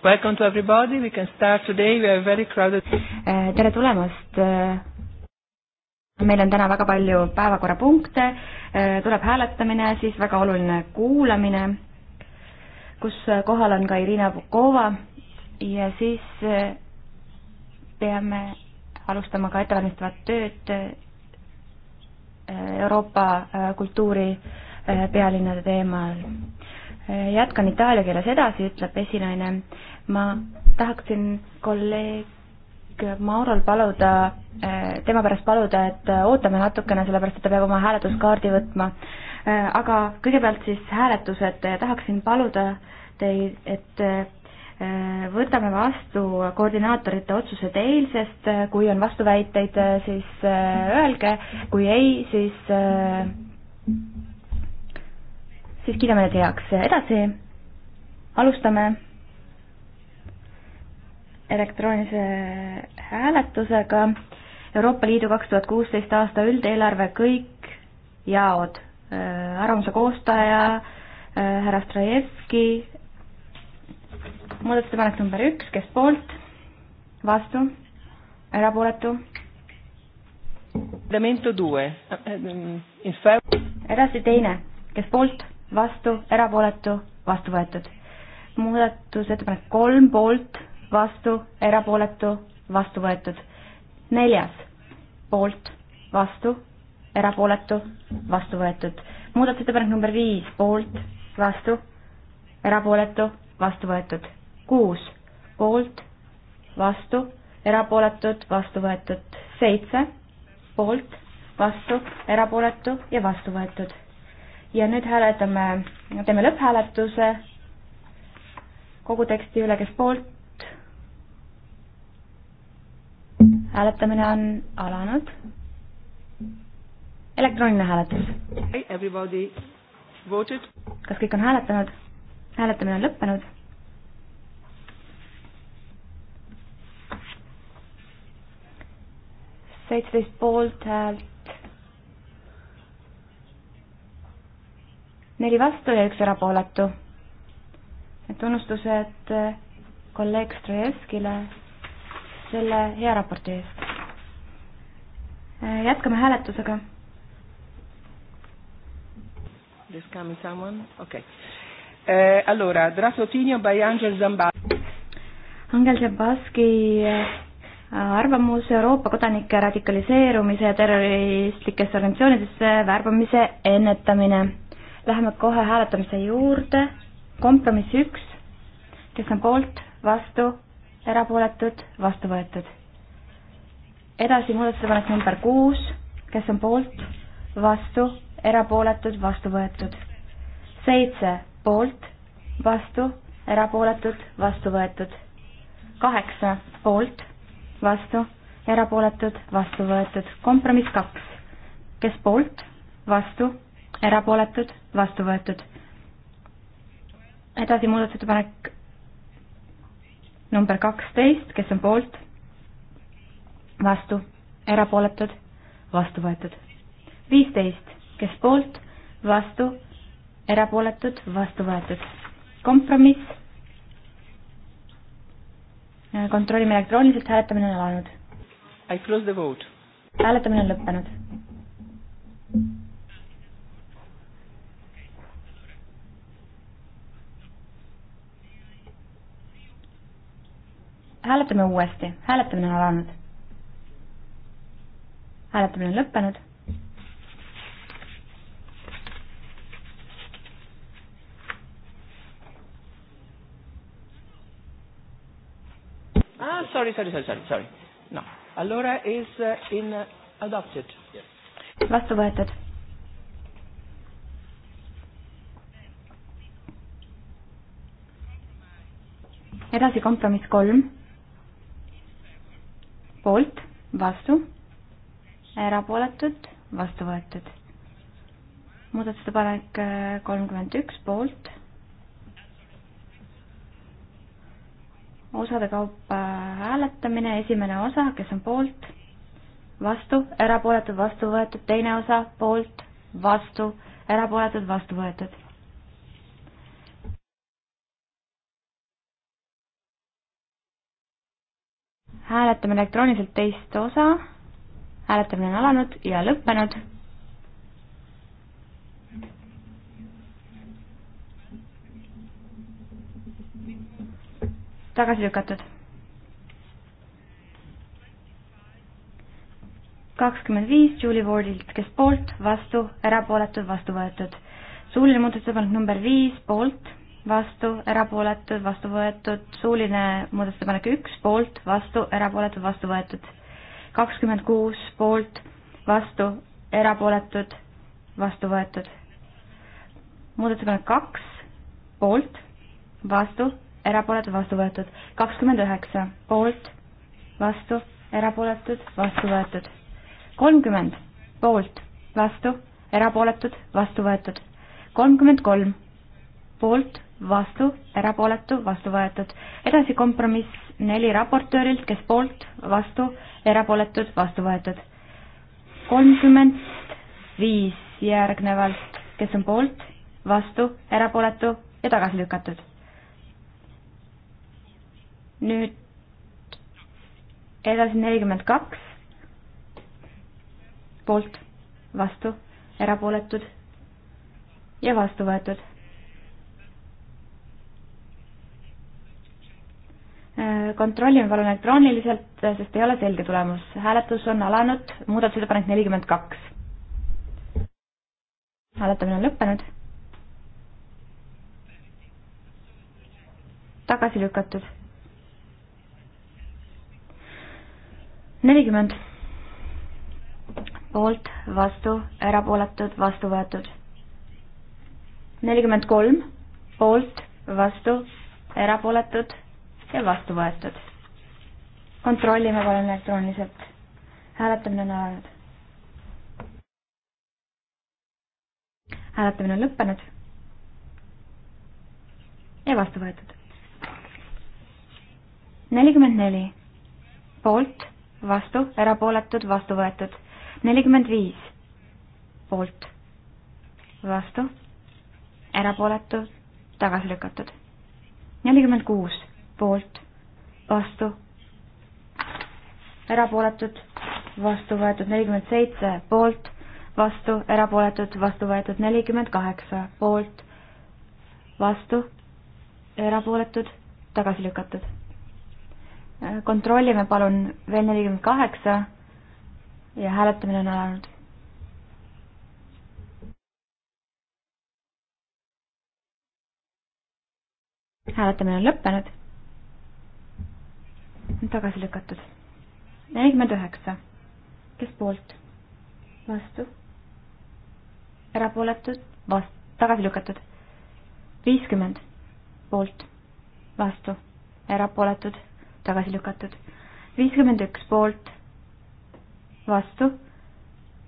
Welcome to everybody, we can start today, we are very crowded. Eh, tere tulemast. Eh, meil on täna väga palju päevakorrapunkte, eh, tuleb hääletamine, siis väga oluline kuulamine, kus kohal on ka Irina Bukova ja siis peame alustama ka ettevalmistavat tööd Euroopa kultuuri pealinnade teemal jätkan itaalia keeles edasi, ütleb esinaine. ma tahaksin kolleeg Maurol paluda, eh, tema pärast paluda, et ootame natukene, sellepärast et ta peab oma hääletuskaardi võtma. Eh, aga kõigepealt siis hääletused, tahaksin paluda teid, et eh, võtame vastu koordinaatorite otsused eilsest, kui on vastuväiteid, siis öelge, kui ei, siis siis kiidame need heaks. edasi alustame elektroonilise hääletusega Euroopa Liidu kaks tuhat kuusteist aasta üldeelarve kõik jaod. Äh, arvamuse koostaja äh, härra Strajevski, muudatusettepanek number üks, kes poolt, vastu, erapooletu. edasi teine, kes poolt vastu, erapooletu, vastu võetud. muudatusettepanek kolm poolt, vastu, erapooletu, vastu võetud. neljas poolt, vastu, erapooletu, vastu võetud. muudatusettepanek number viis poolt, vastu, erapooletu, vastu võetud. kuus poolt, vastu, erapooletud, vastu võetud. seitse poolt, vastu, erapooletu ja vastu võetud ja nüüd hääletame, teeme lõpphääletuse kogu teksti üle, kes poolt. hääletamine on alanud. elektrooniline hääletus. kas kõik on hääletanud? hääletamine on lõppenud. seitseteist poolt häält neli vastu ja üks erapooletu. tunnustused eh, kolleeg Strojevskile selle hea raporti eest. Eh, jätkame hääletusega. This coming someone? Okay. Eh, allora, Drasotinio by Angel Zambaschi. Angel Zambaschi eh, arvamus Euroopa kodanike radikaliseerumise ja terroristlikesse organisatsioonidesse värbamise ennetamine Läheme kohe hääletamise juurde. kompromiss üks, kes on poolt, vastu, erapooletud, vastu võetud. edasi muudatusettepanek number kuus, kes on poolt, vastu, erapooletud, vastu võetud. seitse, poolt, vastu, erapooletud, vastu võetud. kaheksa, poolt, vastu, erapooletud, vastu võetud. kompromiss kaks, kes poolt, vastu erapooletud, vastu võetud. edasi muudatusettepanek number kaksteist, kes on poolt, vastu, erapooletud, vastu võetud. viisteist, kes poolt, vastu, erapooletud, vastu võetud. kompromiss. kontrollime elektrooniliselt, hääletamine on alanud. hääletamine on lõppenud hääletame uuesti, hääletamine on alanud. hääletamine on lõppenud. Ah, sorry, sorry, sorry, sorry, sorry. No, allora is uh, in uh, adopted yes.. vastu võetud edasi kompromiss kolm poolt, vastu, erapooletud, vastu võetud. muudatusettepanek äh, kolmkümmend üks poolt, osade kaupa hääletamine, esimene osa, kes on poolt, vastu, erapooletud, vastu võetud, teine osa, poolt, vastu, erapooletud, vastu võetud hääletame elektrooniliselt teist osa, hääletamine on alanud ja lõppenud. tagasi lükatud. kakskümmend viis Julie Wardilt, kes poolt, vastu, erapooletud, vastu võetud. suuline muudatusettepanek number viis, poolt vastu, erapooletud, vastu võetud, suuline muudatusettepanek üks, poolt, vastu, erapooletud, vastu võetud. kakskümmend kuus poolt, vastu, erapooletud, vastu võetud. muudatusettepanek kaks, poolt, vastu, erapooletud, vastu võetud. kakskümmend üheksa, poolt, vastu, erapooletud, vastu võetud. kolmkümmend, poolt, vastu, erapooletud, vastu võetud. kolmkümmend kolm poolt, vastu, erapooletu, vastu võetud. edasi kompromiss neli raportöörilt, kes poolt, vastu, erapooletud, vastu võetud. kolmkümmend viis järgnevalt, kes on poolt, vastu, erapooletu ja tagasi lükatud. nüüd edasi nelikümmend kaks, poolt, vastu, erapooletud ja vastu võetud Äh, kontrollime palun elektrooniliselt, äh, sest ei ole selge tulemus. hääletus on alanud, muudatusettepanek nelikümmend kaks. hääletamine on lõppenud. tagasi lükatud. nelikümmend. poolt, vastu, erapooletud, vastu võetud. nelikümmend kolm, poolt, vastu, erapooletud ja vastu võetud. kontrollime palun elektrooniliselt. hääletamine on alanud. hääletamine on lõppenud ja vastu võetud. nelikümmend neli poolt, vastu, erapooletud, vastu võetud. nelikümmend viis poolt, vastu, erapooletu, tagasi lükatud. nelikümmend kuus poolt, vastu, erapooletud, vastu võetud nelikümmend seitse, poolt, vastu, erapooletud, vastu võetud nelikümmend kaheksa, poolt, vastu, erapooletud, tagasi lükatud. kontrollime palun veel nelikümmend kaheksa ja hääletamine on alanud hääletamine on lõppenud tagasi lükatud. nelikümmend üheksa, kes poolt? vastu. erapooletud, vast-, tagasi lükatud. viiskümmend, poolt, vastu, erapooletud, tagasi lükatud. viiskümmend üks, poolt, vastu,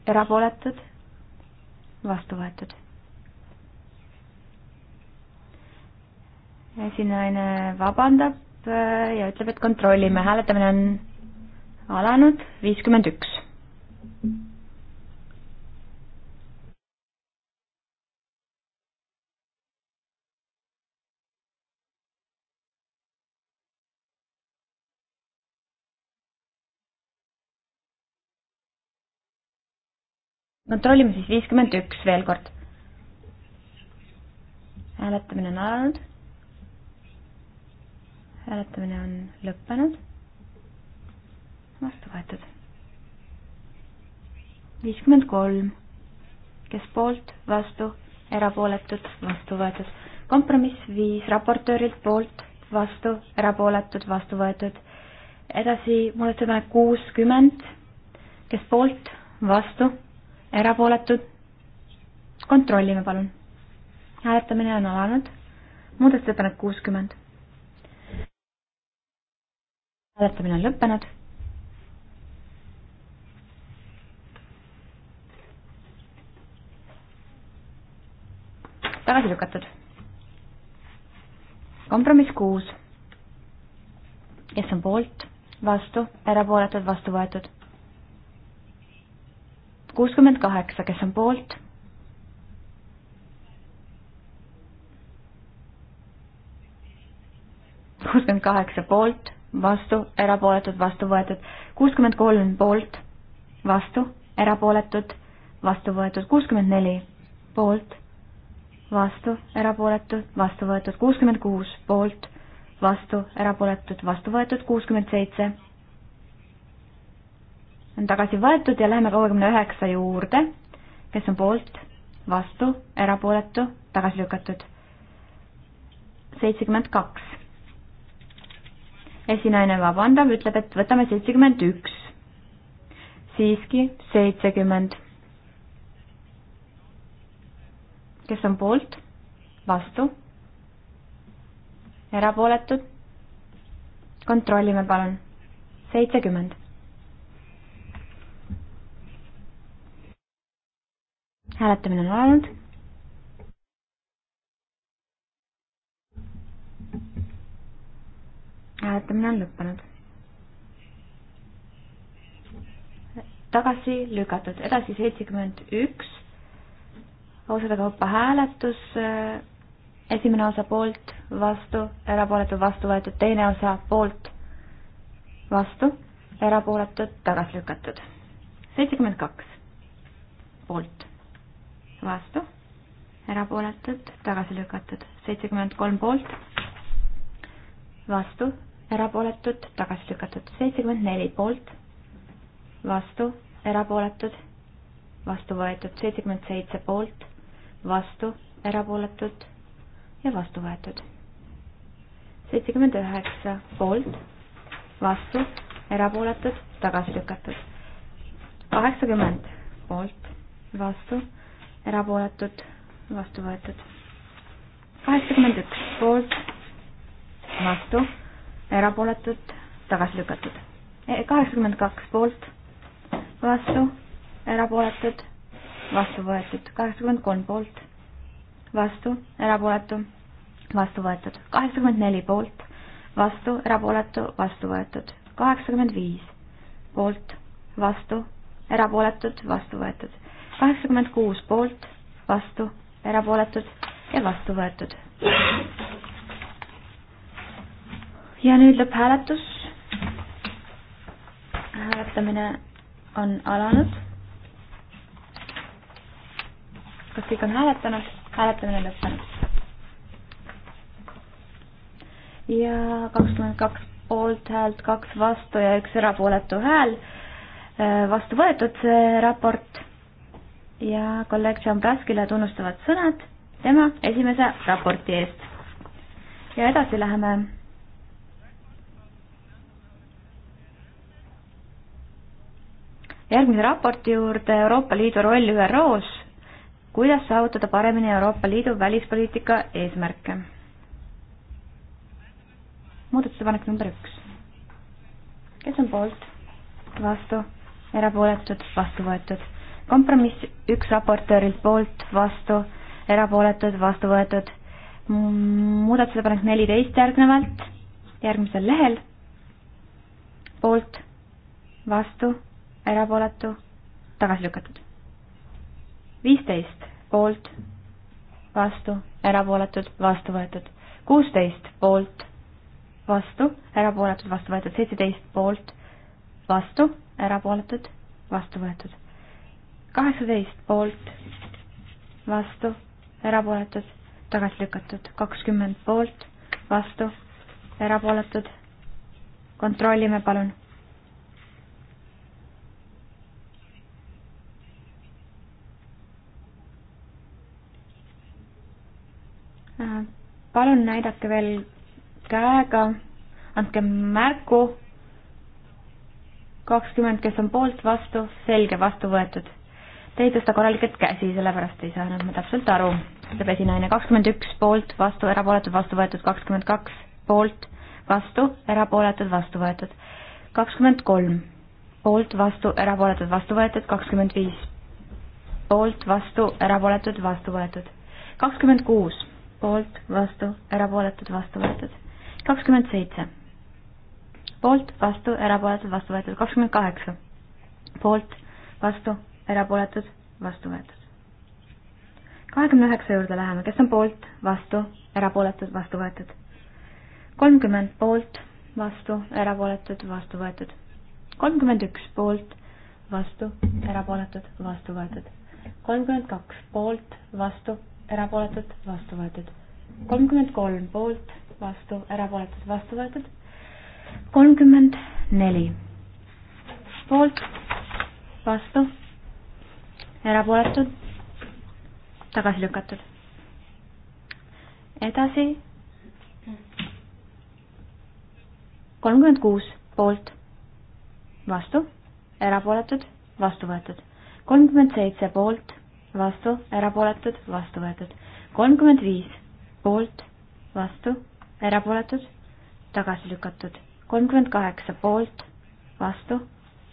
erapooletud, vastu võetud. esinaine vabandab Äh, ja ütleb, et kontrollime, hääletamine on alanud, viiskümmend üks. kontrollime siis viiskümmend üks veel kord. hääletamine on alanud hääletamine on lõppenud. vastu võetud. viiskümmend kolm, kes poolt, vastu, erapooletud, vastu võetud. kompromiss viis raportöörilt poolt, vastu, erapooletud, vastu võetud. edasi muudatusettepanek kuuskümmend, kes poolt, vastu, erapooletud. kontrollime palun. hääletamine on alanud. muudatusettepanek kuuskümmend hääletamine on lõppenud. tagasi lükatud. kompromiss kuus. kes on poolt, vastu, erapooletud, vastu võetud? kuuskümmend kaheksa, kes on poolt? kuuskümmend kaheksa poolt vastu, erapooletud, vastu võetud. kuuskümmend kolm poolt, vastu, erapooletud, vastu võetud. kuuskümmend neli poolt, vastu, erapooletud, vastu võetud. kuuskümmend kuus poolt, vastu, erapooletud, vastu võetud. kuuskümmend seitse on tagasi võetud ja läheme kuuekümne üheksa juurde, kes on poolt, vastu, erapooletu, tagasi lükatud. seitsekümmend kaks esinaine vabandab, ütleb, et võtame seitsekümmend üks. siiski seitsekümmend. kes on poolt, vastu, erapooletud? kontrollime palun. seitsekümmend. hääletamine on alanud hääletamine on lõppenud. tagasi lükatud, edasi seitsekümmend üks, osade kaupa hääletus, esimene osa poolt, vastu, erapooletud, vastu võetud, teine osa poolt, vastu, erapooletud, tagasi lükatud. seitsekümmend kaks, poolt, vastu, erapooletud, tagasi lükatud, seitsekümmend kolm poolt, vastu, erapooletud, tagasi lükatud. seitsekümmend neli poolt, vastu, erapooletud, vastu võetud. seitsekümmend seitse poolt, vastu, erapooletud ja vastu võetud. seitsekümmend üheksa poolt, vastu, erapooletud, tagasi lükatud. kaheksakümmend poolt, vastu, erapooletud, vastu võetud. kaheksakümmend üks poolt, vastu erapooletud, tagasi lükatud. E, kaheksakümmend kaks poolt, vastu, erapooletud, vastu võetud. kaheksakümmend kolm poolt, vastu, erapooletu, vastu võetud. kaheksakümmend neli poolt, vastu, erapooletu, vastu võetud. kaheksakümmend viis poolt, vastu, erapooletud, vastu võetud. kaheksakümmend kuus poolt, vastu, erapooletud ja vastu võetud ja nüüd lõpphääletus. hääletamine on alanud. kas kõik on hääletanud? hääletamine on lõppenud. ja kakskümmend kaks poolthäält, kaks vastu ja üks erapooletu hääl. vastu võetud see raport ja kolleeg Tšambraskile tunnustavad sõnad tema esimese raporti eest. ja edasi läheme järgmise raporti juurde Euroopa Liidu roll ÜRO-s, kuidas saavutada paremini Euroopa Liidu välispoliitika eesmärke. muudatusepanek number üks. kes on poolt? vastu? erapooletud? vastu võetud? kompromiss üks raportöörilt poolt, vastu, erapooletud, vastu võetud. muudatusepanek neliteist järgnevalt, järgmisel lehel, poolt, vastu erapooletu, tagasi lükatud. viisteist poolt, vastu, erapooletud, vastu võetud. kuusteist poolt, vastu, erapooletud, vastu võetud. seitseteist poolt, vastu, erapooletud, vastu võetud. kaheksateist poolt, vastu, erapooletud, tagasi lükatud. kakskümmend poolt, vastu, erapooletud. kontrollime palun Äh, palun näidake veel käega, andke märku. kakskümmend, kes on poolt, vastu, selge, vastu võetud. Te ei tõsta korralikult käsi, sellepärast ei saanud ma täpselt aru, ütleb esinaine. kakskümmend üks poolt, vastu, erapooletud, vastu võetud, kakskümmend kaks poolt, vastu, erapooletud, vastu võetud. kakskümmend kolm poolt, vastu, erapooletud, vastu võetud, kakskümmend viis poolt, vastu, erapooletud, vastu võetud. kakskümmend kuus poolt, vastu, erapooletud, vastu võetud. kakskümmend seitse, poolt, vastu, erapooletud, vastu võetud. kakskümmend kaheksa, poolt, vastu, erapooletud, vastu võetud. kahekümne üheksa juurde läheme, kes on poolt, vastu, erapooletud, vastu võetud. kolmkümmend poolt, vastu, erapooletud, vastu võetud. kolmkümmend üks poolt, vastu, erapooletud, vastu võetud. kolmkümmend kaks poolt, vastu, erapooletud, vastu võetud. kolmkümmend kolm poolt, vastu, erapooletud, vastu võetud. kolmkümmend neli poolt, vastu, erapooletud, tagasi lükatud. edasi. kolmkümmend kuus poolt, vastu, erapooletud, vastu võetud. kolmkümmend seitse poolt vastu, erapooletud, vastu võetud. kolmkümmend viis poolt, vastu, erapooletud, tagasi lükatud. kolmkümmend kaheksa poolt, vastu,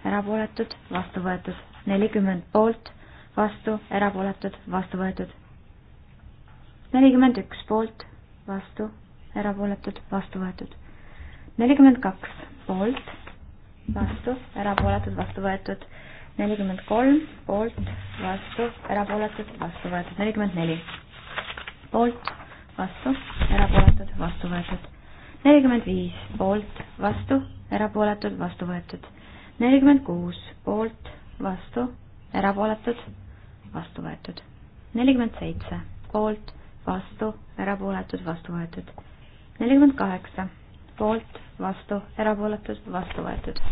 erapooletud, vastu võetud. nelikümmend poolt, vastu, erapooletud, vastu võetud. nelikümmend üks poolt, vastu, erapooletud, vastu võetud. nelikümmend kaks poolt, vastu, erapooletud, vastu võetud nelikümmend kolm poolt, vastu, erapooletud, vastu võetud, nelikümmend neli poolt, vastu, erapooletud, vastu võetud, nelikümmend viis poolt, vastu, erapooletud, vastu võetud, nelikümmend kuus poolt, vastu, erapooletud, vastu võetud, nelikümmend seitse poolt, vastu, erapooletud, vastu võetud, nelikümmend kaheksa poolt, vastu, erapooletud, vastu võetud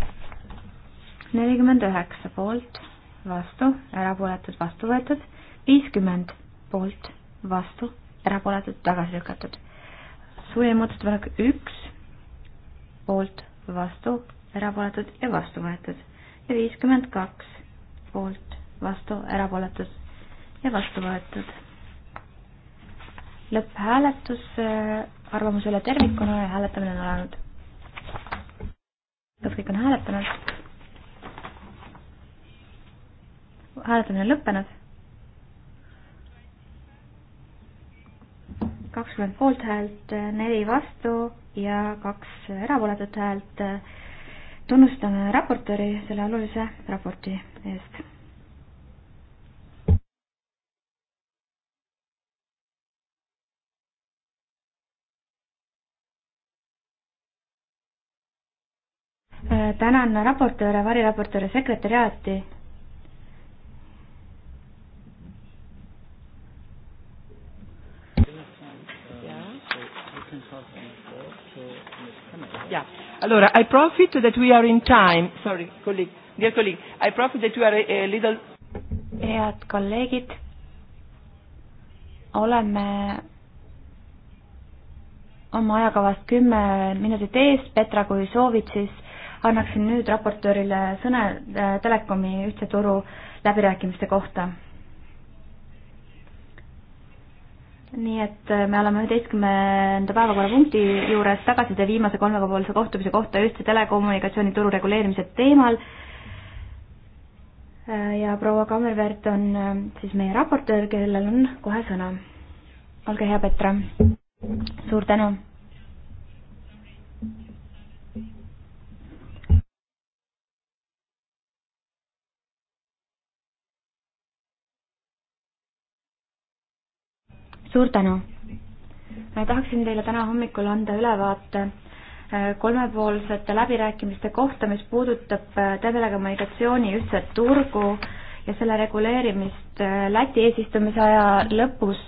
nelikümmend üheksa poolt, vastu, erapooletud, vastu võetud, viiskümmend poolt, vastu, erapooletud, tagasi lükatud. suurim muudatusettepanek üks, poolt, vastu, erapooletud ja vastu võetud. ja viiskümmend kaks, poolt, vastu, erapooletud ja vastu võetud. lõpphääletus äh, arvamuse üle tervikuna ja hääletamine on alanud. kas kõik on hääletanud? hääletamine on lõppenud. kakskümmend poolthäält, neli vastu ja kaks erapooletut häält. tunnustame raportööri selle olulise raporti eest. tänan raportööre, variraportööre, sekretäriaati Yeah. Allora, I profit that we are in time. Sorry, colleague. Dear colleague, I profit that we are a, a little... Head kolleegid, oleme oma ajakavast kümme minutit ees, Petra, kui soovid, siis annaksin nüüd raportöörile sõna äh, telekomi ühtse turu läbirääkimiste kohta nii et äh, me oleme üheteistkümnenda päevakorrapunkti juures tagasiside viimase kolmepoolse kohtumise kohta ühtse telekommunikatsioonituru reguleerimise teemal. Äh, ja proua Kammerväärt on äh, siis meie raportöör, kellel on kohe sõna. olge hea, Petra. suur tänu suur tänu! tahaksin teile täna hommikul anda ülevaate äh, kolmepoolsete läbirääkimiste kohta, mis puudutab äh, telekommunikatsiooni ühtset turgu ja selle reguleerimist äh, Läti eesistumise aja lõpus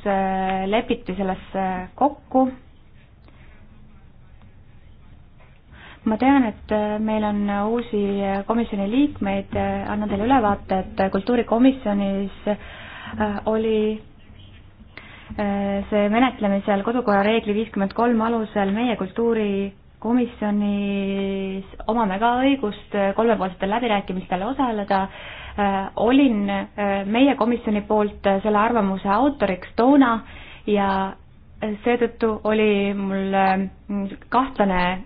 lepiti selles kokku. ma tean, et meil on uusi komisjoni liikmeid, annan teile ülevaate, et kultuurikomisjonis oli see menetlemisel kodukorra reegli viiskümmend kolm alusel meie kultuurikomisjonis omame ka õigust kolmepoolsetel läbirääkimistel osaleda. olin meie komisjoni poolt selle arvamuse autoriks toona ja seetõttu oli mul kahtlane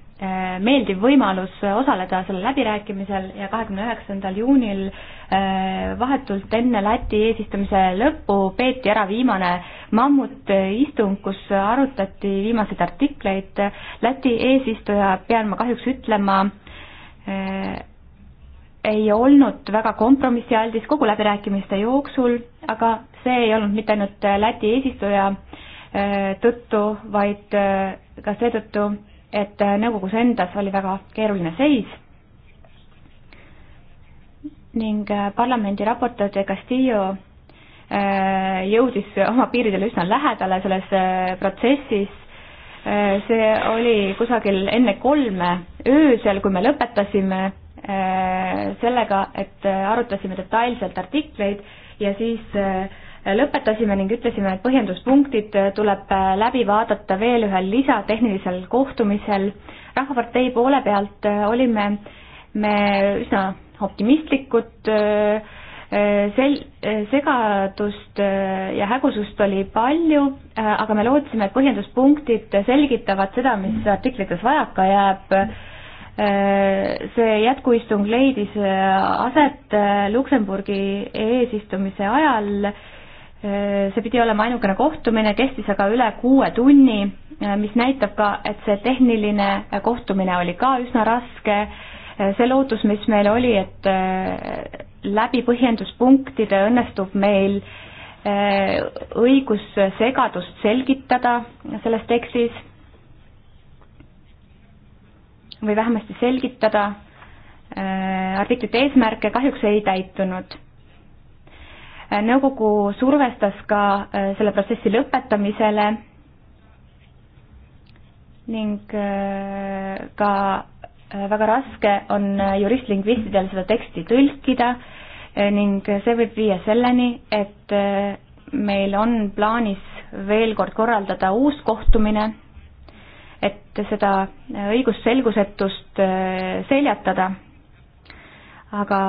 meeldiv võimalus osaleda sellel läbirääkimisel ja kahekümne üheksandal juunil äh, Äh, vahetult enne Läti eesistumise lõppu peeti ära viimane mammutistung, kus arutati viimaseid artikleid. Läti eesistuja, pean ma kahjuks ütlema, äh, ei olnud väga kompromissialdis kogu läbirääkimiste jooksul, aga see ei olnud mitte ainult Läti eesistuja äh, tõttu, vaid ka seetõttu, et nõukogus endas oli väga keeruline seis ning äh, parlamendi raportöör De Castillo äh, jõudis oma piiridele üsna lähedale selles äh, protsessis. see oli kusagil enne kolme öösel, kui me lõpetasime sellega, et arutasime detailselt artikleid ja siis lõpetasime ning ütlesime, et põhjenduspunktid tuleb läbi vaadata veel ühel lisatehnilisel kohtumisel. rahvapartei poole pealt olime me üsna optimistlikud, sel-, segadust ja hägusust oli palju, aga me lootsime, et põhjenduspunktid selgitavad seda, mis artiklites vajaka jääb. see jätkuistung leidis aset Luksemburgi eesistumise ajal see pidi olema ainukene kohtumine, kestis aga üle kuue tunni, mis näitab ka, et see tehniline kohtumine oli ka üsna raske see lootus, mis meil oli, et äh, läbi põhjenduspunktide õnnestub meil äh, õigussegadust selgitada selles tekstis või vähemasti selgitada äh, artiklite eesmärke, kahjuks ei täitunud. nõukogu survestas ka selle protsessi lõpetamisele ning ka Äh, väga raske on äh, juristlingvistidel seda teksti tõlkida äh, ning see võib viia selleni, et meil on plaanis veel kord korraldada uus kohtumine, et seda õigusselgusetust seljatada. aga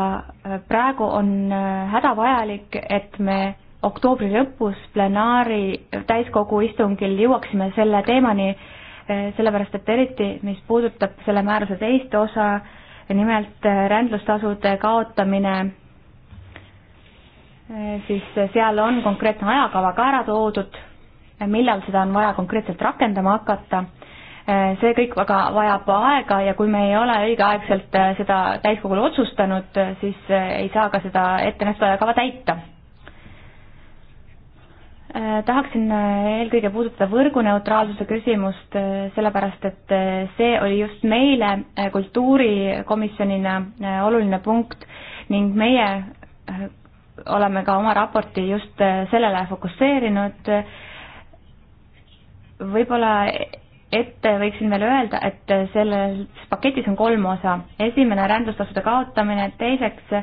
praegu on hädavajalik, et me oktoobri lõpus plenaari täiskogu istungil jõuaksime selle teemani, Eh, sellepärast et eriti, mis puudutab selle määruse teist osa, nimelt eh, rändlustasude kaotamine, eh, siis seal on konkreetne ajakava ka ära toodud, millal seda on vaja konkreetselt rakendama hakata see kõik väga vajab aega ja kui me ei ole õigeaegselt seda täiskogul otsustanud, siis ei saa ka seda ettenähtud ajakava täita. Äh, tahaksin äh, eelkõige puudutada võrguneutraalsuse küsimust, äh, sellepärast et see oli just meile kultuurikomisjonina oluline punkt ning meie oleme ka oma raporti just sellele fokusseerinud. võib-olla ette võiksin veel öelda, et selles paketis on kolm osa. esimene, rändustasude kaotamine, teiseks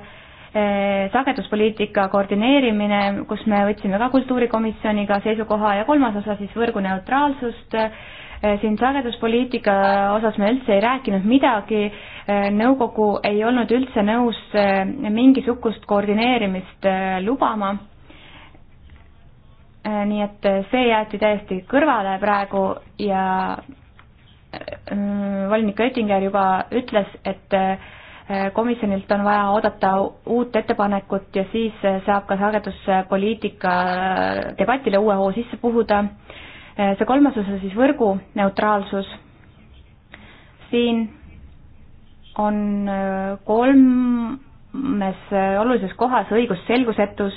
sageduspoliitika koordineerimine, kus me võtsime ka kultuurikomisjoniga seisukoha ja kolmas osa siis võrguneutraalsust. siin sageduspoliitika osas me üldse ei rääkinud midagi, nõukogu ei olnud üldse nõus mingisugust koordineerimist lubama. nii et see jäeti täiesti kõrvale praegu ja volinik Oettinger juba ütles, et äh, komisjonilt on vaja oodata uut ettepanekut ja siis saab ka sageduspoliitika debatile uue hoo sisse puhuda. see kolmas osa siis võrgu neutraalsus. siin on kolmes olulises kohas õigusselgusetus,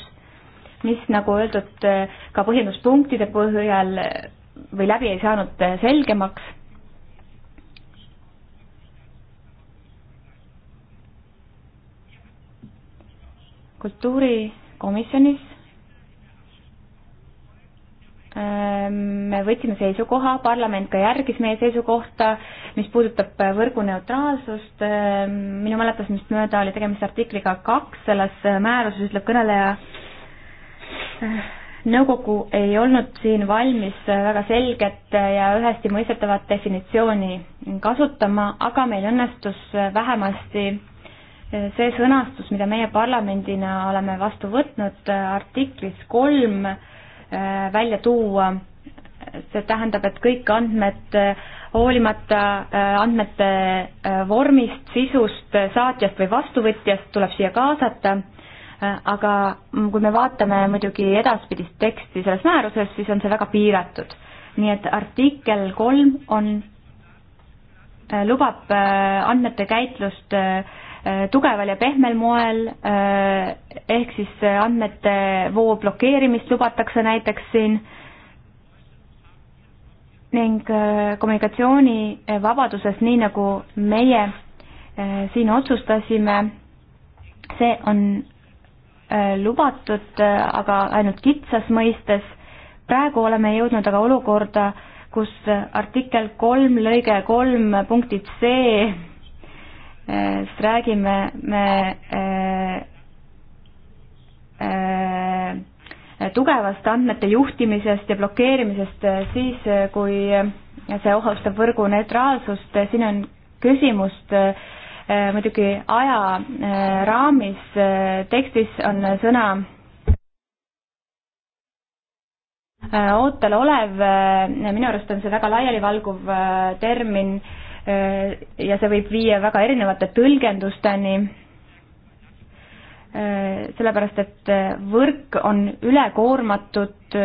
mis nagu öeldud, ka põhjenduspunktide põhjal või läbi ei saanud selgemaks kultuurikomisjonis ehm, me võtsime seisukoha, parlament ka järgis meie seisukohta, mis puudutab võrgu neutraalsust, ehm, minu mäletamist mööda oli tegemist artikliga kaks, selles määruses ütleb kõneleja, ehm, nõukogu ei olnud siin valmis väga selget ja ühesti mõistetavat definitsiooni kasutama, aga meil õnnestus vähemasti see sõnastus, mida meie parlamendina oleme vastu võtnud äh, artiklis kolm äh, välja tuua, see tähendab, et kõik andmed äh, hoolimata andmete vormist, sisust, saatjast või vastuvõtjast tuleb siia kaasata, aga kui me vaatame muidugi edaspidist teksti selles määruses, siis on see väga piiratud. nii et artikkel kolm on, lubab andmete käitlust äh, Äh, tugeval ja pehmel moel, äh, ehk siis äh, andmete voo blokeerimist lubatakse näiteks siin ning kommunikatsioonivabaduses, nii nagu meie siin otsustasime, see on lubatud, aga ainult kitsas mõistes. praegu oleme jõudnud aga olukorda, kus artikkel kolm lõige kolm punktid C sest äh, räägime me äh, äh, tugevast andmete juhtimisest ja blokeerimisest siis, kui see ohustab võrgu neutraalsust, siin on küsimust muidugi ajaraamis, tekstis on sõna ootel olev, minu arust on see väga laialivalguv termin Äh, ja see võib viia väga erinevate tõlgendusteni, äh, sellepärast et äh, võrk on ülekoormatud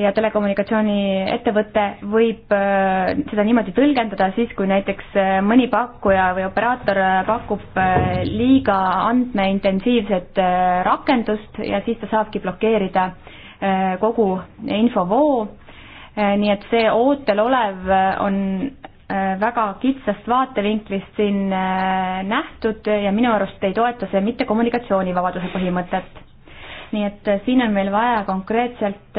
ja telekommunikatsiooniettevõte võib seda niimoodi tõlgendada siis, kui näiteks mõni pakkuja või operaator pakub liiga andmeintensiivset rakendust ja siis ta saabki blokeerida kogu infovoo nii et see ootel olev on Äh, väga kitsast vaatevinklist siin äh, nähtud ja minu arust ei toeta see mitte kommunikatsioonivabaduse põhimõtet. nii et äh, siin on meil vaja konkreetselt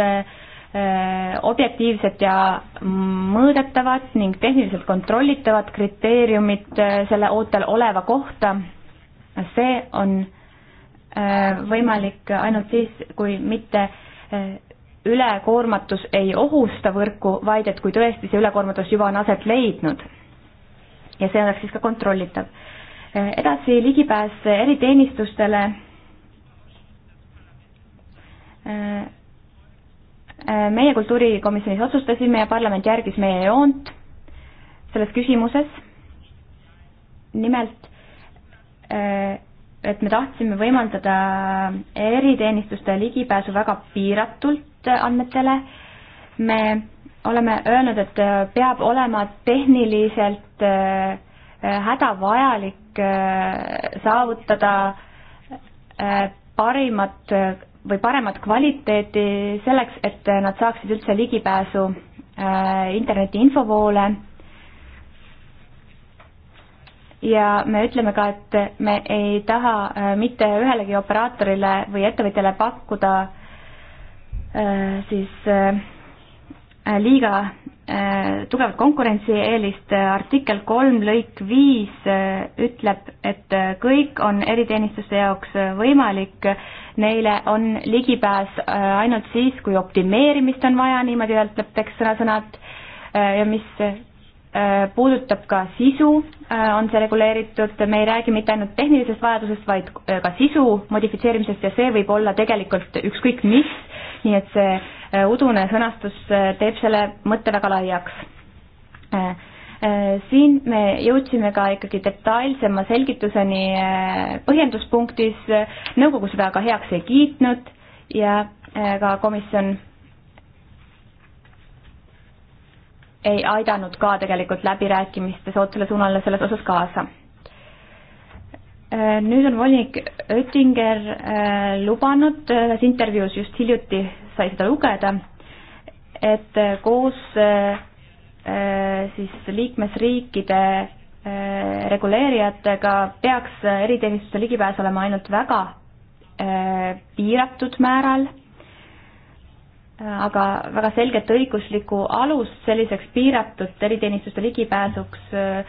objektiivset ja mõõdetavat ning tehniliselt kontrollitavat kriteeriumit selle ootel oleva kohta. see on võimalik ainult siis, kui mitte ülekoormatus ei ohusta võrku, vaid et kui tõesti see ülekoormatus juba on aset leidnud ja see oleks siis ka kontrollitav. edasi ligipääs eriteenistustele. meie kultuurikomisjonis otsustasime ja parlament järgis meie joont selles küsimuses. nimelt, et me tahtsime võimaldada eriteenistuste ligipääsu väga piiratult andmetele. me oleme öelnud, et äh, peab olema tehniliselt äh, äh, hädavajalik saavutada parimat või paremat kvaliteeti selleks, et nad saaksid üldse ligipääsu interneti infovoole ja me ütleme ka, et me ei taha mitte ühelegi operaatorile või ettevõtjale pakkuda Äh, siis äh, liiga äh, tugevat konkurentsieelist. artikkel kolm lõik viis ütleb, et kõik on eriteenistuste jaoks võimalik. Neile on ligipääs ainult siis, kui optimeerimist on vaja, niimoodi öeldakse sõna-sõnalt ja mis Äh, puudutab ka sisu, äh, on see reguleeritud, me ei räägi mitte ainult tehnilisest vajadusest, vaid äh, ka sisu modifitseerimisest ja see võib olla tegelikult ükskõik mis, nii et see udune sõnastus teeb selle mõtte väga laiaks. Siin me jõudsime ka ikkagi detailsema selgituseni põhjenduspunktis, nõukogu seda aga heaks ei kiitnud ja ka komisjon ei aidanud ka tegelikult läbirääkimistes otsele suunale selles osas kaasa. Äh, nüüd on volinik Oettinger äh, lubanud, äh, ühes intervjuus just hiljuti sai seda lugeda, et koos siis liikmesriikide reguleerijatega peaks eriteenistuste ligipääs olema ainult väga piiratud määral aga väga selget õiguslikku alust selliseks piiratud eriteenistuste ligipääsuks äh,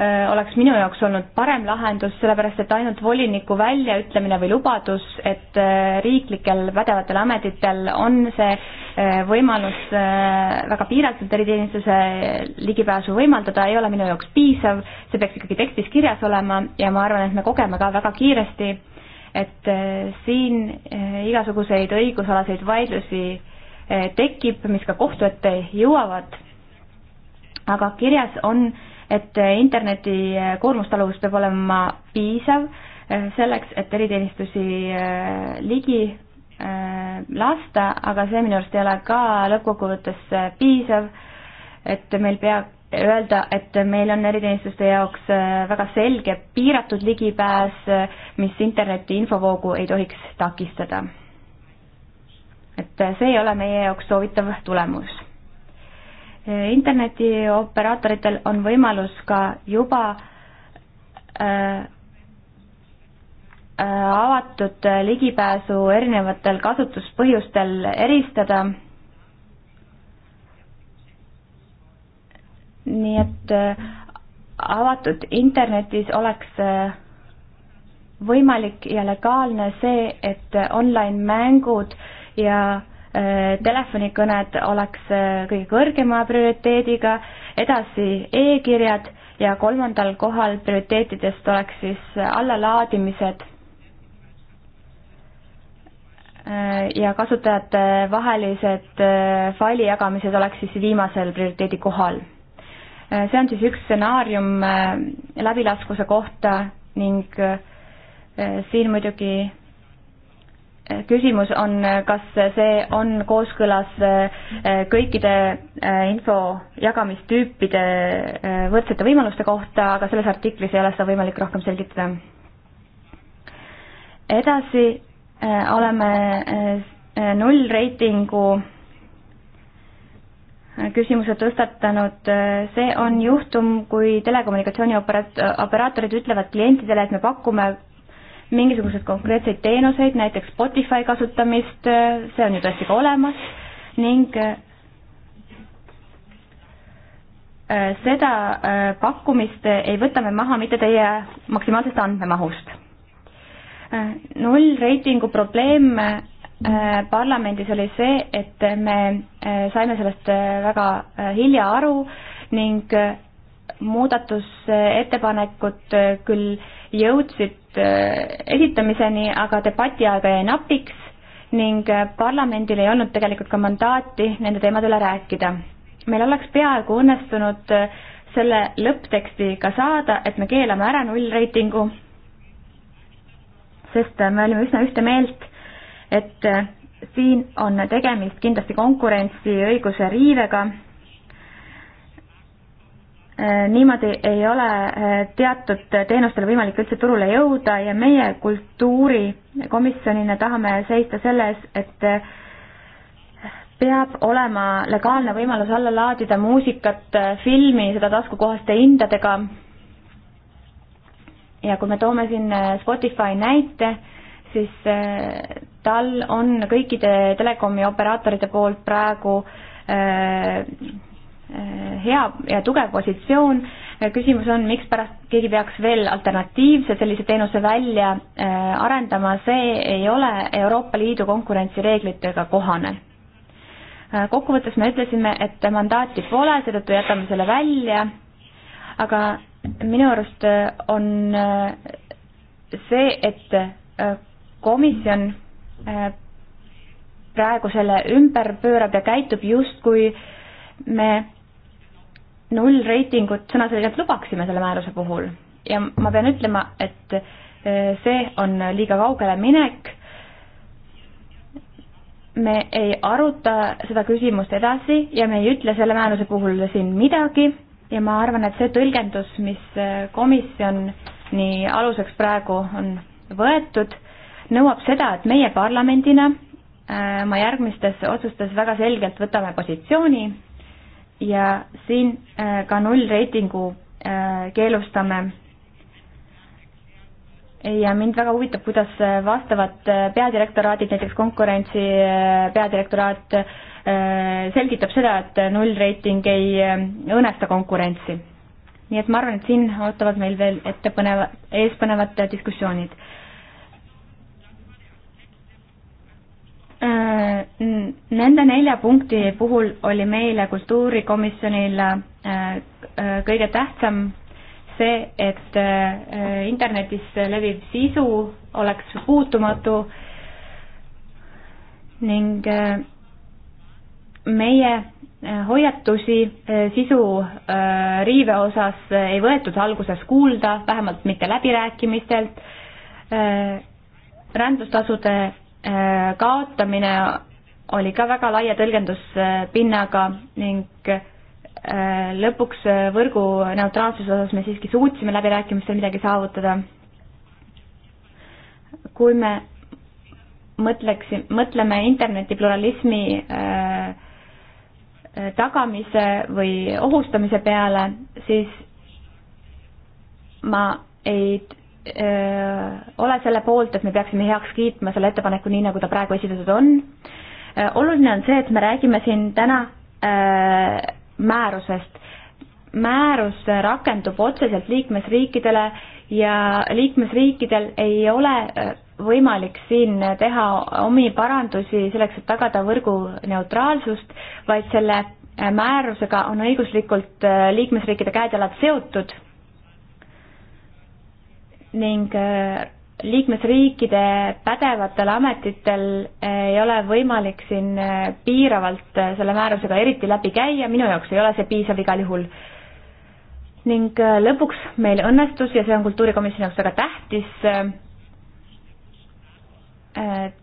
äh, oleks minu jaoks olnud parem lahendus, sellepärast et ainult voliniku väljaütlemine või lubadus, et äh, riiklikel pädevatel ametitel on see võimalus väga piiratud eriteenistuse ligipääsu võimaldada, ei ole minu jaoks piisav, see peaks ikkagi tekstis kirjas olema ja ma arvan, et me kogeme ka väga kiiresti, et siin igasuguseid õigusalaseid vaidlusi Eh, tekib, mis ka kohtu ette jõuavad. aga kirjas on, et interneti eh, koormustaluvus peab olema piisav eh, selleks, et eriteenistusi ligi lasta, aga see minu arust ei ole ka lõppkokkuvõttes piisav, et meil peab öelda, et meil on eriteenistuste jaoks väga selge piiratud ligipääs, mis interneti infovoogu ei tohiks takistada et see ei ole meie jaoks soovitav tulemus. internetioperaatoritel on võimalus ka juba äh, äh, avatud ligipääsu erinevatel kasutuspõhjustel eristada. nii et äh, avatud internetis oleks äh, võimalik ja legaalne see, et online mängud ja äh, telefonikõned oleks äh, kõige kõrgema prioriteediga, edasi e-kirjad ja kolmandal kohal prioriteetidest oleks siis äh, allalaadimised ja kasutajate vahelised faili jagamised oleks siis viimasel prioriteedi kohal. see on siis üks stsenaarium läbilaskuse kohta ning siin muidugi küsimus on, kas see on kooskõlas eh, kõikide eh, info jagamistüüpide eh, võrdsete võimaluste kohta, aga selles artiklis ei ole seda võimalik rohkem selgitada. edasi oleme nullreitingu küsimuse tõstatanud, see on juhtum, kui telekommunikatsiooni operaat-, operaatorid ütlevad klientidele, et me pakume mingisuguseid konkreetseid teenuseid, näiteks Spotify kasutamist, see on ju tõesti ka olemas, ning äh, seda äh, pakkumist ei võta me maha mitte teie maksimaalsest andmemahust. Äh, nullreitingu probleem parlamendis oli see, et me saime sellest väga hilja aru ning muudatusettepanekud küll jõudsid Äh, esitamiseni, aga debati aega jäi napiks ning äh, parlamendil ei olnud tegelikult ka mandaati nende teemade üle rääkida. meil oleks peaaegu õnnestunud äh, selle lõppteksti ka saada, et me keelame ära nullreitingu, sest me olime üsna ühte meelt, et siin on tegemist kindlasti konkurentsiõiguse riivega Äh, niimoodi ei ole äh, teatud teenustel võimalik üldse turule jõuda ja meie kultuurikomisjonina tahame seista selle ees, et äh, peab olema legaalne võimalus alla laadida muusikat, filmi, seda taskukohaste hindadega. ja kui me toome siin Spotify näite, siis tal on kõikide telekomi operaatorite poolt praegu äh, hea ja tugev positsioon. küsimus on, mikspärast keegi peaks veel alternatiivse sellise teenuse välja äh, arendama, see ei ole Euroopa Liidu konkurentsireeglitega kohane. Äh, kokkuvõttes me ütlesime, et mandaati pole, seetõttu jätame selle välja, aga minu arust äh, on see, et komisjon praegu selle ümber pöörab ja käitub justkui me null reitingut sõnaselgelt lubaksime selle määruse puhul ja ma pean ütlema, et äh, see on liiga kaugele minek. me ei aruta seda küsimust edasi ja me ei ütle selle määruse puhul siin midagi ja ma arvan, et see tõlgendus, mis äh, komisjoni aluseks praegu on võetud, nõuab seda, et meie parlamendina oma äh, järgmistes otsustes väga selgelt võtame positsiooni ja siin äh, ka nullreitingu äh, keelustame. ja mind väga huvitab, kuidas äh, vastavad peadirektoraadid, näiteks konkurentsi peadirektoraat selgitab seda, et nullreiting ei õõnesta konkurentsi. nii et ma arvan, et siin ootavad meil veel ette põnevad, ees põnevad diskussioonid Äh, nende nelja punkti puhul oli meile kultuurikomisjonil äh, äh, kõige tähtsam see, et internetis leviv sisu oleks puutumatu ning meie hoiatusi sisu riive osas ei võetud alguses kuulda, vähemalt mitte läbirääkimistelt. rändustasude Äh, kaotamine oli ka väga laia tõlgenduspinnaga äh, ning äh, lõpuks võrgu neutraalsuse osas me siiski suutsime läbirääkimistel midagi saavutada. kui me mõtleksin, mõtleme interneti pluralismi äh, tagamise või ohustamise peale, siis ma ei Äh, ole selle poolt, et me peaksime heaks kiitma selle ettepaneku nii, nagu ta praegu esitatud on. Äh, oluline on see, et me räägime siin täna äh, määrusest. määrus rakendub otseselt liikmesriikidele ja liikmesriikidel ei ole võimalik siin teha omi parandusi selleks, et tagada võrgu neutraalsust, vaid selle määrusega on õiguslikult liikmesriikide käed-jalad seotud ning äh, liikmesriikide pädevatel ametitel äh, ei ole võimalik siin äh, piiravalt selle määrusega eriti läbi käia, minu jaoks ei ole see piisav igal juhul. ning lõpuks meil õnnestus ja see on kultuurikomisjoni jaoks väga tähtis,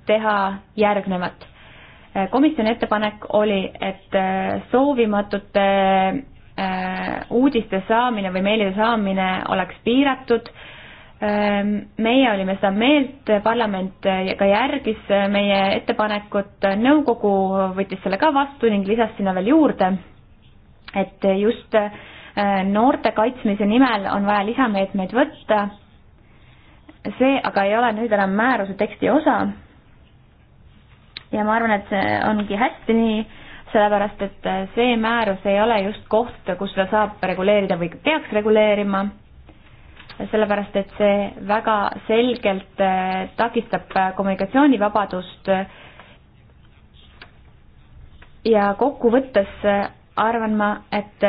teha järgnevat. komisjoni ettepanek oli, et soovimatute uudiste saamine või meilide saamine oleks piiratud Ehm, meie olime seda meelt, parlament eh, ka järgis eh, meie ettepanekut, nõukogu võttis selle ka vastu ning lisas sinna veel juurde, et just eh, noorte kaitsmise nimel on vaja lisameetmeid võtta. see aga ei ole nüüd enam määruse teksti osa. ja ma arvan, et see ongi hästi nii, sellepärast et see määrus ei ole just koht, kus seda saab reguleerida või peaks reguleerima sellepärast et see väga selgelt äh, takistab äh, kommunikatsioonivabadust. ja kokkuvõttes äh, arvan ma, et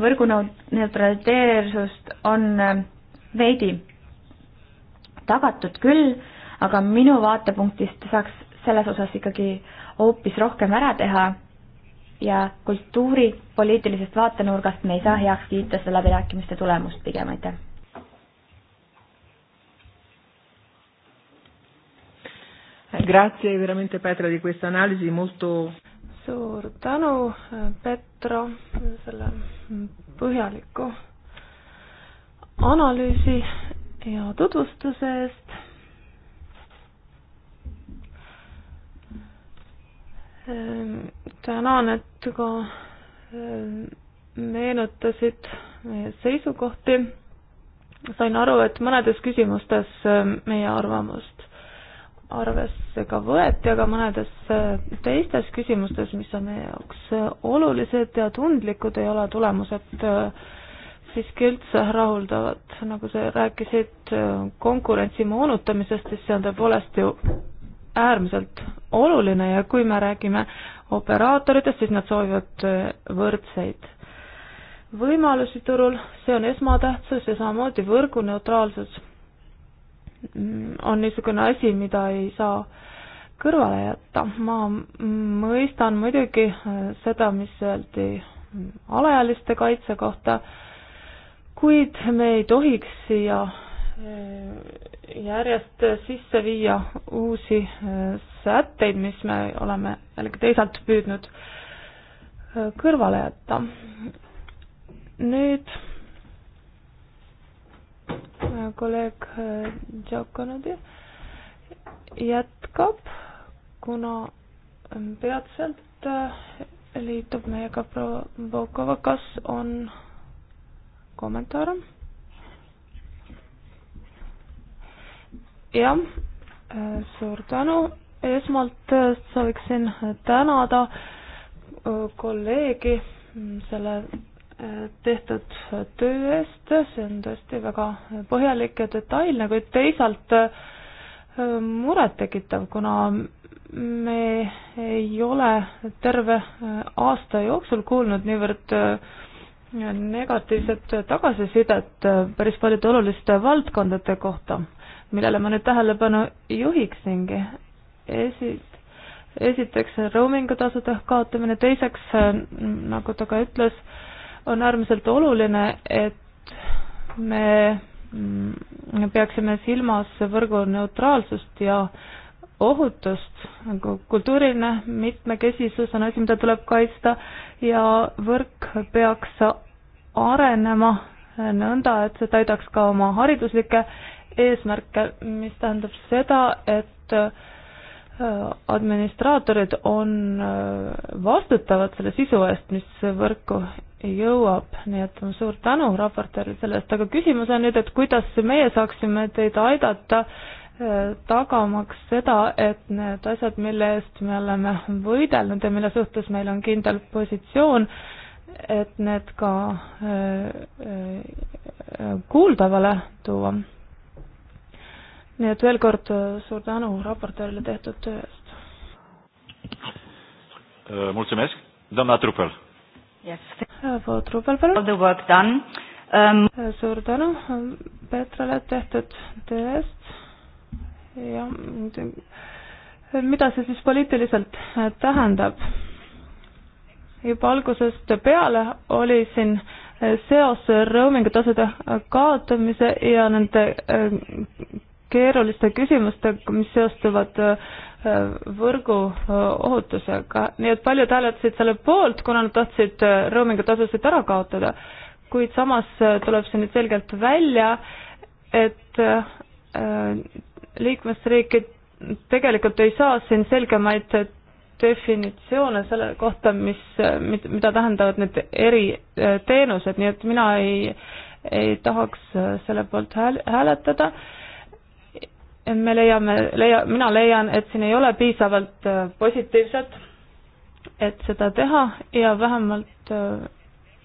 võrguneutraliteersust on veidi tagatud küll, aga minu vaatepunktist saaks selles osas ikkagi hoopis rohkem ära teha ja kultuuripoliitilisest vaatenurgast me ei saa heaks kiita seda läbirääkimiste tulemust pigem, aitäh. Grazie veramente Petra di questa analisi molto suur tänu, Petro, selle põhjaliku analüüsi ja tutvustuse eest. Ehm, tänan, et ka äh, meenutasid meie seisukohti. sain aru, et mõnedes küsimustes äh, meie arvamust arvesse ka võeti, aga mõnedes äh, teistes küsimustes, mis on meie jaoks olulised ja tundlikud, ei ole tulemused siiski üldse rahuldavad. nagu sa rääkisid konkurentsi moonutamisest, siis see on tõepoolest ju äärmiselt oluline ja kui me räägime operaatoritest, siis nad soovivad äh, võrdseid võimalusi turul, see on esmatähtsus ja samamoodi võrguneutraalsus mm, on niisugune asi, mida ei saa kõrvale jätta. ma mõistan muidugi äh, seda, mis öeldi mm, alaealiste kaitse kohta, kuid me ei tohiks siia Äh, järjest sisse viia uusi äh, sätteid, mis me oleme jällegi teisalt püüdnud äh, kõrvale jätta. nüüd kolleeg Džokonadi jätkab, kuna peatselt liitub meiega proua Bokova, kas on kommentaare? jah, äh, suur tänu. esmalt äh, sooviksin tänada äh, kolleegi mm, selle tehtud töö eest, see on tõesti väga põhjalik ja detailne, kuid teisalt murettekitav, kuna me ei ole terve aasta jooksul kuulnud niivõrd negatiivset tagasisidet päris paljude oluliste valdkondade kohta millele ma nüüd tähelepanu juhiksingi. esi-, esiteks roamingu tasude kaotamine, teiseks, nagu ta ka ütles, on äärmiselt oluline, et me mm, peaksime silmas võrgu neutraalsust ja ohutust, nagu kultuuriline mitmekesisus on asi, mida tuleb kaitsta ja võrk peaks arenema nõnda, et see täidaks ka oma hariduslikke eesmärke, mis tähendab seda, et äh, administraatorid on äh, vastutavad selle sisu eest, mis võrku jõuab, nii et suur tänu raportöörile selle eest, aga küsimus on nüüd, et kuidas meie saaksime teid aidata äh, tagamaks seda, et need asjad, mille eest me oleme võidelnud ja mille suhtes meil on kindel positsioon, et need ka kuuldavale tuua nii et veel kord äh, suur tänu raportöörile tehtud töö eest. Äh, mulțumesc, doamna Trupel. Yes. Vă Trupel, palun. All the work done. Um... Äh, suur tänu Petrale tehtud töö eest. ja mida see siis poliitiliselt tähendab? juba algusest peale oli siin seos roamingutasude kaotamise ja nende keeruliste küsimustega, mis seostuvad äh, võrgu äh, ohutusega, nii et paljud hääletasid selle poolt, kuna nad tahtsid äh, roaming'u tasusid ära kaotada, kuid samas tuleb see nüüd selgelt välja, et liikmesriigid tegelikult ei saa siin selgemaid definitsioone selle kohta, mis, mida tähendavad need eriteenused, nii et mina ei, ei tahaks selle poolt hääl-, hääletada äh, me leiame, leia-, mina leian, et siin ei ole piisavalt äh, positiivset, et seda teha ja vähemalt äh,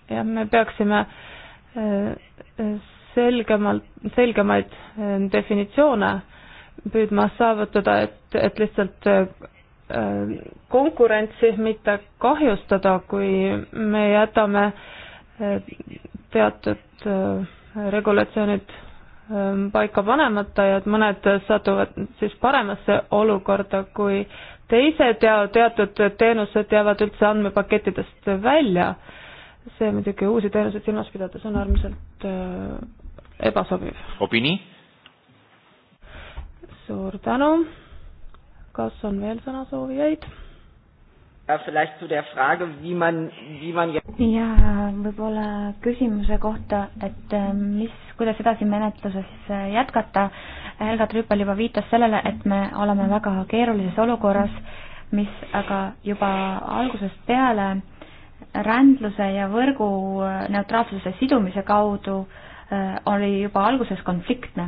jah, me peaksime äh, selgemalt, selgemaid definitsioone püüdma saavutada, et, et lihtsalt konkurentsi mitte kahjustada, kui me jätame teatud regulatsioonid Ähm, paika panemata ja et mõned satuvad siis paremasse olukorda kui teised ja teatud teenused jäävad üldse andmepakettidest välja. see muidugi uusi teenuseid silmas pidades on äärmiselt äh, ebasobiv. Obini? suur tänu. kas on veel sõnasoovijaid? vielleicht zu der Frage, wie man, wie man ja võib-olla küsimuse kohta, et äh, mis, kuidas edasi menetluses äh, jätkata. Helga Trüüpel juba viitas sellele, et me oleme väga keerulises olukorras, mis aga juba algusest peale rändluse ja võrgu äh, neutraalsuse sidumise kaudu oli juba alguses konfliktne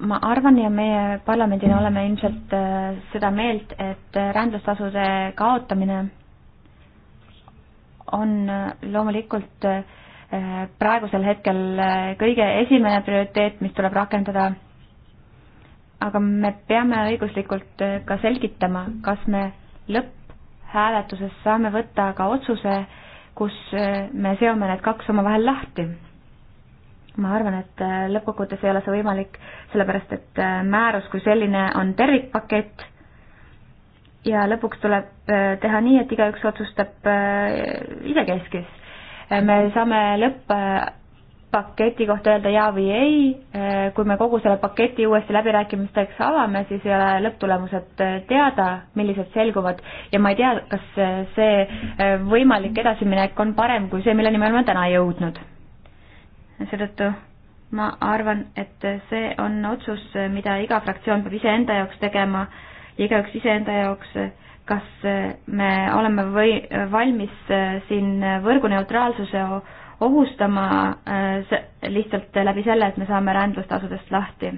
ma arvan ja meie parlamendina oleme ilmselt äh, seda meelt, et äh, rändlustasude kaotamine on äh, loomulikult praegusel hetkel kõige esimene prioriteet, mis tuleb rakendada. aga me peame õiguslikult ka selgitama, kas me lõpphääletuses saame võtta ka otsuse, kus me seome need kaks omavahel lahti ma arvan, et äh, lõppkokkuvõttes ei ole see võimalik, sellepärast et äh, määrus kui selline on tervikpakett ja lõpuks tuleb äh, teha nii, et igaüks otsustab isekeskis. me saame lõpp-paketi kohta öelda jaa või ei, kui me kogu selle paketi uuesti läbirääkimisteks avame, siis ei ole lõpptulemused teada, millised selguvad ja ma ei tea, kas see võimalik edasiminek on parem kui see, milleni me oleme täna jõudnud seetõttu ma arvan, et see on otsus, mida iga fraktsioon peab iseenda jaoks tegema ja igaüks iseenda jaoks, kas me oleme või valmis siin võrguneutraalsuse ohustama lihtsalt läbi selle, et me saame rändlustasudest lahti.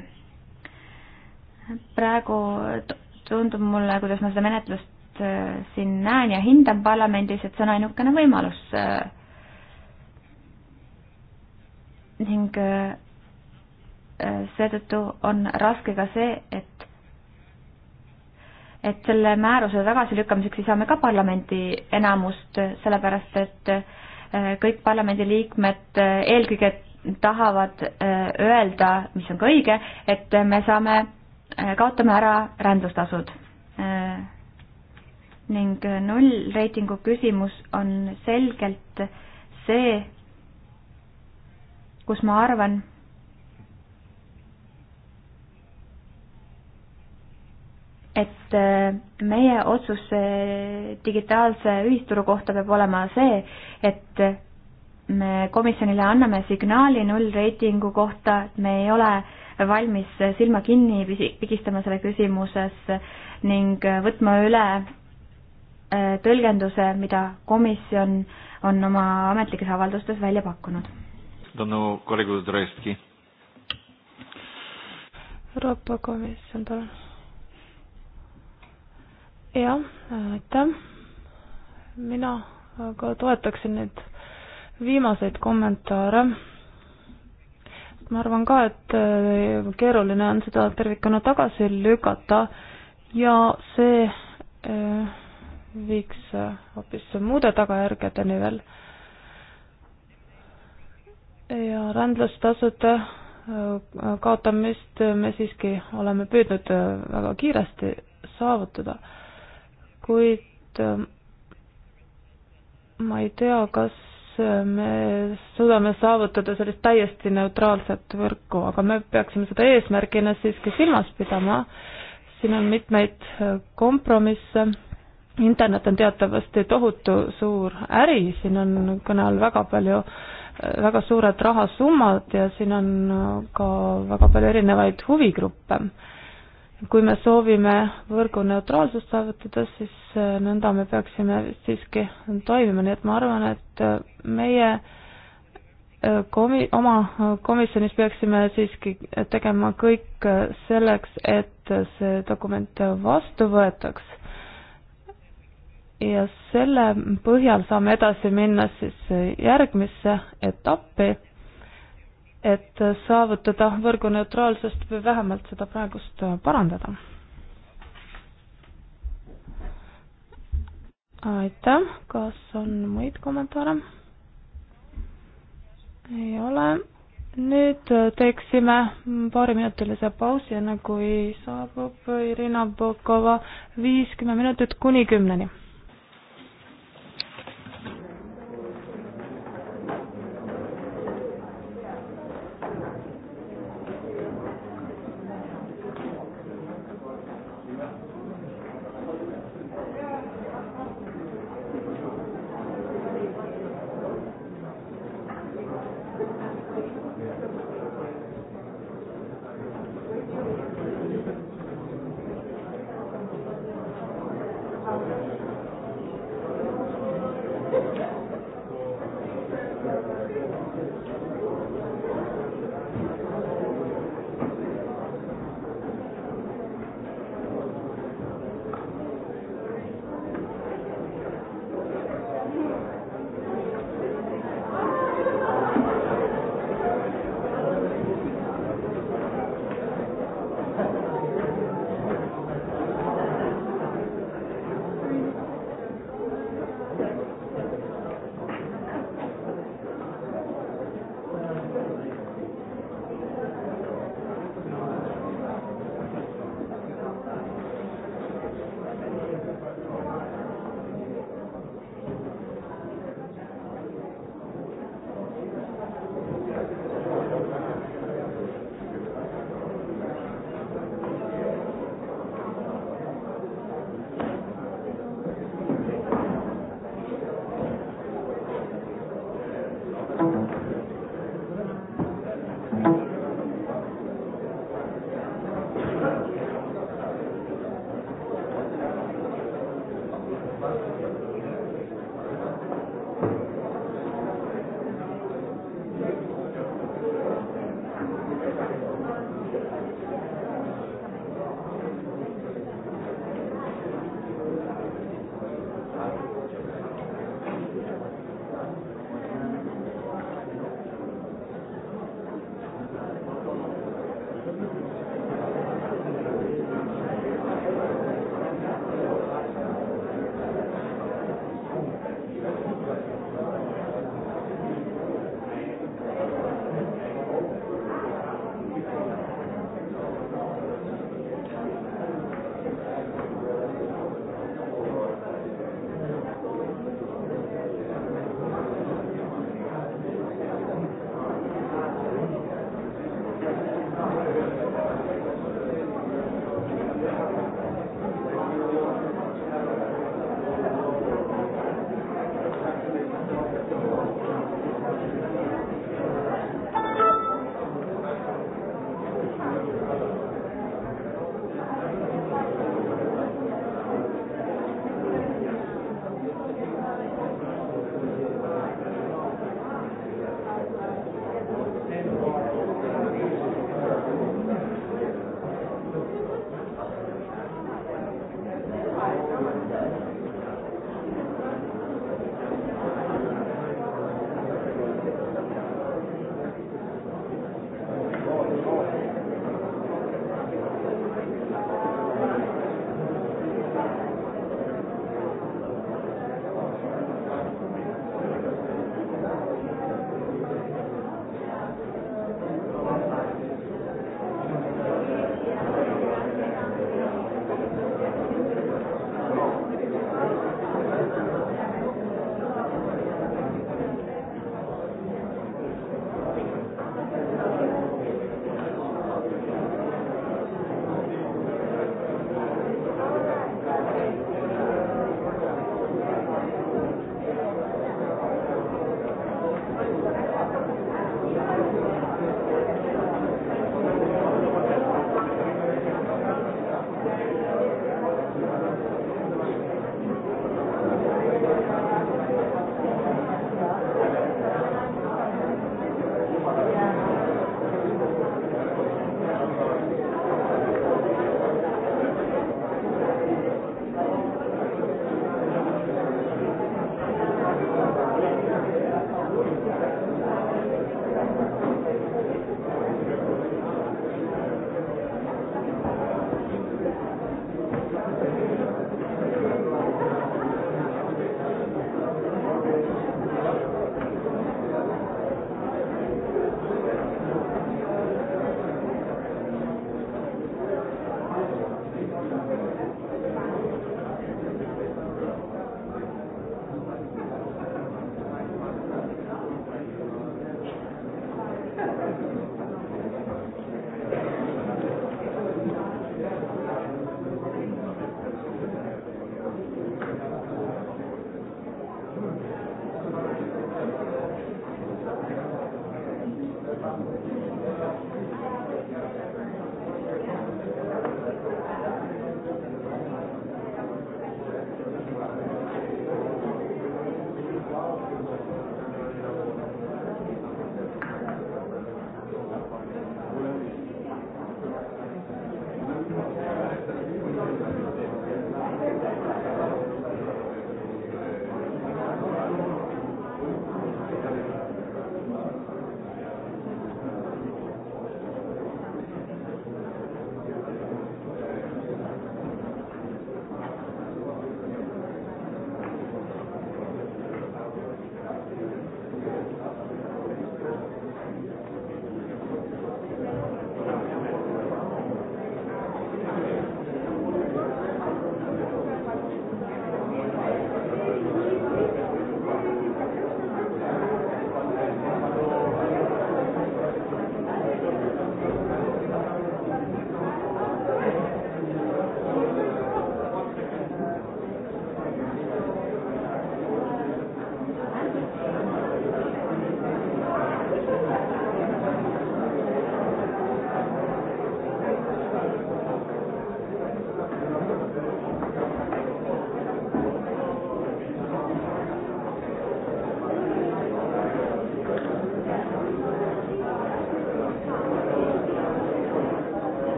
praegu tundub mulle, kuidas ma seda menetlust äh, siin näen ja hindan parlamendis, et see on ainukene võimalus äh, ning äh, äh, seetõttu on raske ka see, et, et selle määruse tagasilükkamiseks ei saa me ka parlamendi enamust, sellepärast et äh, kõik parlamendiliikmed eelkõige tahavad öelda, mis on ka õige, et me saame, kaotame ära rändustasud. ning nullreitingu küsimus on selgelt see, kus ma arvan, et äh, meie otsus äh, digitaalse ühisturu kohta peab olema see, et me komisjonile anname signaali nullreitingu kohta, et me ei ole valmis silma kinni pigistama selle küsimuses ning võtma üle äh, tõlgenduse, mida komisjon on oma ametlikes avaldustes välja pakkunud domnul colegul Zdroevski. Euroopa Komisjon, palun. jah, aitäh. mina aga toetaksin neid viimaseid kommentaare. ma arvan ka, et äh, keeruline on seda tervikuna tagasi lükata ja see äh, viiks hoopis muude tagajärgedeni veel ja rändlustasude äh, kaotamist me siiski oleme püüdnud äh, väga kiiresti saavutada, kuid äh, ma ei tea, kas me suudame saavutada sellist täiesti neutraalset võrku, aga me peaksime seda eesmärgina siiski silmas pidama. siin on mitmeid kompromisse, internet on teatavasti tohutu suur äri, siin on kõne all väga palju äh, väga suured rahasummad ja siin on ka väga palju erinevaid huvigruppe. kui me soovime võrgu neutraalsust saavutada, siis äh, nõnda me peaksime siiski toimima, nii et ma arvan, et äh, meie äh, komi-, oma komisjonis peaksime siiski tegema kõik selleks, et see dokument vastu võetaks ja selle põhjal saame edasi minna siis järgmisse etappi, et saavutada võrguneutraalsust või vähemalt seda praegust parandada. aitäh, kas on muid kommentaare? ei ole. nüüd teeksime paariminutilise pausi, nagu enne kui saabub Irina Bokova viiskümmend minutit kuni kümneni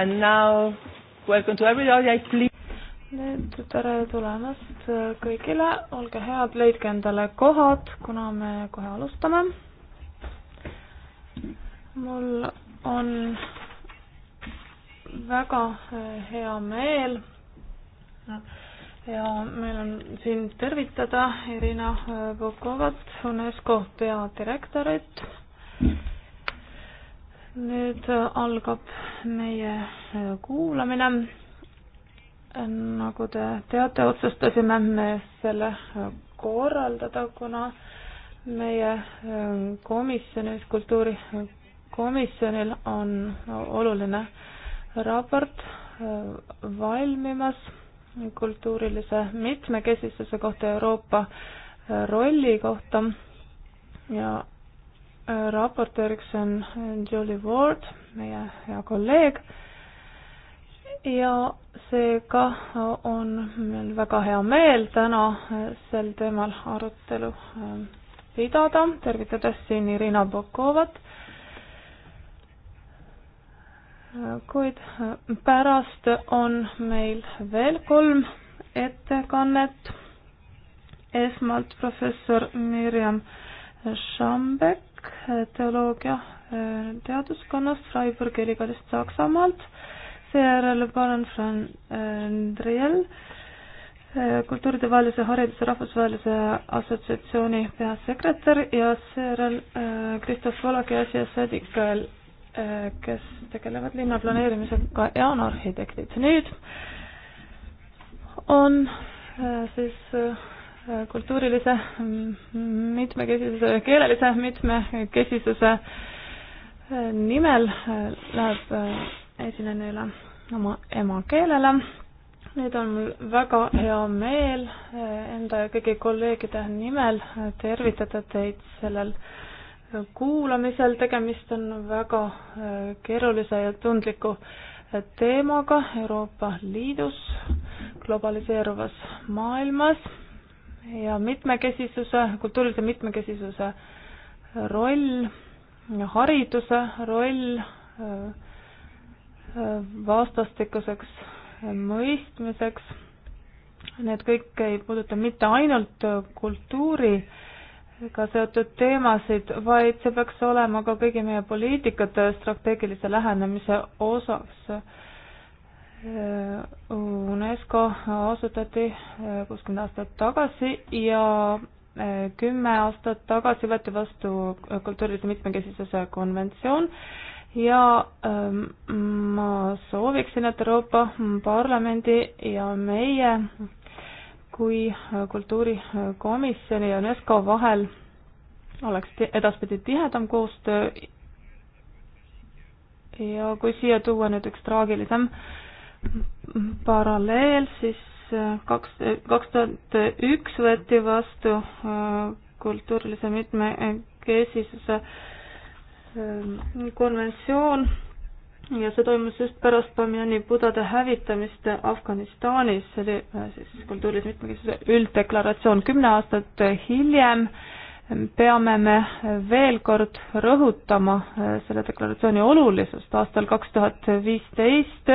And now welcome to everybody, I please. nüüd tere tulemast kõigile, olge head, leidke endale kohad, kuna me kohe alustame. mul on väga eh, hea meel ja meil on siin tervitada Irina Bukovat, UNESCO peadirektorit nüüd äh, algab meie äh, kuulamine. Äh, nagu te teate, otsustasime me selle korraldada, kuna meie komisjonis, kultuurikomisjonil on oluline raport valmimas kultuurilise mitmekesisuse kohta, Euroopa rolli kohta ja raportööriks on Julie Ward, meie hea kolleeg ja seega on meil väga hea meel täna sel teemal arutelu ähm, pidada, tervitades siin Irina Bokovat. kuid äh, pärast on meil veel kolm ettekannet. esmalt professor Mirjam Šambek, teoloogia äh, teaduskonnast Freiburgi ülikoolist Saksamaalt, seejärel Baron Fran Driel, äh, kultuuridevahelise hariduse rahvusvahelise assotsiatsiooni peasekretär ja seejärel Kristof äh, Volokias ja Sadik, kes tegelevad linnaplaneerimisega ja on arhitektid. nüüd on siis kultuurilise mm, mitmekesisuse ja keelelise mitmekesisuse äh, nimel äh, läheb äh, esinen üle oma emakeelele. nüüd on mul väga hea meel enda ja kõigi kolleegide nimel tervitada teid sellel kuulamisel. tegemist on väga keerulise ja tundliku teemaga Euroopa Liidus, globaliseeruvas maailmas ja mitmekesisuse, kultuurilise mitmekesisuse roll, hariduse roll äh, äh, vastastikuseks mõistmiseks. Need kõik ei puuduta mitte ainult kultuuriga seotud teemasid, vaid see peaks olema ka kõigi meie poliitikate strateegilise lähenemise osaks UNESCO asutati eh, kuuskümmend aastat tagasi ja eh, kümme aastat tagasi võeti vastu kultuurilise mitmekesisuse konventsioon ja ehm, ma sooviksin, et Euroopa Parlamendi ja meie kui kultuurikomisjoni ja UNESCO vahel oleks edaspidi tihedam koostöö ja kui siia tuua nüüd üks traagilisem äh, paralleel siis äh, kaks, äh, kaks tuhat üks võeti vastu äh, kultuurilise mitmekesisuse konventsioon ja see toimus just pärast Bamjani budade hävitamist Afganistanis, see oli siis kultuurilise mitmekesisuse ülddeklaratsioon. kümme aastat hiljem peame me veel kord rõhutama selle deklaratsiooni olulisust. aastal kaks tuhat viisteist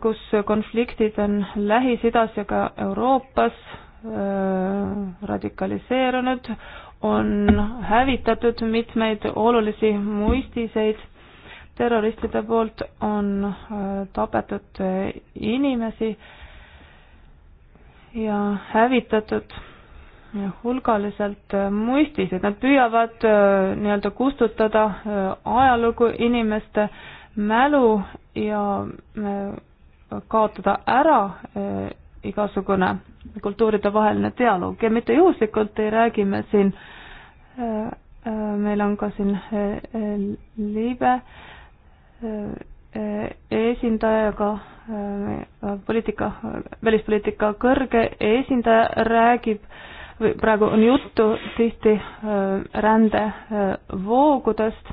kus konfliktid on Lähis-Idas ja ka Euroopas äh, radikaliseerunud, on hävitatud mitmeid olulisi muistiseid, terroristide poolt on äh, tapetud äh, inimesi ja hävitatud hulgaliselt muistised, nad püüavad nii-öelda kustutada ajalugu inimeste äh, mälu ja äh, kaotada ära äh, igasugune kultuuride vaheline dialoog ja mitte juhuslikult ei räägi me siin, äh, meil on ka siin liibe esindajaga, poliitika, välispoliitika kõrge esindaja räägib või praegu on juttu tihti rändevoogudest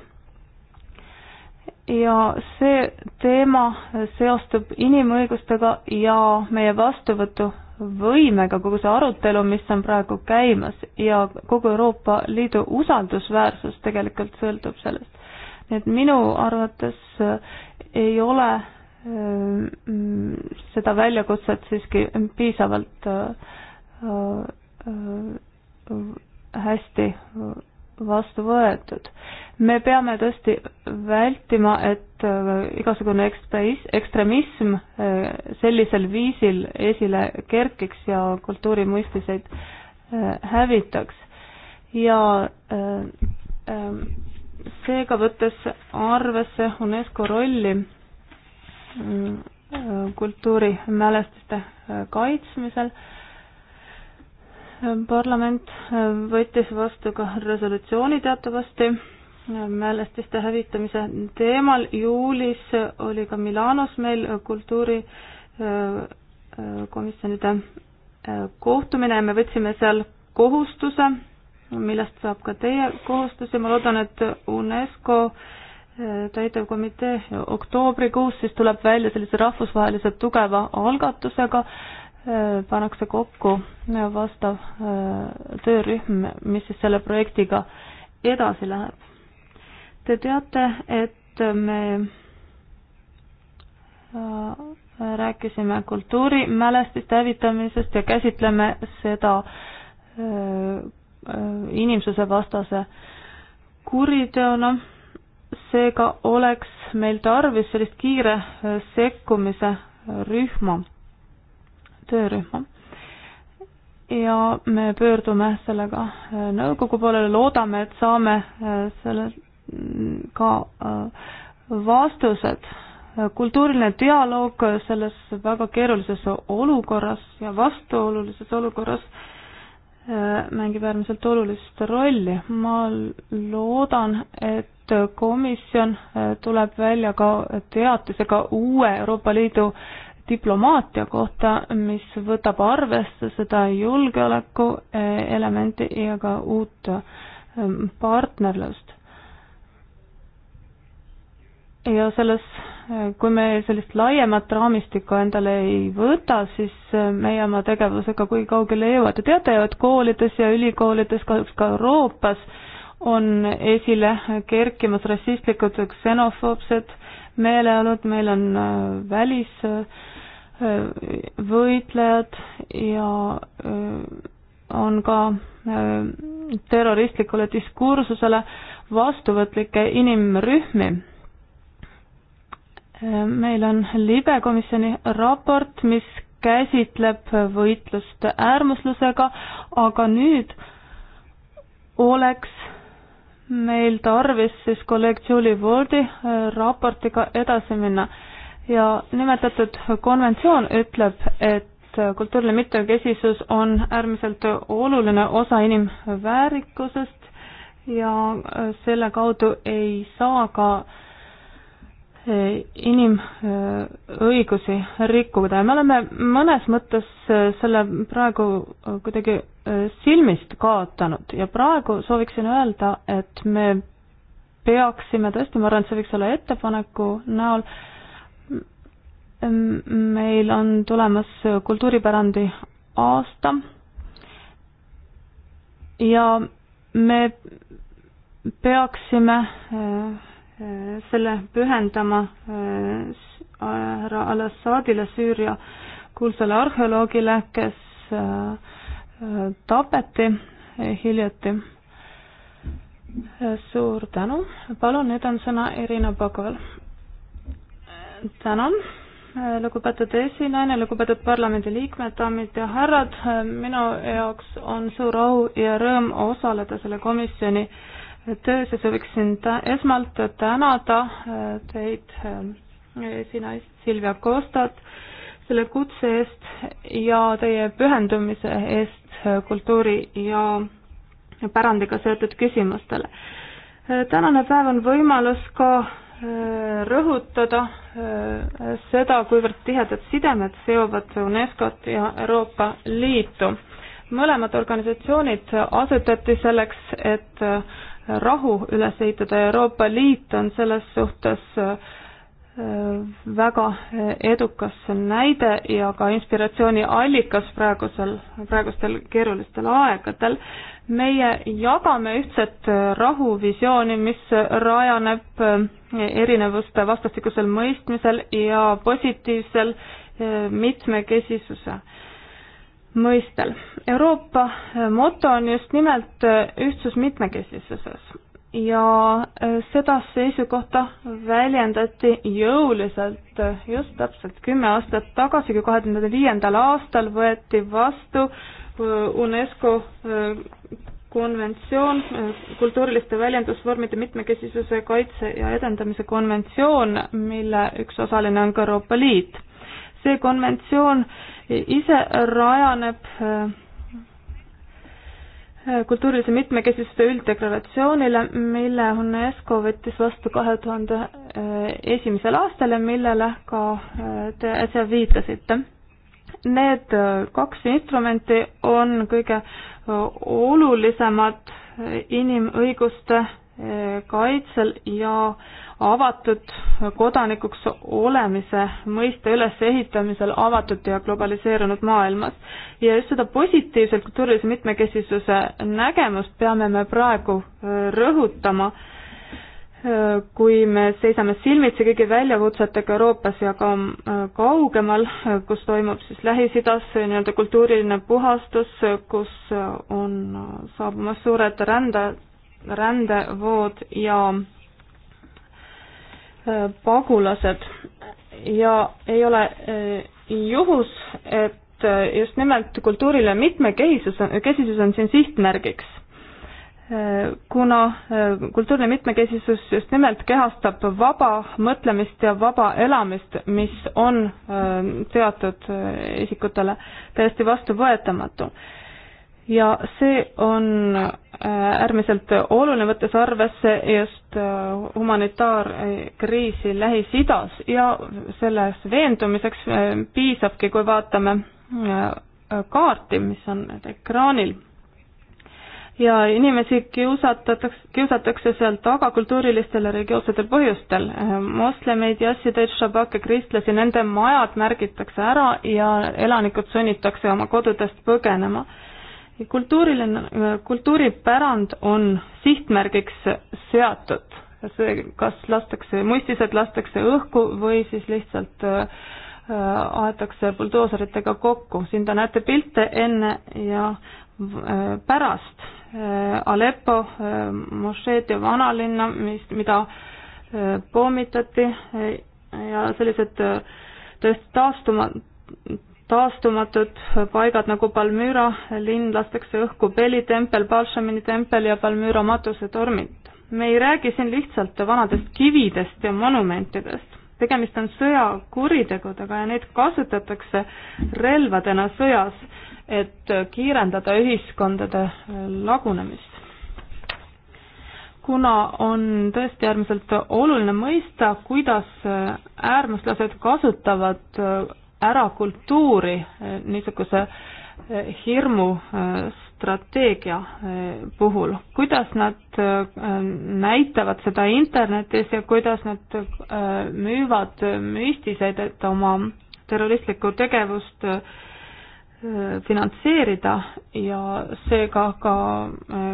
ja see teema seostub inimõigustega ja meie vastuvõtuvõimega, kogu see arutelu, mis on praegu käimas ja kogu Euroopa Liidu usaldusväärsus tegelikult sõltub sellest. nii et minu arvates äh, ei ole äh, seda väljakutset siiski piisavalt äh, hästi vastu võetud. me peame tõesti vältima, et äh, igasugune ekstreis-, ekstremism äh, sellisel viisil esile kerkiks ja kultuurimõistiseid äh, hävitaks. ja ähm, seega võttes arvesse UNESCO rolli mm, kultuurimälestiste kaitsmisel, parlament äh, võttis vastu ka resolutsiooni teatavasti äh, mälestiste hävitamise teemal. juulis oli ka Milanos meil kultuurikomisjonide äh, kohtumine ja me võtsime seal kohustuse, millest saab ka teie kohustus ja ma loodan, et UNESCO täitevkomitee oktoobrikuus siis tuleb välja sellise rahvusvahelise tugeva algatusega Äh, pannakse kokku äh, vastav äh, töörühm, mis siis selle projektiga edasi läheb. Te teate, et me rääkisime kultuurimälestiste hävitamisest ja käsitleme seda inimsuse vastase kuriteona. seega oleks meil tarvis sellist kiire sekkumise rühma töörühma. ja me pöördume sellega äh, nõukogu poolele, loodame, et saame äh, selle mm, ka äh, vastused. kultuuriline dialoog selles väga keerulises olukorras ja vastuolulises olukorras mängib äärmiselt olulist rolli. ma loodan, et komisjon tuleb välja ka teatisega uue Euroopa Liidu diplomaatia kohta, mis võtab arvesse seda julgeoleku eh, elementi ja ka uut ehm, partnerlust. ja selles, eh, kui me sellist laiemat raamistikku endale ei võta, siis eh, meie oma tegevusega kui kaugele ei jõua. Te teate ju, et koolides ja ülikoolides, kahjuks ka Euroopas, on esile kerkimas rassistlikud, ksenofoobsed meeleolud, meil on välis äh, Äh, võitlejad ja äh, on ka äh, terroristlikule diskursusele vastuvõtlikke inimrühmi. meil on libe komisjoni raport, mis käsitleb võitlust äärmuslusega, aga nüüd oleks meil tarvis siis kolleeg Julie Wordi raportiga edasi minna ja nimetatud konventsioon ütleb, et kultuuriline mitmekesisus on äärmiselt oluline osa inimväärikusest ja selle kaudu ei saa ka e, inimõigusi rikkuda ja me oleme mõnes mõttes selle praegu kuidagi e, silmist kaotanud ja praegu sooviksin öelda, et me peaksime tõesti, ma arvan, et see võiks olla ettepaneku näol äh, meil on tulemas kultuuripärandi aasta ja me peaksime eh, eh, selle pühendama eh, härra Al-Assadile, Süüria kuulsale arheoloogile, kes tapeti hiljuti. suur tänu, palun, nüüd on sõna Irina Pagal. tänan Äh, lugupeetud esinaine, lugupeetud parlamendiliikmed, daamid ja härrad, äh, minu jaoks on suur au ja rõõm osaleda selle komisjoni töös ja sooviksin esmalt tänada äh, teid, esinaist Silvia Kostat, selle kutse eest ja teie pühendumise eest kultuuri ja pärandiga seotud küsimustele. tänane päev on võimalus ka Äh, rõhutada äh, seda, kuivõrd tihedad sidemed seovad UNESCO-t ja Euroopa Liitu. mõlemad organisatsioonid asetati selleks, et äh, rahu üles ehitada ja Euroopa Liit on selles suhtes äh, väga edukas näide ja ka inspiratsiooniallikas praegusel, praegustel keerulistel aegadel. meie jagame ühtset rahuvisiooni, mis rajaneb erinevuste vastastikusel mõistmisel ja positiivsel mitmekesisuse mõistel. Euroopa moto on just nimelt ühtsus mitmekesisuses ja e, seda seisukohta väljendati jõuliselt e, just täpselt kümme aastat tagasi, kui kahe tuhande viiendal aastal võeti vastu e, UNESCO konventsioon, kultuuriliste väljendusvormide mitmekesisuse kaitse ja edendamise konventsioon, mille üks osaline on ka Euroopa Liit. see konventsioon ise rajaneb kultuurilise mitmekesisuse ülddeklaratsioonile, mille UNESCO võttis vastu kahe tuhande eh, esimesel aastal ja millele ka eh, te äsja viitasite. Need eh, kaks instrumenti on kõige olulisemad inimõiguste kaitsel ja avatud kodanikuks olemise mõiste ülesehitamisel avatud ja globaliseerunud maailmas. ja just seda positiivset kultuurilise mitmekesisuse nägemust peame me praegu äh, rõhutama, äh, kui me seisame silmitsi kõigi väljakutsetega Euroopas ja ka äh, kaugemal, kus toimub siis Lähis-Idas nii-öelda kultuuriline puhastus, kus on saabumas suured rändajad, rändevood ja äh, pagulased ja ei ole äh, juhus, et äh, just nimelt kultuuriline mitmekesisus, kesisus on siin sihtmärgiks. kuna kultuuriline mitmekesisus just nimelt kehastab vaba mõtlemist ja vaba elamist, mis on teatud isikutele täiesti vastuvõetamatu ja see on äh, äärmiselt oluline, võttes arvesse just äh, humanitaarkriisi Lähis-Idas ja selles veendumiseks äh, piisabki, kui vaatame kaarti, mis on nüüd ekraanil. ja inimesi kiusatatakse, kiusatakse seal taga kultuurilistel ja religioossetel põhjustel. moslemeid, jassideid, šabakke, kristlasi, nende majad märgitakse ära ja elanikud sunnitakse oma kodudest põgenema kultuuriline, kultuuripärand on sihtmärgiks seatud. see, kas lastakse, muistised lastakse õhku või siis lihtsalt äh, aetakse buldooseritega kokku. siin te näete pilte enne ja äh, pärast äh, Aleppo mošeed ja vanalinna, mis, mida pommitati ja sellised tõesti taastuma, taastumatud paigad nagu Palmüra linn lastakse õhku Beli tempel, Balšamini tempel ja Palmüra matusetormid. me ei räägi siin lihtsalt vanadest kividest ja monumentidest, tegemist on sõjakuritegudega ja neid kasutatakse relvadena sõjas, et kiirendada ühiskondade lagunemist. kuna on tõesti äärmiselt oluline mõista, kuidas äärmuslased kasutavad ära kultuuri eh, niisuguse eh, hirmu eh, strateegia puhul, kuidas nad näitavad seda internetis ja kuidas nad müüvad müstiseid, et oma terroristlikku tegevust finantseerida ja seega ka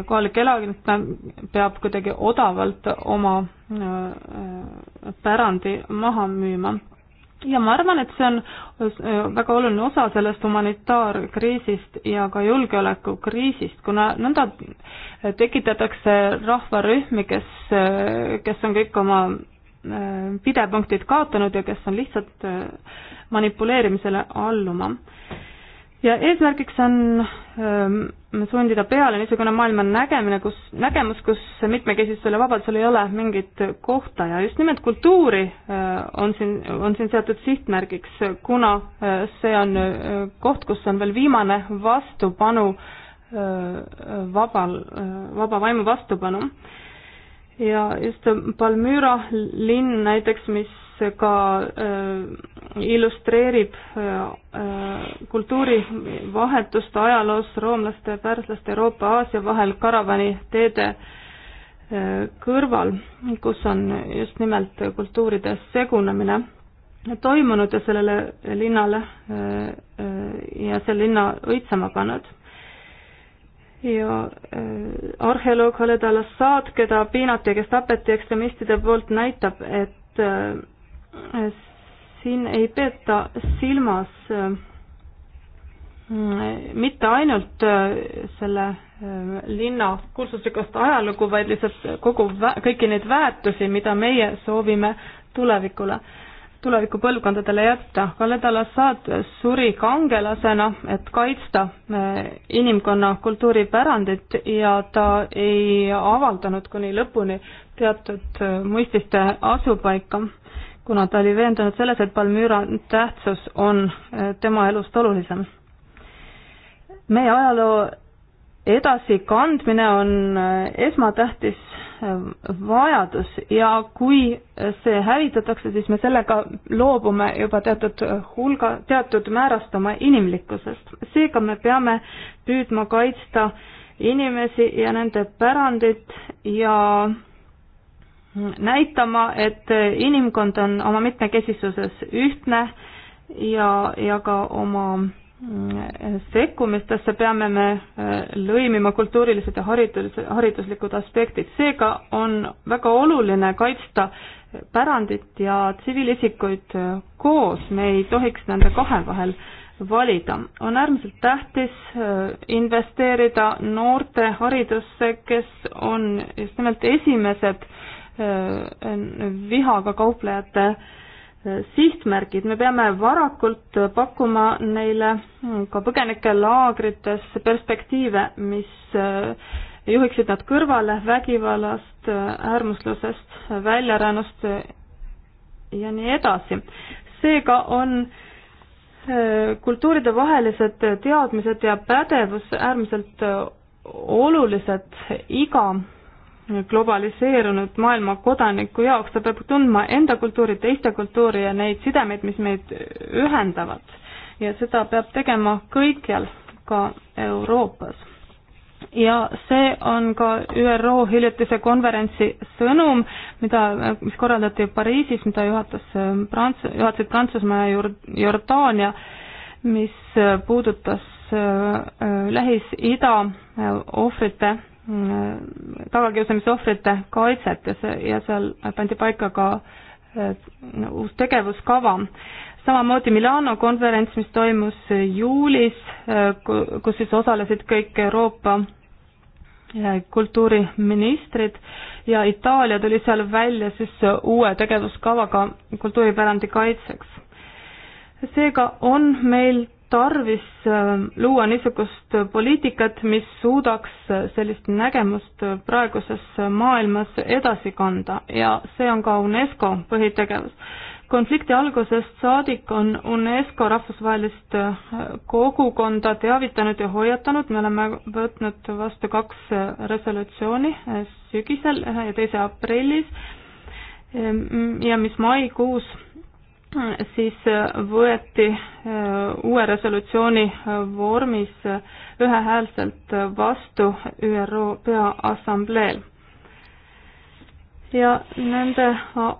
kohalik elanik peab kuidagi odavalt oma pärandi maha müüma ja ma arvan, et see on äh, väga oluline osa sellest humanitaarkriisist ja ka julgeolekukriisist, kuna nõnda tekitatakse rahvarühmi, kes, äh, kes on kõik oma äh, pidepunktid kaotanud ja kes on lihtsalt manipuleerimisele alluma ja eesmärgiks on öö, ähm, sundida peale niisugune maailma nägemine, kus, nägemus, kus mitmekesisusel ja vabadusel ei ole mingit kohta ja just nimelt kultuuri öö, äh, on siin, on siin seatud sihtmärgiks, kuna öö, äh, see on öö, äh, koht, kus on veel viimane vastupanu öö, vabal, vaba vaimu vastupanu. ja just Palmüra linn näiteks, mis ka äh, illustreerib äh, äh, kultuurivahetust ajaloos roomlaste, pärslaste, Euroopa, Aasia vahel karavani teede kõrval, kus on just nimelt kultuuride segunemine toimunud ja sellele linnale ja selle linna õitsema pannud. ja arheoloog Khaled al-Assad, keda piinati ja kes tapeti ekstremistide poolt, näitab, et siin ei peeta silmas äh, mitte ainult äh, selle äh, linna kuulsusrikast ajalugu, vaid lihtsalt kogu, kõiki neid väärtusi, mida meie soovime tulevikule, tulevikupõlvkondadele jätta. Khaled al-Assad suri kangelasena, et kaitsta inimkonna kultuuripärandit ja ta ei avaldanud kuni lõpuni teatud mõististe asupaika kuna ta oli veendunud selles, et Palmüra tähtsus on eh, tema elust olulisem. meie ajaloo edasikandmine on eh, esmatähtis eh, vajadus ja kui see hävitatakse, siis me sellega loobume juba teatud hulga, teatud määrast oma inimlikkusest. seega me peame püüdma kaitsta inimesi ja nende pärandit ja näitama, et inimkond on oma mitmekesisuses ühtne ja, ja ka oma mm, sekkumistesse peame me äh, lõimima kultuurilised ja haridus, hariduslikud aspektid, seega on väga oluline kaitsta pärandit ja tsiviilisikuid äh, koos, me ei tohiks nende kahe vahel valida. on äärmiselt tähtis äh, investeerida noorte haridusse, kes on just nimelt esimesed äh, Äh, vihaga kauplejate äh, sihtmärgid, me peame varakult pakkuma neile ka põgenikelaagrites perspektiive, mis äh, juhiksid nad kõrvale vägivallast, äärmuslusest, väljarännust ja nii edasi. seega on kultuuridevahelised teadmised ja pädevus äärmiselt olulised iga globaliseerunud maailma kodaniku jaoks, ta peab tundma enda kultuuri, teiste kultuuri ja neid sidemeid, mis meid ühendavad. ja seda peab tegema kõikjal, ka Euroopas. ja see on ka ÜRO hiljutise konverentsi sõnum, mida, mis korraldati Pariisis, mida juhatas äh, Prants-, juhatasid Prantsusmaa ja Jord-, Jordaania, mis puudutas äh, äh, Lähis-Ida ohvrite Äh, tagakiusamise ohvrite kaitset ja see, ja seal pandi paika ka äh, uus tegevuskava. samamoodi Milano konverents, mis toimus juulis, äh, kus siis osalesid kõik Euroopa kultuuriministrid ja Itaalia tuli seal välja siis uue tegevuskavaga kultuuripärandi kaitseks. seega on meil tarvis äh, luua niisugust poliitikat, mis suudaks sellist nägemust praeguses maailmas edasi kanda ja see on ka UNESCO põhitegevus. konflikti algusest saadik on UNESCO rahvusvahelist äh, kogukonda teavitanud ja hoiatanud, me oleme võtnud vastu kaks äh, resolutsiooni sügisel, ühe ja teise aprillis ja mis maikuus siis äh, võeti äh, uue resolutsiooni äh, vormis ühehäälselt vastu ÜRO Peaassambleel. ja nende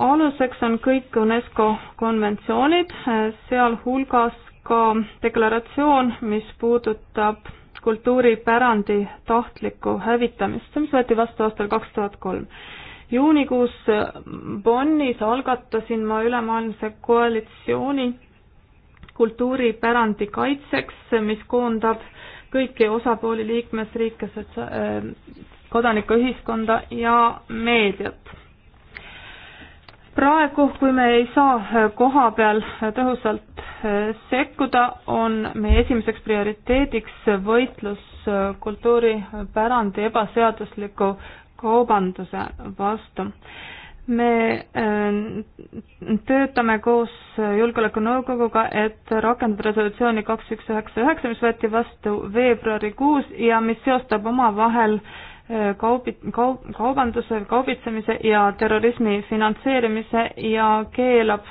aluseks on kõik UNESCO konventsioonid, sealhulgas ka deklaratsioon, mis puudutab kultuuripärandi tahtlikku hävitamist, mis võeti vastu aastal kaks tuhat kolm juunikuus Bonnis algatasin ma ülemaailmse koalitsiooni kultuuripärandi kaitseks, mis koondab kõiki osapooli liikmesriike, äh, kodanikuühiskonda ja meediat. praegu, kui me ei saa koha peal tõhusalt äh, sekkuda, on meie esimeseks prioriteediks võitlus äh, kultuuripärandi ebaseadusliku kaubanduse vastu. me äh, töötame koos Julgeolekunõukoguga, et rakendada resolutsiooni kaks üks üheksa üheksa, mis võeti vastu veebruarikuus ja mis seostab omavahel äh, kaubi-, kau-, kaubanduse, kaubitsemise ja terrorismi finantseerimise ja keelab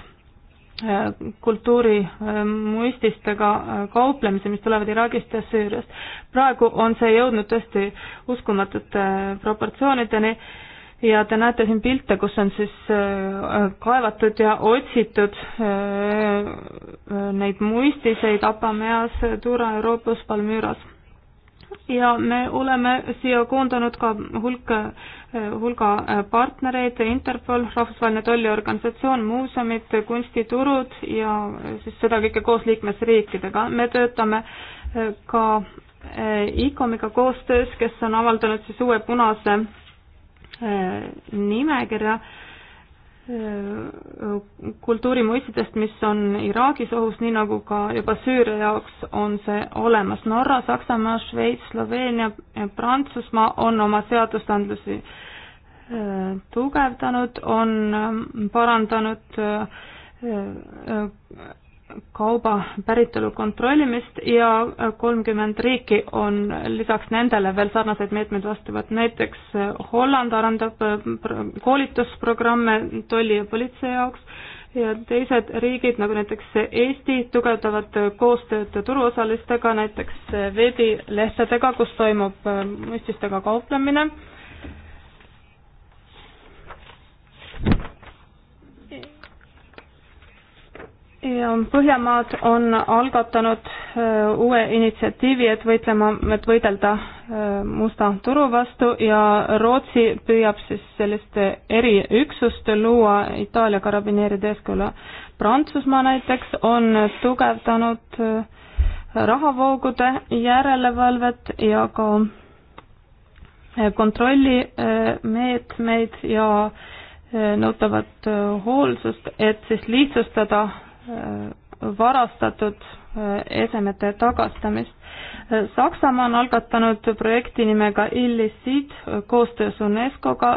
Äh, kultuurimuististega äh, äh, kauplemise, mis tulevad Iraagist ja Süüriast. praegu on see jõudnud tõesti uskumatute proportsioonideni ja te näete siin pilte, kus on siis kaevatud ja otsitud neid muistiseid Apameas, Tura Euroopas, Palmyras ja me oleme siia koondanud ka hulk, hulga partnereid, Interpol, Rahvusvaheline Tolliorganisatsioon, muuseumid, kunstiturud ja siis seda kõike koos liikmesriikidega. me töötame eh, ka eh, ICOM-iga koostöös, kes on avaldanud siis uue punase eh, nimekirja äh, kultuurimuistidest, mis on Iraagis ohus, nii nagu ka juba Süüria jaoks on see olemas. Norra, Saksamaa, Šveits, Sloveenia, Prantsusmaa on oma seadustandlusi äh, tugevdanud, on äh, parandanud äh, kauba päritolu kontrollimist ja kolmkümmend riiki on lisaks nendele veel sarnaseid meetmeid vastu võtnud, näiteks Holland arendab koolitusprogramme tolli ja politsei jaoks ja teised riigid, nagu näiteks Eesti, tugevdavad koostööd turuosalistega, näiteks veebilehtedega, kus toimub äh, mõististega kauplemine ja Põhjamaad on algatanud äh, uue initsiatiivi, et võitlema, et võidelda äh, musta turu vastu ja Rootsi püüab siis sellist eriüksust luua Itaalia karabineeride eeskujul. Prantsusmaa näiteks on tugevdanud äh, rahavoogude järelevalvet ja ka kontrollimeetmeid ja nõutavat hoolsust, et siis lihtsustada Äh, varastatud äh, esemete tagastamist. Äh, Saksamaa on algatanud projekti nimega Illicid koostöös UNESCO-ga,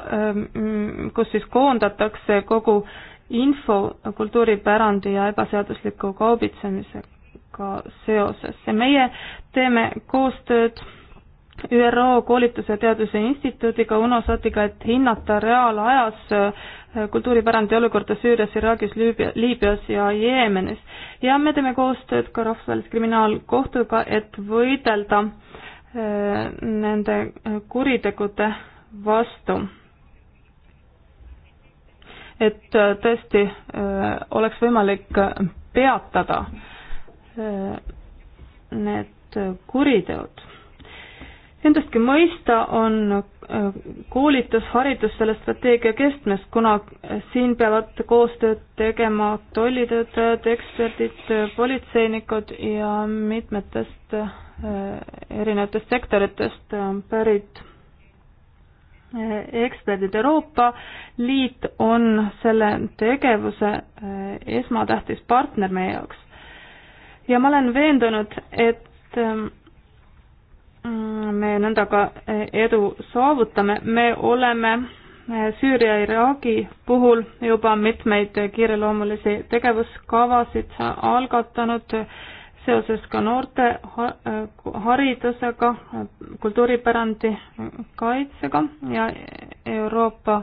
kus siis koondatakse kogu info kultuuripärandi ja ebaseadusliku kaubitsemisega seoses ja meie teeme koostööd ÜRO Koolituse Teaduse Instituudiga, UNOSOT-iga, et hinnata reaalajas äh, kultuuripärandi olukorda Süürias, Iraagis, Liibüas ja Jeemenis. ja me teeme koostööd ka Rahvusvahelise Kriminaalkohtuga, et võidelda äh, nende äh, kuritegude vastu. et tõesti oleks võimalik peatada need kuriteod Endastki mõista on äh, koolitus, haridus selle strateegia keskmes, kuna siin peavad koostööd tegema tollitöötajad, eksperdid, politseinikud ja mitmetest äh, erinevatest sektoritest pärit äh, eksperdid. Euroopa Liit on selle tegevuse esmatähtis partner meie jaoks. ja ma olen veendunud, et ähm, me nõnda ka e, edu saavutame, me oleme e, Süüria, Iraagi puhul juba mitmeid kiireloomulisi tegevuskavasid algatanud seoses ka noorte e, haridusega, kultuuripärandi kaitsega ja Euroopa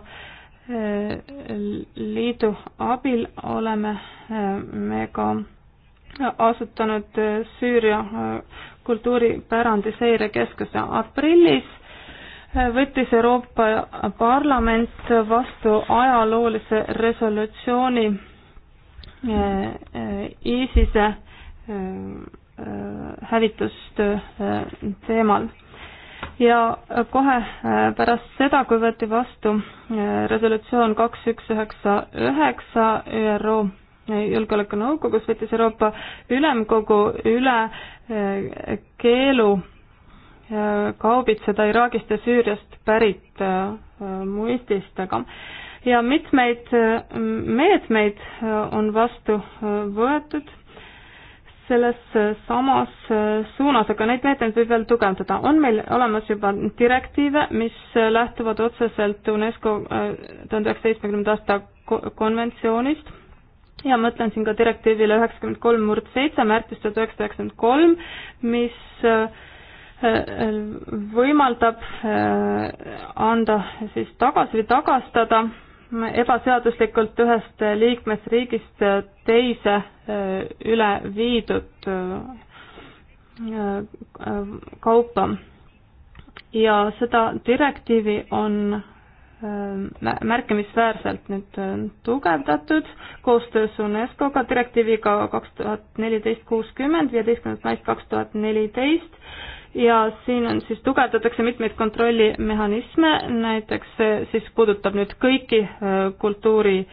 Liidu abil oleme me ka asutanud Süüria kultuuripärandi seirekeskuse. aprillis äh, võttis Euroopa Parlament vastu ajaloolise resolutsiooni äh, äh, ISISe hävitustöö teemal ja kohe pärast seda, kui võeti vastu resolutsioon kaks üks üheksa üheksa ÜRO julgeolekunõukogus võttis Euroopa Ülemkogu üle eh, keelu eh, kaubitseda Iraagist ja Süüriast pärit eh, muististega ja mitmeid meetmeid on vastu võetud selles samas suunas, aga neid meetmeid võib veel tugevdada. on meil olemas juba direktiive, mis lähtuvad otseselt UNESCO tuhande üheksasaja seitsmekümnenda aasta konventsioonist ja ma ütlen siin ka direktiivile üheksakümmend kolm murd seitse märtsis tuhat üheksasada üheksakümmend kolm, mis äh, äh, võimaldab äh, anda siis tagasi või tagastada ebaseaduslikult ühest liikmesriigist teise üle viidud kaupa. ja seda direktiivi on märkimisväärselt nüüd tugevdatud koostöös UNESCO-ga direktiiviga kaks tuhat neliteist kuuskümmend, viieteistkümnendat maist kaks tuhat neliteist ja siin on siis, tugevdatakse mitmeid kontrollimehhanisme, näiteks siis puudutab nüüd kõiki kultuurivarasid,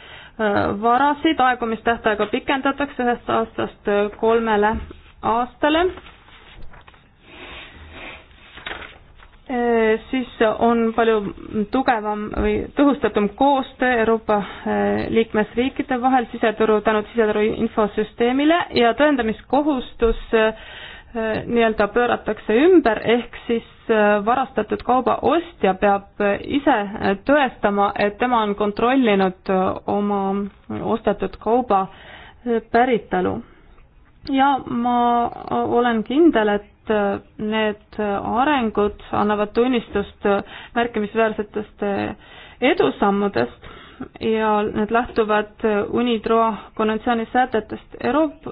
aegumistähtaega pikendatakse ühest aastast kolmele aastale Äh, siis on palju tugevam või tõhustatum koostöö Euroopa äh, liikmesriikide vahel siseturu tänu siseturu infosüsteemile ja tõendamiskohustus äh, nii-öelda pööratakse ümber, ehk siis varastatud kauba ostja peab ise tõestama, et tema on kontrollinud oma ostetud kauba päritolu. ja ma olen kindel, et et äh, need äh, arengud annavad tunnistust äh, märkimisväärsetest edusammudest ja need lähtuvad UNIDRO konventsiooni sätetest. Euroopa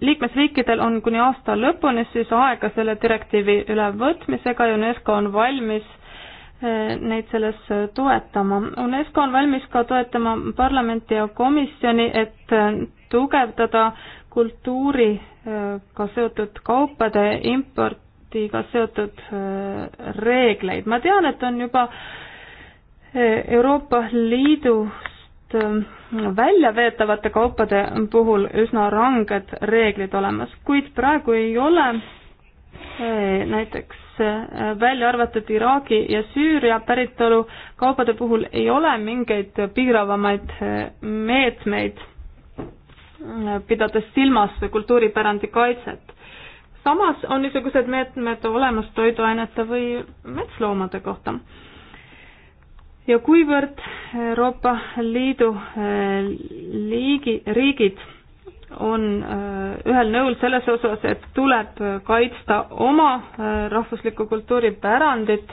liikmesriikidel on kuni aasta lõpuni siis aega selle direktiivi ülevõtmisega ja UNESCO on valmis neid selles toetama. UNESCO on valmis ka toetama parlamenti ja komisjoni, et tugevdada kultuuriga seotud kaupade importiga seotud äh, reegleid. ma tean, et on juba äh, Euroopa Liidust äh, välja veetavate kaupade puhul üsna ranged reeglid olemas, kuid praegu ei ole näiteks välja arvatud Iraagi ja Süüria päritolu kaupade puhul ei ole mingeid piiravamaid meetmeid pidades silmas kultuuripärandi kaitset. samas on niisugused meetmed olemas toiduainete või metsloomade kohta. ja kuivõrd Euroopa Liidu eh, liigi, riigid on eh, ühel nõul selles osas, et tuleb kaitsta oma eh, rahvuslikku kultuuripärandit,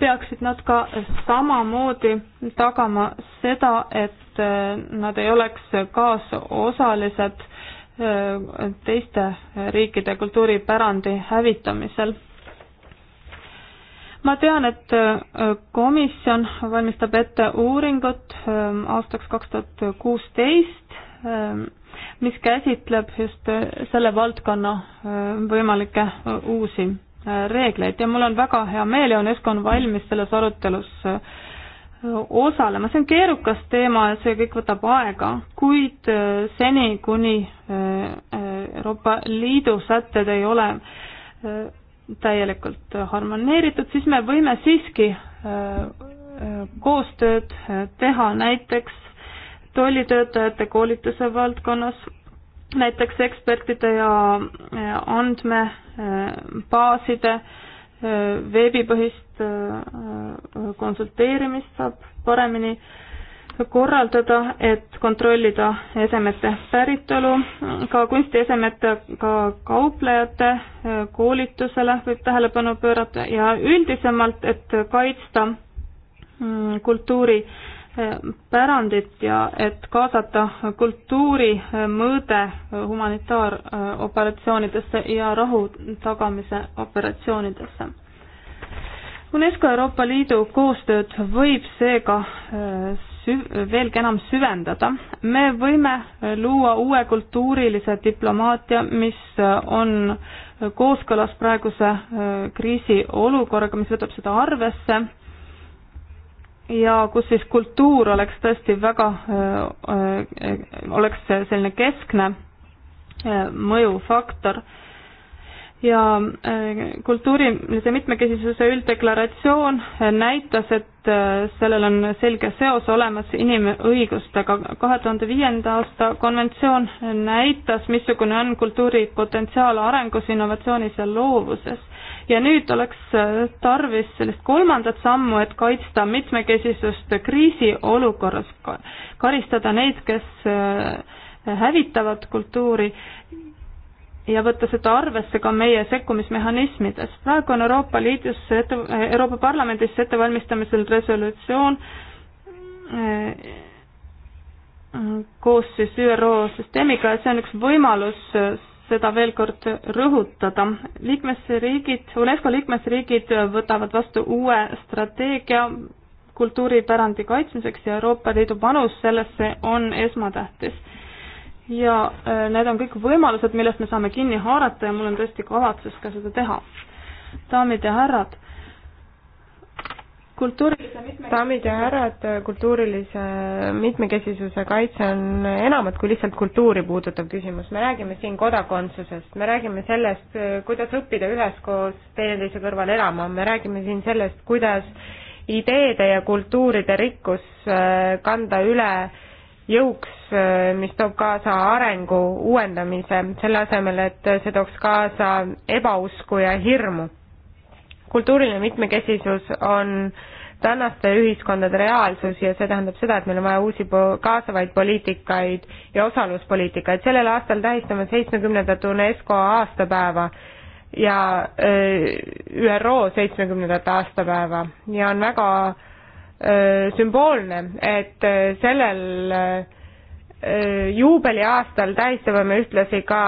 peaksid nad ka samamoodi tagama seda, et äh, nad ei oleks kaasosalised äh, teiste riikide kultuuripärandi hävitamisel. ma tean, et äh, komisjon valmistab ette uuringut aastaks kaks tuhat kuusteist, mis käsitleb just selle valdkonna võimalikke uusi reegleid ja mul on väga hea meel ja UNESCO on valmis selles arutelus osalema, see on keerukas teema ja see kõik võtab aega, kuid seni, kuni Euroopa Liidu sätted ei ole täielikult harmoneeritud, siis me võime siiski koostööd teha näiteks tollitöötajate koolituse valdkonnas näiteks ekspertide ja andmebaaside äh, äh, veebipõhist äh, konsulteerimist saab paremini korraldada, et kontrollida esemete päritolu, ka kunstiesemetega ka kauplejate koolitusele võib tähelepanu pöörata ja üldisemalt, et kaitsta mm, kultuuri pärandit ja et kaasata kultuurimõõde eh, eh, humanitaaroperatsioonidesse ja rahu tagamise operatsioonidesse. UNESCO Euroopa Liidu koostööd võib seega eh, süv-, veelgi enam süvendada. me võime luua uue kultuurilise diplomaatia, mis on kooskõlas praeguse kriisiolukorraga, mis võtab seda arvesse ja kus siis kultuur oleks tõesti väga, äh, äh, oleks selline keskne äh, mõjufaktor ja kultuurilise mitmekesisuse ülddeklaratsioon näitas, et sellel on selge seos olemas inimõigustega. kahe tuhande viienda aasta konventsioon näitas, missugune on kultuuri potentsiaal arengus, innovatsioonis ja loovuses ja nüüd oleks äh, tarvis sellist kolmandat sammu, et kaitsta mitmekesisust kriisiolukorras, karistada neid, kes äh, hävitavad kultuuri ja võtta seda arvesse ka meie sekkumismehhanismides. praegu on Euroopa Liidus, Euroopa Parlamendis ettevalmistamisel resolutsioon äh, koos siis ÜRO süsteemiga ja see on üks võimalus seda veel kord rõhutada. liikmesriigid, UNESCO liikmesriigid võtavad vastu uue strateegia kultuuripärandi kaitsmiseks ja Euroopa Liidu panus sellesse on esmatähtis. ja äh, need on kõik võimalused, millest me saame kinni haarata ja mul on tõesti kavatsus ka seda teha. daamid ja härrad, kultuurilise mitme-, daamid ja härrad, kultuurilise mitmekesisuse kaitse on enamat kui lihtsalt kultuuri puudutav küsimus, me räägime siin kodakondsusest, me räägime sellest, kuidas õppida üheskoos teineteise kõrval elama, me räägime siin sellest, kuidas ideede ja kultuuride rikkus äh, kanda üle jõuks, äh, mis toob kaasa arengu uuendamise, selle asemel, et see tooks kaasa ebausku ja hirmu kultuuriline mitmekesisus on tänaste ühiskondade reaalsus ja see tähendab seda, et meil on vaja uusi po kaasavaid poliitikaid ja osaluspoliitikaid. sellel aastal tähistame seitsmekümnendat UNESCO aastapäeva ja ÜRO seitsmekümnendat aastapäeva ja on väga öö, sümboolne, et sellel juubeliaastal tähistame me ühtlasi ka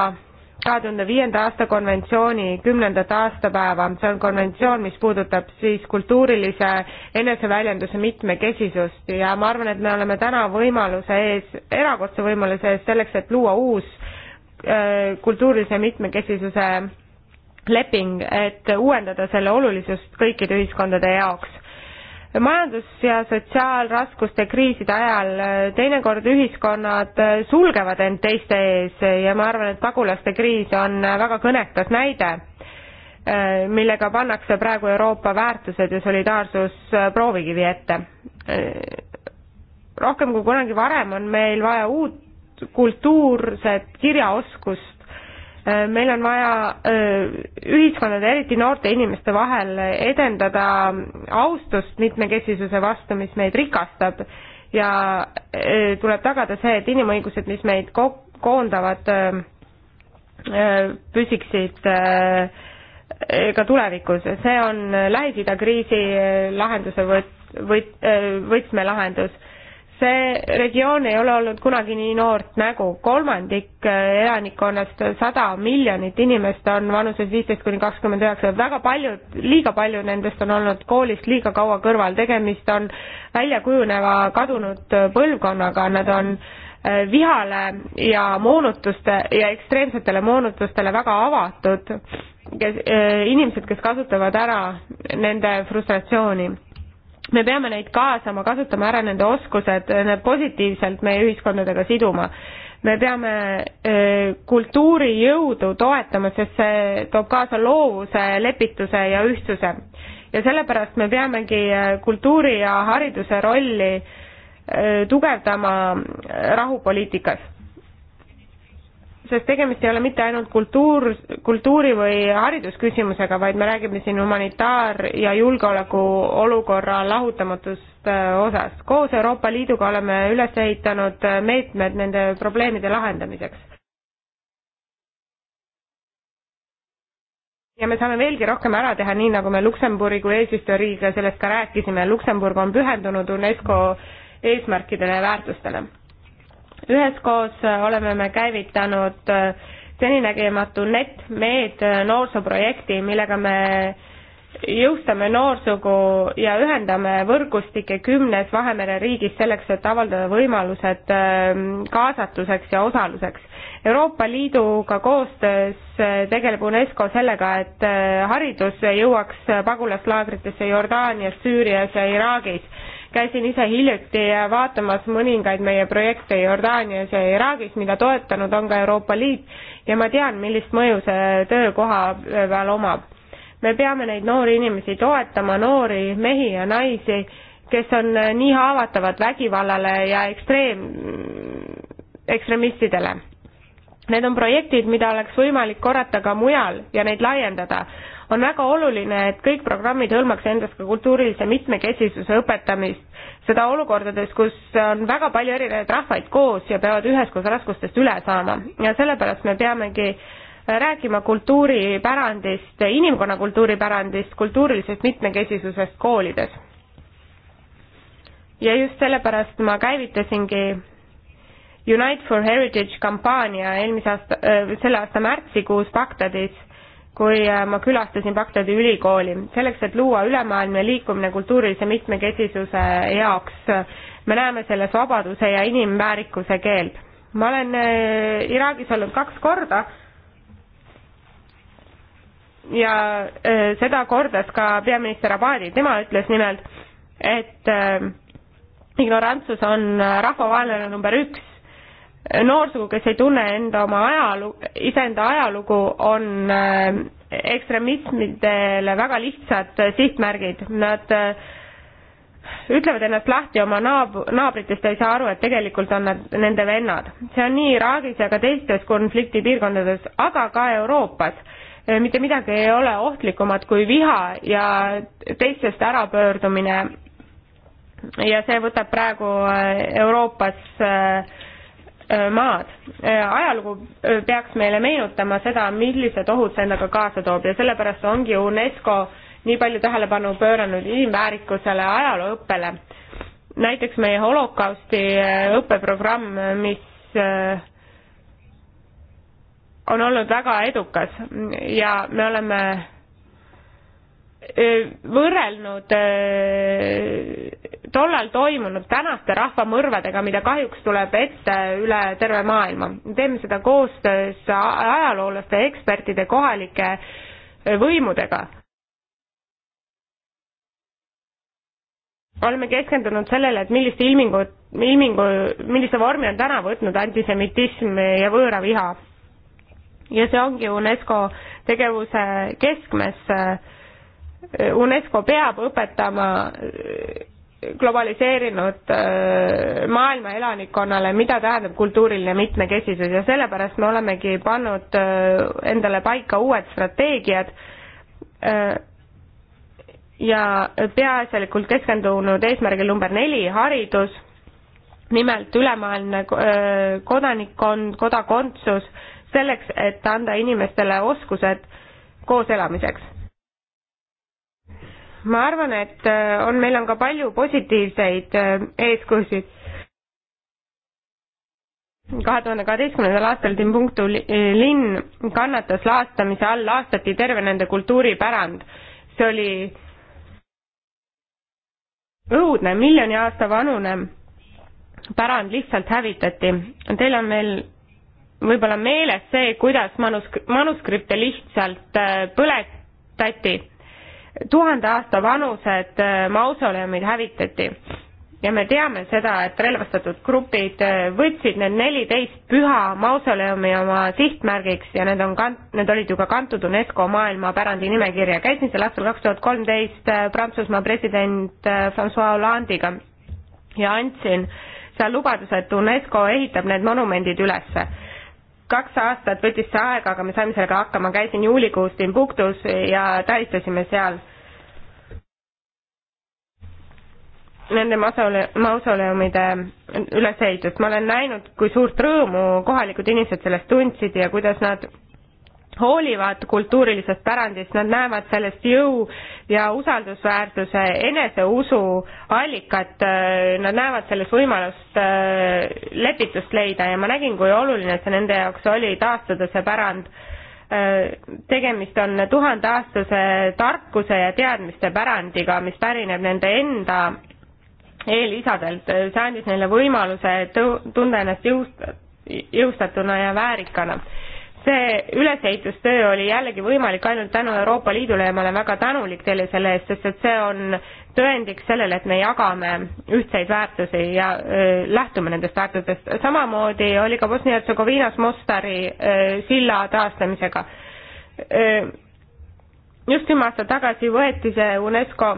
kahe tuhande viienda aasta konventsiooni kümnendat aastapäeva. see on konventsioon, mis puudutab siis kultuurilise eneseväljenduse mitmekesisust ja ma arvan, et me oleme täna võimaluse ees, erakordse võimaluse ees selleks, et luua uus äh, kultuurilise mitmekesisuse leping, et uuendada selle olulisust kõikide ühiskondade jaoks majandus- ja sotsiaalraskuste kriiside ajal äh, teinekord ühiskonnad äh, sulgevad end teiste ees ja ma arvan, et pagulaste kriis on äh, väga kõnekas näide, millega pannakse praegu Euroopa väärtused ja solidaarsus proovikivi ette. rohkem kui kunagi varem on meil vaja uut kultuurset kirjaoskust, meil on vaja ühiskondade, eriti noorte inimeste vahel edendada austust mitmekesisuse vastu, mis meid rikastab ja tuleb tagada see, et inimõigused, mis meid ko-, koondavad, püsiksid ka tulevikus, see on Lähis-Ida kriisi lahenduse võt-, võt-, võtmelahendus see regioon ei ole olnud kunagi nii noort nägu, kolmandik äh, elanikkonnast, sada miljonit inimest on vanuses viisteist kuni kakskümmend üheksa, väga paljud, liiga palju nendest on olnud koolist liiga kaua kõrval, tegemist on väljakujuneva kadunud põlvkonnaga, nad on äh, vihale ja moonutuste ja ekstreemsetele moonutustele väga avatud, kes, äh, inimesed, kes kasutavad ära nende frustratsiooni me peame neid kaasama, kasutama ära nende oskused, need positiivselt meie ühiskondadega siduma. me peame kultuurijõudu toetama, sest see toob kaasa loovuse, lepituse ja ühtsuse. ja sellepärast me peamegi kultuuri ja hariduse rolli tugevdama rahupoliitikas sest tegemist ei ole mitte ainult kultuur, kultuuri või haridusküsimusega, vaid me räägime siin humanitaar- ja julgeolekuolukorra lahutamatust äh, osas. koos Euroopa Liiduga oleme üles ehitanud äh, meetmed nende probleemide lahendamiseks. ja me saame veelgi rohkem ära teha, nii nagu me Luksemburgi kui eesistujariigiga sellest ka rääkisime, Luksemburg on pühendunud UNESCO eesmärkidele ja väärtustele üheskoos oleme me käivitanud äh, seninägematu NetMed äh, noorsooprojekti, millega me jõustame noorsugu ja ühendame võrgustikke kümnes Vahemere riigis selleks, et avaldada võimalused ähm, kaasatuseks ja osaluseks. Euroopa Liiduga koostöös äh, tegeleb UNESCO sellega, et haridus jõuaks pagulaslaagritesse Jordaanias, Süürias ja Iraagis käisin ise hiljuti vaatamas mõningaid meie projekte Jordaanias ja Iraagis, mida toetanud on ka Euroopa Liit ja ma tean, millist mõju see töökoha peal omab. me peame neid noori inimesi toetama, noori mehi ja naisi, kes on nii haavatavad vägivallale ja ekstreem, ekstremistidele Need on projektid, mida oleks võimalik korrata ka mujal ja neid laiendada, on väga oluline, et kõik programmid hõlmaks endas ka kultuurilise mitmekesisuse õpetamist, seda olukordades, kus on väga palju erinevaid rahvaid koos ja peavad üheskoos raskustest üle saama ja sellepärast me peamegi rääkima kultuuripärandist, inimkonna kultuuripärandist, kultuurilisest mitmekesisusest koolides. ja just sellepärast ma käivitasingi Unite for Heritage kampaania eelmise aasta, äh, selle aasta märtsikuus Bagdadis kui äh, ma külastasin Bagdadi ülikooli, selleks, et luua ülemaailmne liikumine kultuurilise mitmekesisuse jaoks. me näeme selles vabaduse ja inimväärikuse keelt. ma olen äh, Iraagis olnud kaks korda ja äh, seda kordas ka peaminister Abadi, tema ütles nimelt, et ignorantsus on rahvavaenlane number üks noorsugu, kes ei tunne enda oma ajalugu, iseenda ajalugu, on äh, ekstremismidele väga lihtsad äh, sihtmärgid, nad äh, ütlevad ennast lahti oma naab-, naabritest ja ei saa aru, et tegelikult on nad nende vennad. see on nii Iraagis ja ka teistes konfliktipiirkondades, aga ka Euroopas. mitte midagi ei ole ohtlikumat kui viha ja teistest ärapöördumine. ja see võtab praegu Euroopas äh, Äh, maad. Äh, ajalugu äh, peaks meile meenutama seda, millised ohud see endaga kaasa toob ja sellepärast ongi UNESCO nii palju tähelepanu pööranud inimväärikusele, ajalooõppele. näiteks meie holokausti õppeprogramm, mis on olnud väga edukas ja me oleme võrrelnud tollal toimunud tänaste rahvamõrvadega, mida kahjuks tuleb ette üle terve maailma. teeme seda koostöös ajaloolaste, ekspertide, kohalike võimudega. oleme keskendunud sellele, et millist ilmingut, ilmingu, millise vormi on täna võtnud antisemitism ja võõraviha. ja see ongi UNESCO tegevuse keskmes UNESCO peab õpetama globaliseerinud äh, maailma elanikkonnale, mida tähendab kultuuriline mitmekesisus ja sellepärast me olemegi pannud äh, endale paika uued strateegiad äh, ja peaasjalikult keskendunud eesmärgil number neli, haridus, nimelt ülemaailmne kodanikkond, kodakondsus, selleks, et anda inimestele oskused koos elamiseks ma arvan, et äh, on, meil on ka palju positiivseid äh, eeskujusid. kahe tuhande kaheteistkümnendal aastal Timbuktu äh, linn kannatas laastamise all, laastati terve nende kultuuripärand. see oli õudne, miljoni aasta vanune pärand lihtsalt hävitati. Teil on veel võib-olla meeles see, kuidas manusk-, manuskripte lihtsalt põletati tuhande aasta vanused äh, mausoleumid hävitati ja me teame seda, et relvastatud grupid äh, võtsid need neliteist püha mausoleumi oma sihtmärgiks ja need on kant-, need olid ju ka kantud UNESCO maailmapärandi nimekirja. käisin seal aastal kaks tuhat kolmteist äh, Prantsusmaa president Francois Hollande'iga ja andsin seal lubaduse, et UNESCO ehitab need monumendid ülesse kaks aastat võttis see aega, aga me saime sellega hakkama, käisin juulikuus Timbuktus ja tähistasime seal nende mausole-, mausoleumide ülesehitust. ma olen näinud, kui suurt rõõmu kohalikud inimesed sellest tundsid ja kuidas nad hoolivad kultuurilisest pärandist, nad näevad sellest jõu ja usaldusväärsuse eneseusu allikat, äh, nad näevad selles võimalust äh, lepitust leida ja ma nägin, kui oluline see nende jaoks oli taastada see pärand. Äh, tegemist on tuhandeaastase tarkuse ja teadmiste pärandiga, mis pärineb nende enda eelisadelt, see andis neile võimaluse tunda ennast jõust-, jõustatuna ja väärikana see ülesehitustöö oli jällegi võimalik ainult tänu Euroopa Liidule ja ma olen väga tänulik teile selle eest, sest et see on tõendiks sellele, et me jagame ühtseid väärtusi ja öö, lähtume nendest väärtustest. samamoodi oli ka Bosnia-Hertsegoviinas Mostari öö, silla taastamisega. just kümme aastat tagasi võeti see UNESCO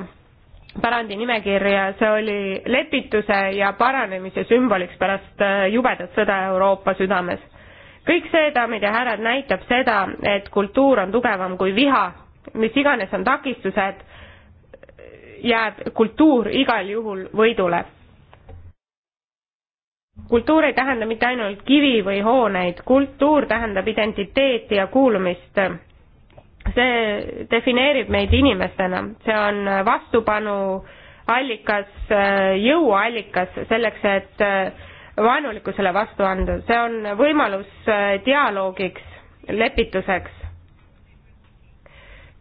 pärandi nimekirja, see oli lepituse ja paranemise sümboliks pärast jubedat sõda Euroopa südames kõik see, daamid ja härrad, näitab seda, et kultuur on tugevam kui viha, mis iganes on takistused, jääb kultuur igal juhul võidule. kultuur ei tähenda mitte ainult kivi või hooneid, kultuur tähendab identiteeti ja kuulumist. see defineerib meid inimestena, see on vastupanu allikas, jõuallikas selleks, et vaenulikkusele vastu anda, see on võimalus äh, dialoogiks, lepituseks.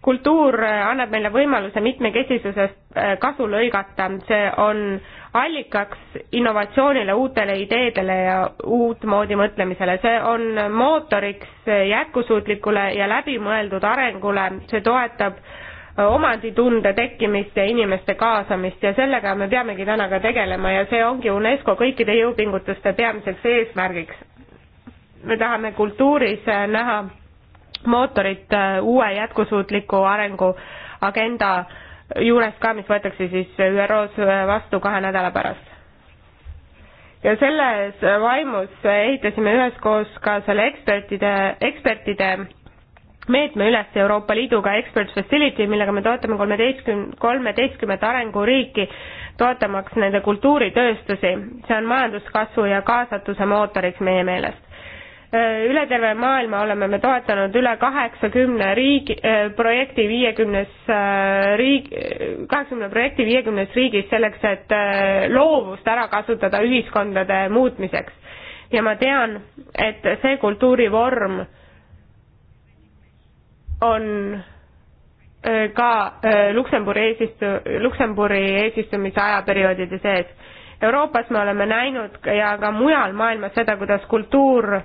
kultuur äh, annab meile võimaluse mitmekesisusest äh, kasu lõigata, see on allikaks innovatsioonile, uutele ideedele ja uutmoodi mõtlemisele, see on mootoriks jätkusuutlikule ja läbimõeldud arengule, see toetab äh, omanditunde tekkimist ja inimeste kaasamist ja sellega me peamegi täna ka tegelema ja see ongi UNESCO kõikide jõupingutuste peamiseks eesmärgiks. me tahame kultuuris äh, näha mootorit äh, uue jätkusuutliku arengu agenda juures ka, mis võetakse siis ÜRO-s äh, vastu kahe nädala pärast. ja selles vaimus ehitasime üheskoos ka selle ekspertide, ekspertide meetme üles Euroopa Liiduga Expert Facility, millega me toetame kolmeteistküm-, kolmeteistkümmet arenguriiki, toetamaks nende kultuuritööstusi. see on majanduskasvu ja kaasatuse mootoriks meie meelest. Üle terve maailma oleme me toetanud üle kaheksakümne riigi, projekti viiekümnes riik, kaheksakümne projekti viiekümnes riigis selleks, et loovust ära kasutada ühiskondade muutmiseks. ja ma tean, et see kultuurivorm äh, on äh, ka äh, Luksemburi eesistu-, Luksemburi eesistumise ajaperioodide sees. Euroopas me oleme näinud ja ka mujal maailmas seda, kuidas kultuur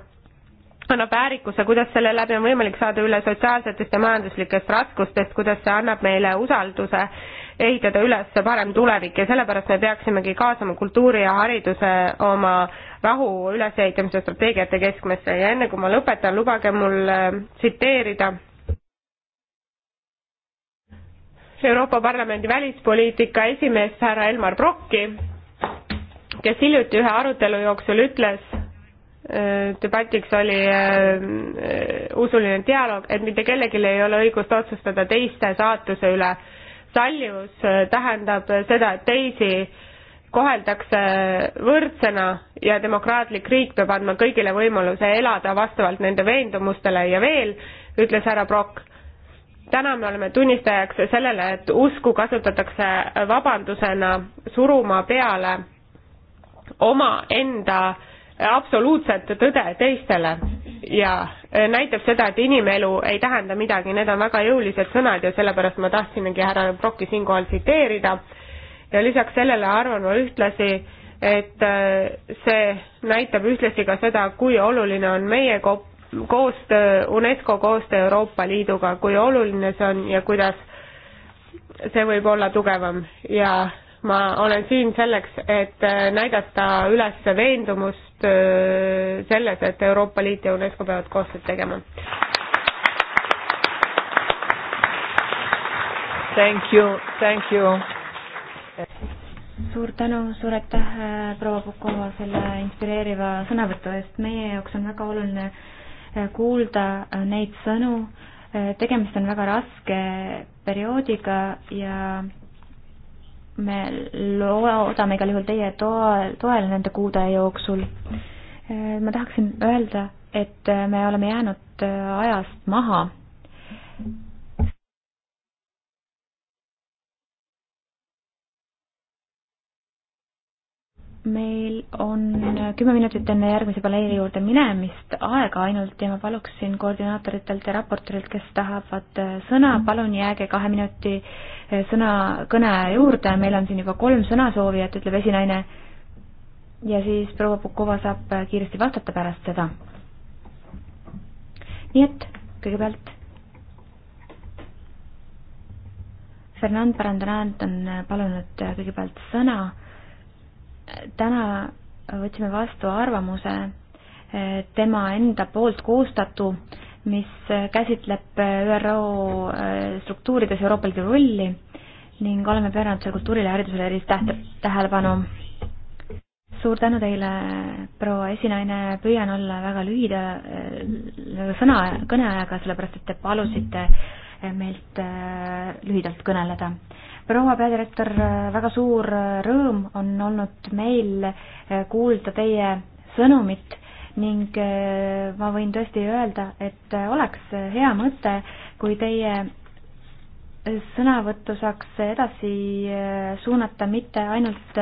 annab väärikuse, kuidas selle läbi on võimalik saada üle sotsiaalsetest ja majanduslikest raskustest, kuidas see annab meile usalduse ehitada üles parem tulevik ja sellepärast me peaksimegi kaasama kultuuri ja hariduse oma rahu ülesehitamise strateegiate keskmesse ja enne kui ma lõpetan, lubage mul äh, tsiteerida äh, Euroopa Parlamendi välispoliitika esimeest härra Elmar Brokki, kes hiljuti ühe arutelu jooksul ütles, äh, debatiks oli äh, usuline dialoog, et mitte kellelgi ei ole õigust otsustada teiste saatuse üle. sallivus äh, tähendab seda, et teisi koheldakse võrdsena ja demokraatlik riik peab andma kõigile võimaluse elada vastavalt nende veendumustele ja veel, ütles härra Brock täna me oleme tunnistajaks sellele, et usku kasutatakse vabandusena suruma peale omaenda absoluutset tõde teistele ja näitab seda, et inimelu ei tähenda midagi, need on väga jõulised sõnad ja sellepärast ma tahtsingi härra Brocki siinkohal tsiteerida. ja lisaks sellele arvan ma ühtlasi, et see näitab ühtlasi ka seda, kui oluline on meie kop-, koostöö, UNESCO koostöö Euroopa Liiduga, kui oluline see on ja kuidas see võib olla tugevam ja ma olen siin selleks, et äh, näidata üles veendumust äh, selles, et Euroopa Liit ja UNESCO peavad koostööd tegema. Thank you, thank you. suur tänu, suur aitäh, äh, proua Pukova, selle inspireeriva sõnavõtu eest. meie jaoks on väga oluline äh, kuulda neid sõnu. tegemist on väga raske perioodiga ja me loodame igal juhul teie toel, toel nende kuude jooksul. ma tahaksin öelda, et me oleme jäänud ajast maha meil on kümme minutit enne järgmise paleeri juurde minemist aega ainult ja ma paluksin koordinaatoritelt ja raportöörilt, kes tahavad sõna, palun jääge kahe minuti sõna, kõne juurde, meil on siin juba kolm sõnasoovijat, ütleb esinaine. ja siis proua Pukova saab kiiresti vastata pärast seda. nii et kõigepealt. Fernand Brandanant on palunud kõigepealt sõna täna võtsime vastu arvamuse eh, tema enda poolt koostatu, mis käsitleb eh, ÜRO eh, struktuurides Euroopa Liidu rolli ning oleme pööranud selle kultuurile ja haridusele erilist täht-, tähelepanu. suur tänu teile, proua esinaine, püüan olla väga lühida sõna, kõneajaga, sellepärast et te palusite meilt lühidalt kõneleda proua peadirektor, äh, väga suur äh, rõõm on olnud meil äh, kuulda teie sõnumit ning ma võin tõesti öelda, et oleks hea mõte, kui teie sõnavõttu saaks edasi suunata mitte ainult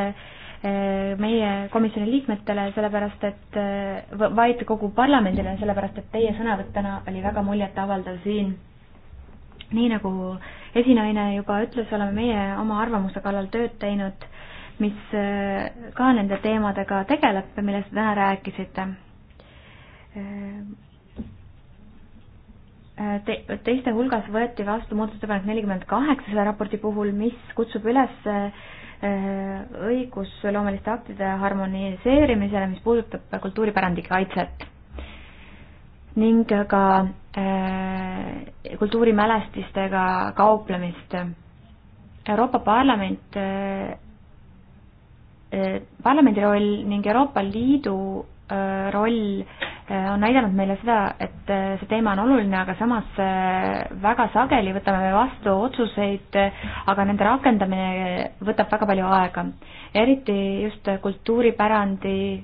meie komisjoni liikmetele, sellepärast et, vaid kogu parlamendile, sellepärast et teie sõnavõtt täna oli väga muljetavaldav siin. nii nagu äh, esinaine juba ütles, oleme meie oma arvamuse kallal tööd teinud, mis äh, ka nende teemadega tegeleb, millest te täna rääkisite äh, äh, te-, teiste hulgas võeti vastu muudatusettepanek nelikümmend kaheksa selle raporti puhul, mis kutsub üles õigusloomeliste aktide harmoniseerimisele, mis puudutab kultuuripärandi kaitset ning ka äh, kultuurimälestistega kauplemist. Euroopa Parlament, äh, äh, parlamendi roll ning Euroopa Liidu roll on näidanud meile seda, et see teema on oluline, aga samas väga sageli võtame me vastu otsuseid, aga nende rakendamine võtab väga palju aega. eriti just kultuuripärandi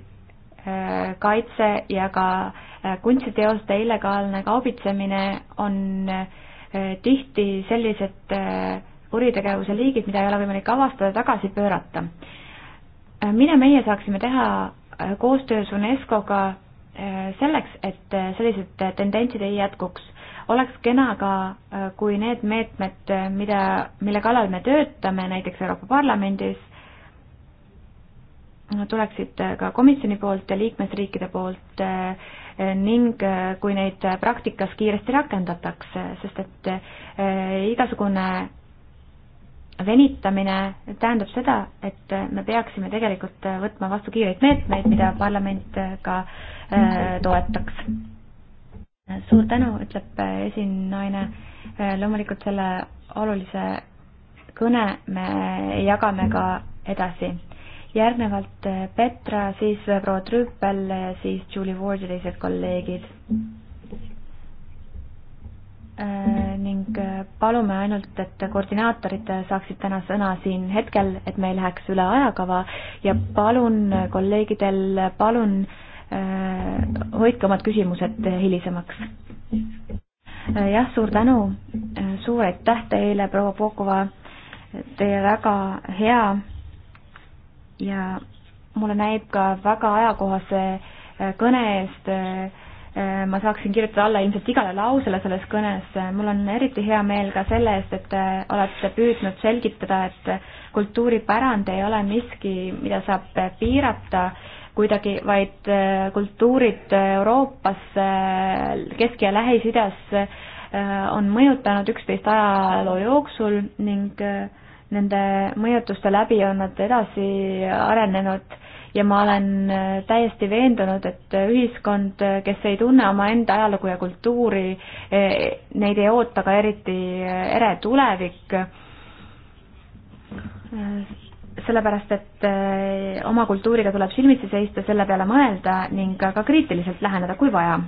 kaitse ja ka äh, Äh, kunstiteoste illegaalne kaubitsemine on äh, tihti sellised äh, kuritegevuse liigid, mida ei ole võimalik avastada, tagasi pöörata. mida meie saaksime teha koostöös UNESCO-ga selleks, et sellised tendentsid ei jätkuks? oleks kena ka, kui need meetmed, mida, mille kallal me töötame, näiteks Euroopa Parlamendis, tuleksid ka komisjoni poolt ja liikmesriikide poolt äh, ning äh, kui neid praktikas kiiresti rakendatakse, sest et äh, igasugune venitamine tähendab seda, et me peaksime tegelikult võtma vastu kiireid meetmeid, mida parlament ka äh, toetaks. suur tänu, ütleb esinaine. loomulikult selle olulise kõne me jagame ka edasi järgnevalt eh, Petra, siis eh, proua Trüppel, siis Julie Ward ja teised kolleegid. Eh, ning palume ainult, et koordinaatorid saaksid täna sõna siin hetkel, et me ei läheks üle ajakava ja palun kolleegidel, palun hoidke omad küsimused hilisemaks. jah, suur tänu, suur aitäh teile, proua Pokova, teie väga hea ja mulle näib ka väga ajakohase äh, kõne eest. Äh, äh, ma saaksin kirjutada alla ilmselt igale lausele selles kõnes. mul on eriti hea meel ka selle eest, et te olete püüdnud selgitada, et kultuuripärand ei ole miski, mida saab piirata kuidagi, vaid kultuurid Euroopas, Kesk- ja Lähis-Idas on mõjutanud üksteist ajaloo jooksul ning äh, nende mõjutuste läbi on nad edasi arenenud ja ma olen äh, täiesti veendunud, et äh, ühiskond, äh, kes ei tunne omaenda ajalugu ja kultuuri, neid ei oota ka eriti ere tulevik. sellepärast, et oma kultuuriga tuleb silmitsi seista, selle peale mõelda ning ka kriitiliselt läheneda, kui vaja.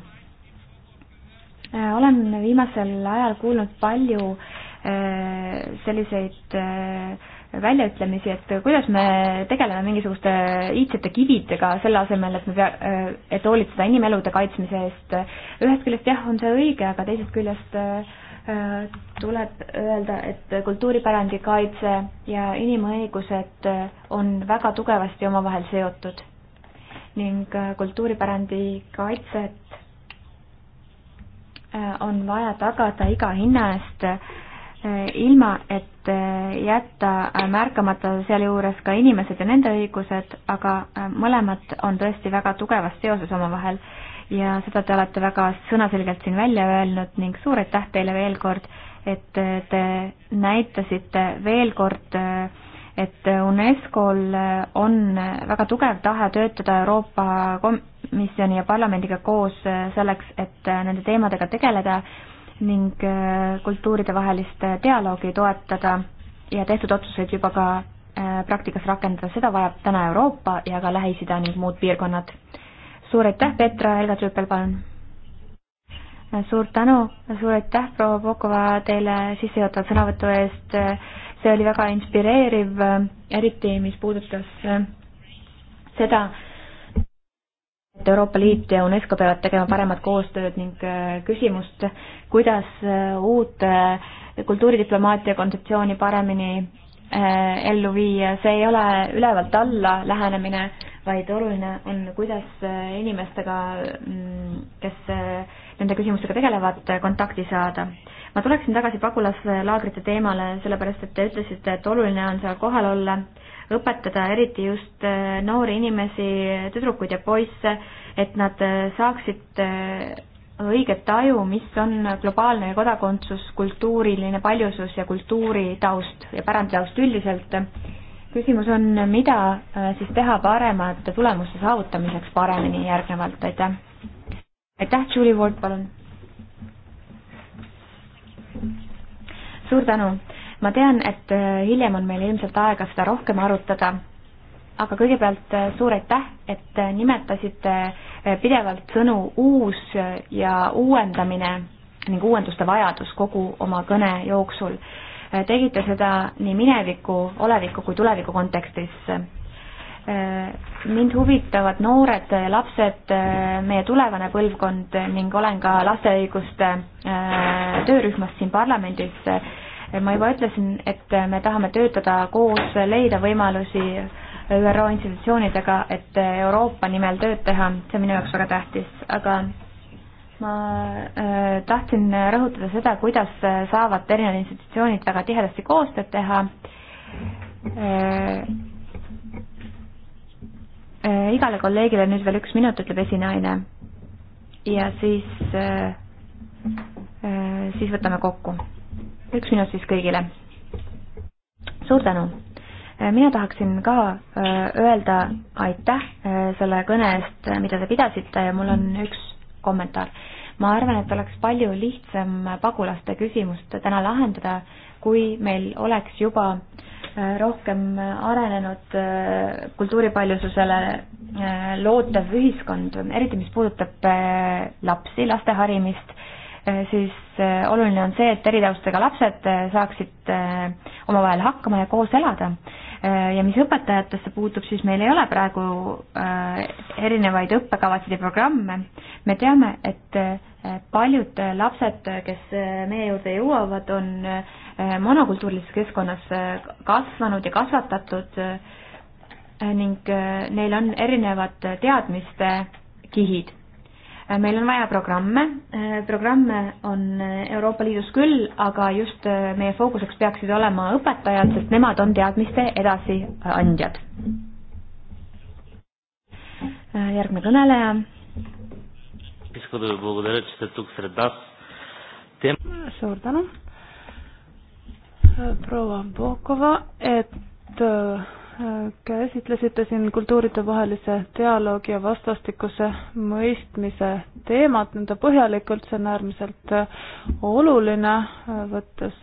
olen viimasel ajal kuulnud palju äh, Äh, selliseid äh, väljaütlemisi, et kuidas me tegeleme mingisuguste iidsete kividega, selle asemel, et me pea-, äh, et hoolitseda inimelude kaitsmise eest. ühest küljest jah, on see õige, aga teisest küljest tuleb öelda, et kultuuripärandi kaitse ja inimõigused on väga tugevasti omavahel seotud ning kultuuripärandi kaitset on vaja tagada iga hinna eest Äh, ilma, et äh, jätta äh, märkamata sealjuures ka inimesed ja nende õigused, aga mõlemad on tõesti väga tugevas seoses omavahel ja seda te olete väga sõnaselgelt siin välja öelnud ning suur aitäh teile veel kord, et te näitasite veel kord, et UNESCO-l on väga tugev tahe töötada Euroopa Komisjoni ja parlamendiga koos selleks, et nende teemadega tegeleda ning äh, kultuuridevahelist äh, dialoogi toetada ja tehtud otsuseid juba ka äh, praktikas rakendada, seda vajab täna Euroopa ja ka Lähis-Ida ning muud piirkonnad. suur aitäh, Petra, Helga Trüppel, palun! suur tänu, suur aitäh, proua Pokova, teile sissejuhatava sõnavõtu eest, see oli väga inspireeriv, eriti mis puudutas seda, et Euroopa Liit ja UNESCO peavad tegema paremat koostööd ning äh, küsimust, kuidas äh, uut äh, kultuuridiplomaatia kontseptsiooni paremini ellu viia, see ei ole ülevalt alla lähenemine, vaid oluline on, kuidas inimestega, mm, kes nende küsimustega tegelevad, kontakti saada. ma tuleksin tagasi pagulaslaagrite teemale, sellepärast et te ütlesite, et oluline on seal kohal olla õpetada eriti just eh, noori inimesi, tüdrukuid ja poisse, et nad eh, saaksid eh, õiget taju, mis on globaalne kodakondsus, kultuuriline paljusus ja kultuuritaust ja päranditaust üldiselt. küsimus on, mida siis teha paremate tulemuste saavutamiseks paremini järgnevalt, aitäh. aitäh, Julie Ward, palun. suur tänu ma tean, et äh, hiljem on meil ilmselt aega seda rohkem arutada, aga kõigepealt äh, suur aitäh, et äh, nimetasite pidevalt sõnu uus ja uuendamine ning uuenduste vajadus kogu oma kõne jooksul. tegite seda nii mineviku, oleviku kui tuleviku kontekstis mind huvitavad noored, lapsed, meie tulevane põlvkond ning olen ka laste õiguste töörühmas siin parlamendis ma juba ütlesin, et me tahame töötada koos, leida võimalusi ÜRO institutsioonidega, et Euroopa nimel tööd teha, see on minu jaoks väga tähtis, aga ma äh, tahtsin rõhutada seda, kuidas saavad erinevad institutsioonid väga tihedasti koostööd teha äh, äh, igale kolleegile nüüd veel üks minut, ütleb esinaine. ja siis, siis võtame kokku üks minut siis kõigile. suur tänu. Äh, mina tahaksin ka äh, öelda aitäh äh, selle kõne eest, mida te pidasite ja mul on üks kommentaar. ma arvan, et oleks palju lihtsam pagulaste küsimust täna lahendada, kui meil oleks juba rohkem arenenud kultuuripaljususele lootev ühiskond, eriti mis puudutab lapsi, laste harimist Äh, siis äh, oluline on see, et eritaustega lapsed äh, saaksid omavahel hakkama ja koos elada. ja mis õpetajatesse puutub, siis meil ei ole praegu erinevaid õppekavasid ja programme. me teame, et paljud lapsed, kes meie juurde jõuavad, on monokultuurilises keskkonnas kasvanud ja kasvatatud ning neil on erinevad teadmiste kihid Äh, meil on vaja programme, äh, programme on äh, Euroopa Liidus küll, aga just meie fookuseks peaksid olema õpetajad, sest nemad on teadmiste edasiandjad. järgmine kõneleja. suur tänu, proua Bokova, et käsitlesite siin kultuuridevahelise dialoogi ja vastastikuse mõistmise teemat nõnda põhjalikult, see on äärmiselt oluline, võttes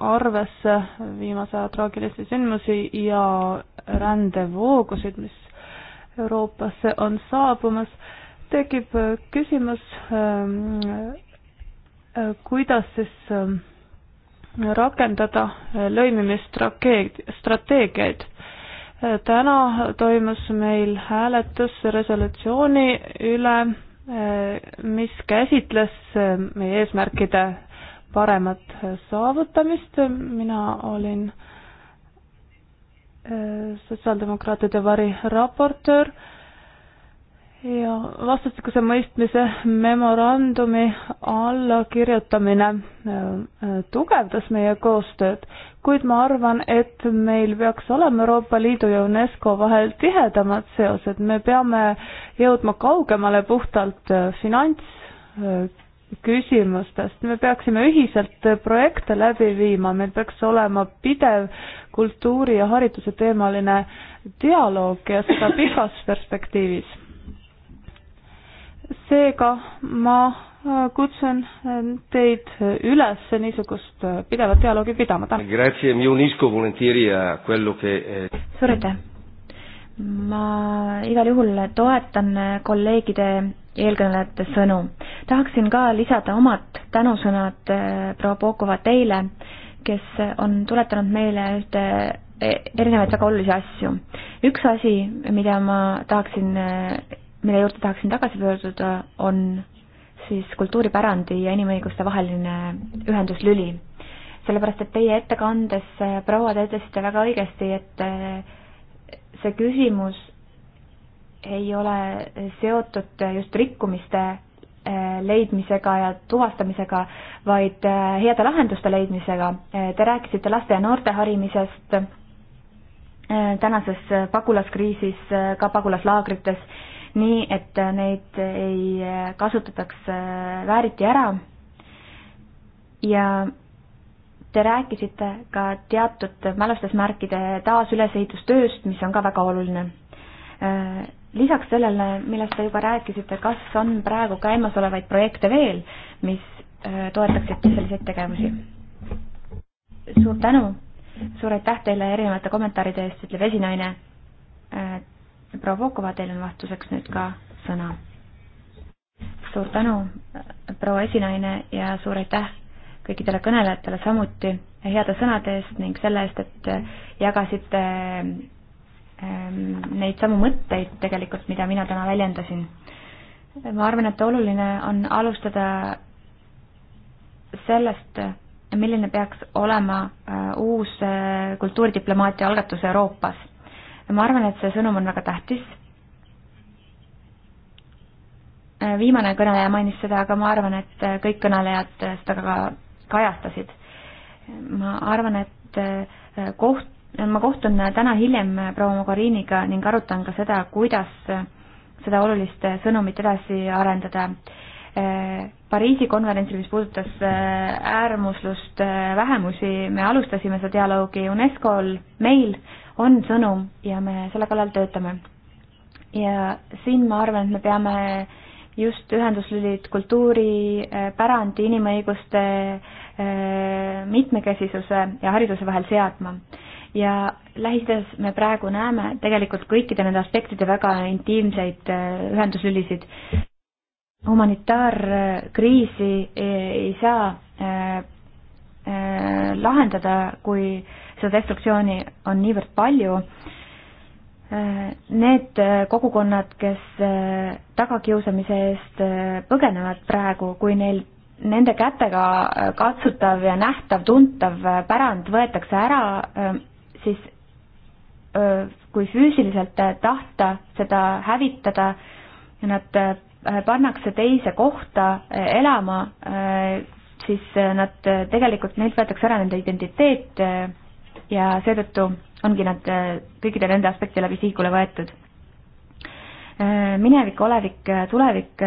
arvesse viimase aja traagilisi sündmusi ja rändevoogusid, mis Euroopasse on saabumas, tekib küsimus, ähm, kuidas siis ähm, rakendada lõimimisstrateegiaid täna toimus meil hääletus resolutsiooni üle, mis käsitles meie eesmärkide paremat saavutamist. mina olin äh, sotsiaaldemokraatide variraportöör äh, ja vastastikuse mõistmise memorandumi allakirjutamine äh, äh, tugevdas meie koostööd, kuid ma arvan, et meil peaks olema Euroopa Liidu ja UNESCO vahel tihedamad seosed, me peame jõudma kaugemale puhtalt äh, finantsküsimustest, me peaksime ühiselt projekte läbi viima, meil peaks olema pidev kultuuri ja hariduse teemaline dialoog ja seda pikas perspektiivis seega ma äh, kutsun äh, teid äh, üles niisugust pidevat dialoogi pidama, tänan. Eh, suur aitäh! ma igal juhul toetan kolleegide eelkõnelejate sõnu. tahaksin ka lisada omad tänusõnad proua Pokova teile, kes on tuletanud meile ühte e, erinevaid väga olulisi asju. üks asi, mida ma tahaksin mille juurde tahaksin tagasi pöörduda, on siis kultuuripärandi ja inimõiguste vaheline ühenduslüli. sellepärast, et teie ettekandes, äh, proua, te ütlesite väga õigesti, et äh, see küsimus ei ole seotud just rikkumiste äh, leidmisega ja tuvastamisega, vaid heade lahenduste leidmisega. Te rääkisite laste ja noorte harimisest, tänases pagulaskriisis, ka pagulaslaagrites nii et neid ei kasutataks äh, vääriti ära. ja te rääkisite ka teatud mälestusmärkide taasülesehitustööst, mis on ka väga oluline. Äh, lisaks sellele, millest te juba rääkisite, kas on praegu käimasolevaid projekte veel, mis äh, toetaksid selliseid tegevusi? suur tänu, suur aitäh teile erinevate kommentaaride eest, ütleb esinaine proua Vookova, teil on vastuseks nüüd ka sõna. suur tänu, proua esinaine ja suur aitäh kõikidele kõnelejatele samuti heade sõnade eest ning selle eest, et jagasite ehm, neid samu mõtteid tegelikult, mida mina täna väljendasin. ma arvan, et oluline on alustada sellest, milline peaks olema äh, uus äh, kultuuridiplomaatia algatus Euroopas ma arvan, et see sõnum on väga tähtis. Äh, viimane kõneleja mainis seda, aga ma arvan, et äh, kõik kõnelejad äh, seda ka kajastasid. ma arvan, et koht, ma kohtun täna hiljem proua Mogheriniga ning arutan ka seda, kuidas seda olulist sõnumit edasi arendada. Pariisi konverentsil, mis puudutas äärmuslust, vähemusi, me alustasime seda dialoogi UNESCO-l, meil on sõnum ja me selle kallal töötame. ja siin ma arvan, et me peame just ühenduslülid kultuuri, eh, pärandi, inimõiguste, eh, mitmekesisuse ja hariduse vahel seadma. ja Lähis-Idas me praegu näeme tegelikult kõikide nende aspektide väga intiimseid eh, ühenduslülisid. humanitaarkriisi ei saa lahendada, kui äh, seda destruktsiooni on niivõrd palju. Äh, need äh, kogukonnad, kes äh, tagakiusamise eest põgenevad praegu, kui neil nende kätega katsutav ja nähtav, tuntav pärand võetakse ära, siis kui füüsiliselt tahta seda hävitada, nad pannakse teise kohta elama, siis nad tegelikult, neilt võetakse ära nende identiteet, ja seetõttu ongi nad äh, kõikide nende aspekti läbi sihikule võetud. Äh, minevik, olevik, äh, tulevik,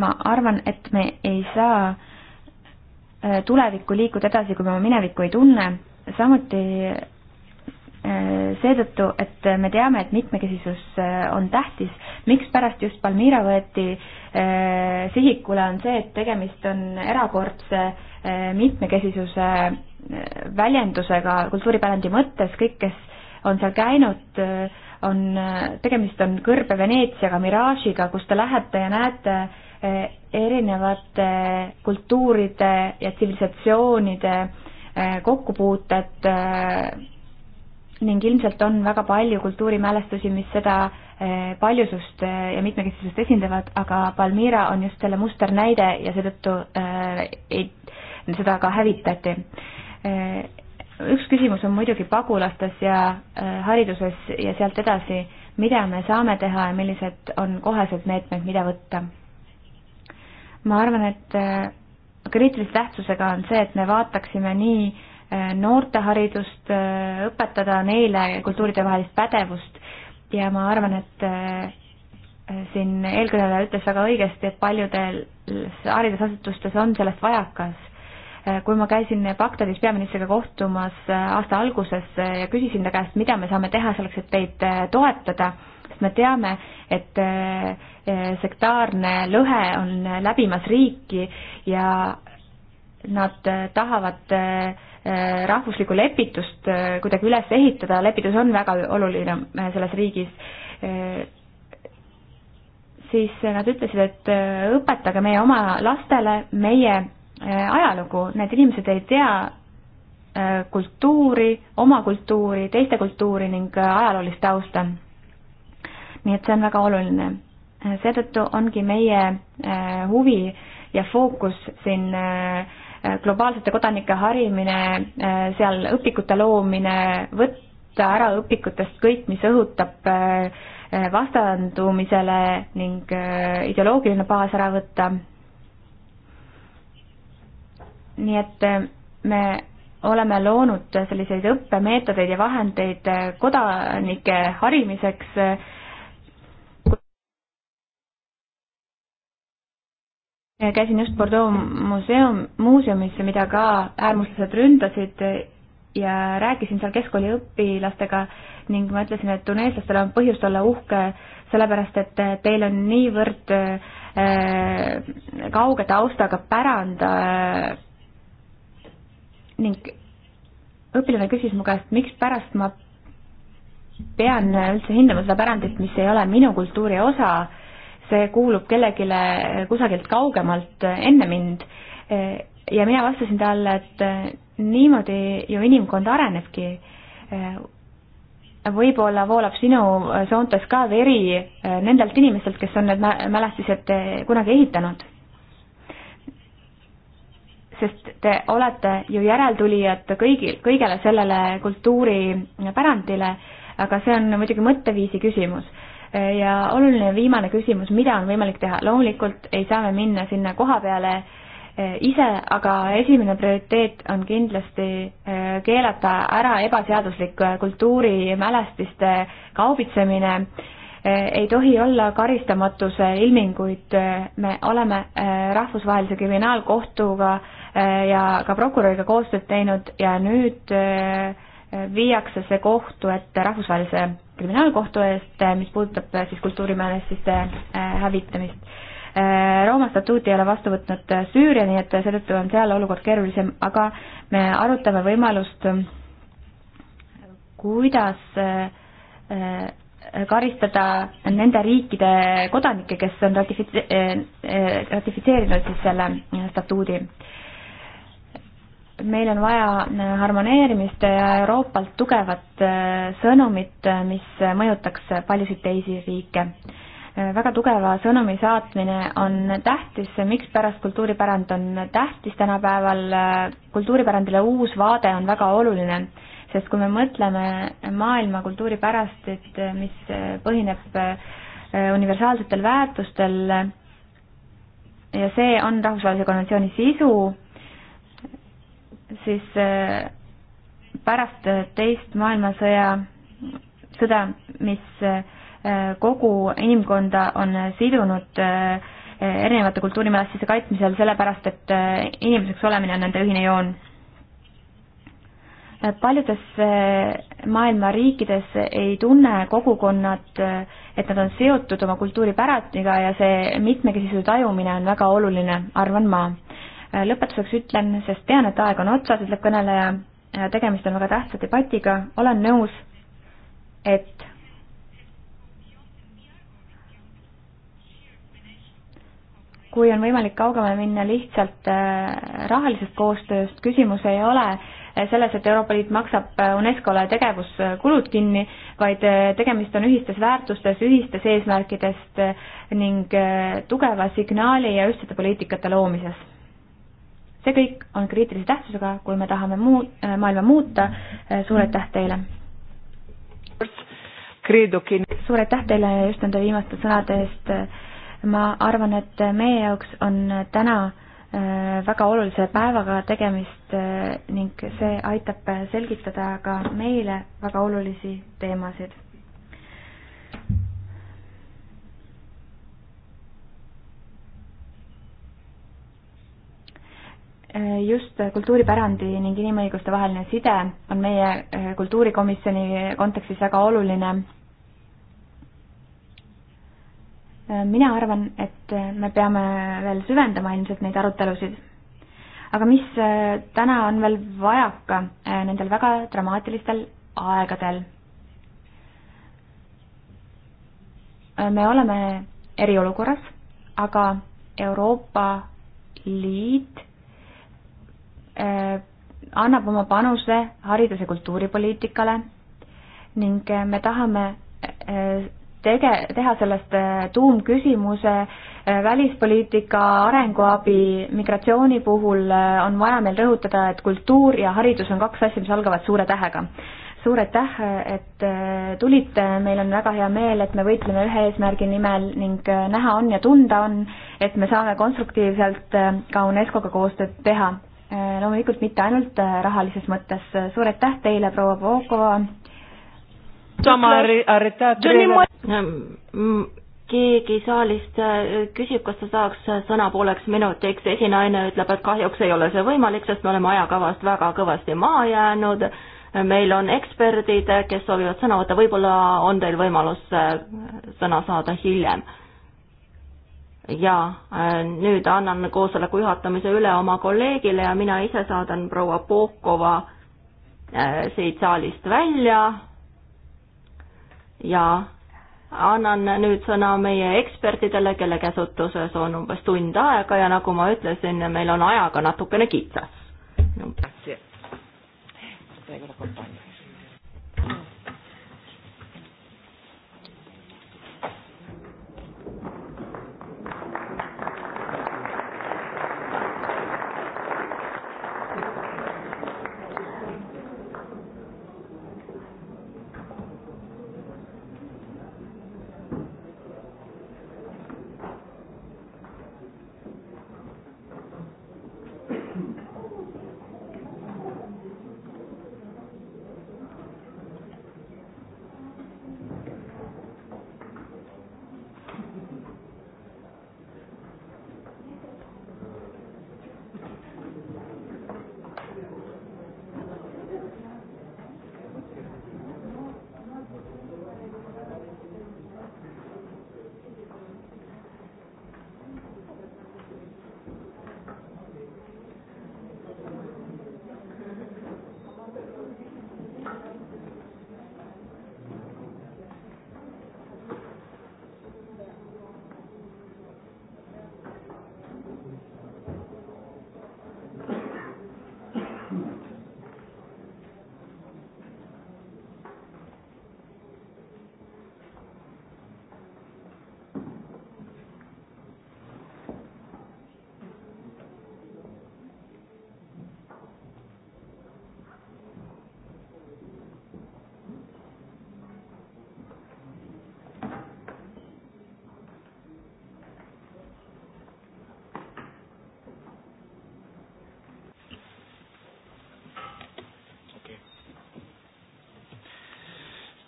ma arvan, et me ei saa tulevikku liikuda edasi, kui me oma minevikku ei tunne, samuti seetõttu, et me teame, et mitmekesisus on tähtis, mikspärast just Palmyra võeti sihikule, on see, et tegemist on erakordse mitmekesisuse väljendusega kultuuripärandi mõttes, kõik, kes on seal käinud, on, tegemist on kõrbe Veneetsiaga, Mirage'iga, kus te lähete ja näete eh, erinevate kultuuride ja tsivilisatsioonide eh, kokkupuutet eh, ning ilmselt on väga palju kultuurimälestusi, mis seda paljusust ja mitmekesisust esindavad, aga Palmira on just selle musternäide ja seetõttu äh, ei, seda ka hävitati. Äh, üks küsimus on muidugi pagulastes ja äh, hariduses ja sealt edasi, mida me saame teha ja millised on kohesed meetmed, mida võtta. ma arvan, et äh, kriitilise tähtsusega on see, et me vaataksime nii noorte haridust, õpetada neile kultuuridevahelist pädevust ja ma arvan, et siin eelkõneleja ütles väga õigesti, et paljudes haridusasutustes on sellest vajakas Äh, kui ma käisin Bagdadis peaministriga kohtumas äh, aasta alguses äh, ja küsisin ta käest, mida me saame teha selleks, et teid toetada, sest me teame, et sektaarne lõhe on läbimas riiki ja nad tahavad rahvuslikku lepitust kuidagi üles ehitada, lepitus on väga oluline selles riigis, siis nad ütlesid, et õpetage meie oma lastele meie Äh, ajalugu, need inimesed ei tea äh, kultuuri, oma kultuuri, teiste kultuuri ning äh, ajaloolist tausta. nii et see on väga oluline. seetõttu ongi meie huvi ja fookus siin globaalsete kodanike harimine, seal õpikute loomine, võtta ära õpikutest kõik, mis õhutab vastandumisele ning ideoloogiline baas ära võtta nii et äh, me oleme loonud selliseid õppemeetodeid ja vahendeid äh, kodanike harimiseks. Äh, käisin just Bordeaux museum, muuseumis, mida ka äärmuslased ründasid ja rääkisin seal keskkooli õpilastega ning ma ütlesin, et tuneeslastel on põhjust olla uhke, sellepärast et teil on niivõrd äh, kauge taustaga pärand äh, ning õpilane küsis mu käest, mikspärast ma pean üldse hindama seda pärandit, mis ei ole minu kultuuri osa, see kuulub kellelegi kusagilt kaugemalt enne mind. ja mina vastasin talle, et niimoodi ju inimkond arenebki. võib-olla voolab sinu soontes ka veri nendelt inimestelt, kes on need mälestised kunagi ehitanud sest te olete ju järeltulijad kõigil, kõigele sellele kultuuripärandile, aga see on muidugi mõtteviisi küsimus. ja oluline viimane küsimus, mida on võimalik teha, loomulikult ei saa me minna sinna koha peale eh, ise, aga esimene prioriteet on kindlasti eh, keelata ära ebaseaduslik kultuurimälestiste kaubitsemine Eh, ei tohi olla karistamatuse ilminguid, eh, me oleme eh, Rahvusvahelise Kriminaalkohtuga ja ka prokuröriga koostööd teinud ja nüüd viiakse see kohtu ette Rahvusvahelise Kriminaalkohtu eest, mis puudutab siis kultuurimälestiste hävitamist. Rooma statuuti ei ole vastu võtnud Süüria, nii et seetõttu on seal olukord keerulisem, aga me arutame võimalust, kuidas karistada nende riikide kodanikke, kes on ratifitse-, eh, ratifitseerinud siis selle statuudi. meil on vaja harmoneerimist ja Euroopalt tugevat eh, sõnumit, mis mõjutaks paljusid teisi riike. Eh, väga tugeva sõnumi saatmine on tähtis, mikspärast kultuuripärand on tähtis tänapäeval, kultuuripärandile uus vaade on väga oluline sest kui me mõtleme maailma kultuuripärastit, mis põhineb äh, universaalsetel väärtustel ja see on rahvusvahelise konventsiooni sisu, siis äh, pärast teist maailmasõja, sõda, mis äh, kogu inimkonda on sidunud erinevate kultuurimälestiste kaitsmisel, sellepärast et inimeseks olemine on nende ühine joon paljudes eh, maailma riikides ei tunne kogukonnad, eh, et nad on seotud oma kultuuripärandiga ja see mitmekesisuse tajumine on väga oluline, arvan ma. Eh, lõpetuseks ütlen, sest tean, et aeg on otsas, ütleb kõneleja, tegemist on väga tähtsa debatiga, olen nõus, et kui on võimalik kaugemale minna lihtsalt rahalisest koostööst, küsimus ei ole äh, Eh, selles, et Euroopa Liit maksab eh, UNESCO-le tegevuskulud kinni, vaid eh, tegemist on ühistes väärtustes, ühistes eesmärkidest ning tugeva signaali ja ühtsete poliitikate loomises. see kõik on kriitilise tähtsusega, kui me tahame muu, maailma muuta, suur aitäh teile! suur aitäh teile just nende viimaste sõnade eest, ma arvan, et meie jaoks on täna äh, Äh, väga olulise päevaga tegemist äh, ning see aitab selgitada ka meile väga olulisi teemasid. Äh, just kultuuripärandi ning inimõiguste vaheline side on meie kultuurikomisjoni kontekstis väga oluline mina arvan, et me peame veel süvendama ilmselt neid arutelusid. aga mis äh, täna on veel vajaka äh, nendel väga dramaatilistel aegadel? Äh, me oleme eriolukorras, aga Euroopa Liit annab oma panuse haridus- ja kultuuripoliitikale ning me tahame tege-, teha sellest äh, tuumküsimuse äh, välispoliitika arenguabi migratsiooni puhul äh, on vaja meil rõhutada, et kultuur ja haridus on kaks asja, mis algavad suure tähega. suur aitäh, et tulite, meil on väga hea meel, et me võitleme ühe eesmärgi nimel ning näha on ja tunda on, et me saame konstruktiivselt ka UNESCO-ga koostööd teha loomulikult mitte ainult rahalises mõttes. suur aitäh teile, proua Voogova Ähm, keegi saalist äh, küsib, kas ta saaks sõna pooleks minutiks, esinaine ütleb, et kahjuks ei ole see võimalik, sest me oleme ajakavast väga kõvasti maha jäänud. meil on eksperdid, kes soovivad sõna võtta, võib-olla on teil võimalus äh, sõna saada hiljem. ja äh, nüüd annan koosoleku juhatamise üle oma kolleegile ja mina ise saadan proua Pookova siit saalist välja ja annan nüüd sõna meie ekspertidele, kelle käsutuses on umbes tund aega ja nagu ma ütlesin, meil on ajaga natukene kitsas.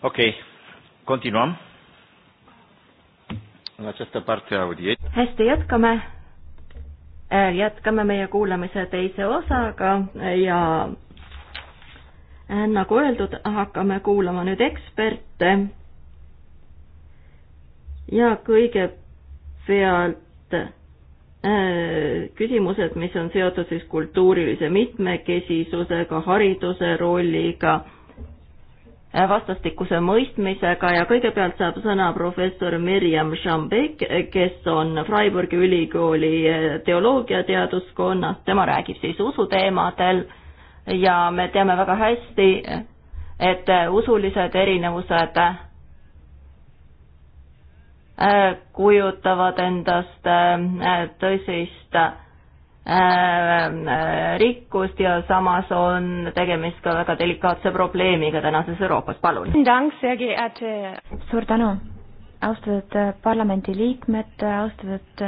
okei okay., continuăm în această parte a audiei. hästi, jätkame. Äh, jätkame meie kuulamise teise osaga ja äh, nagu öeldud, hakkame kuulama nüüd eksperte. ja kõigepealt äh, küsimused, mis on seotud siis kultuurilise mitmekesisusega, hariduse rolliga Äh, vastastikuse mõistmisega ja kõigepealt saab sõna professor Mirjam Šambek, kes on Freiburgi ülikooli äh, teoloogiateaduskonnast, tema räägib siis usuteemadel ja me teame väga hästi, et äh, usulised erinevused kujutavad endast tõsist Äh, äh, rikkust ja samas on tegemist ka väga delikaatse probleemiga tänases Euroopas, palun. suur tänu, austatud äh, parlamendiliikmed, austatud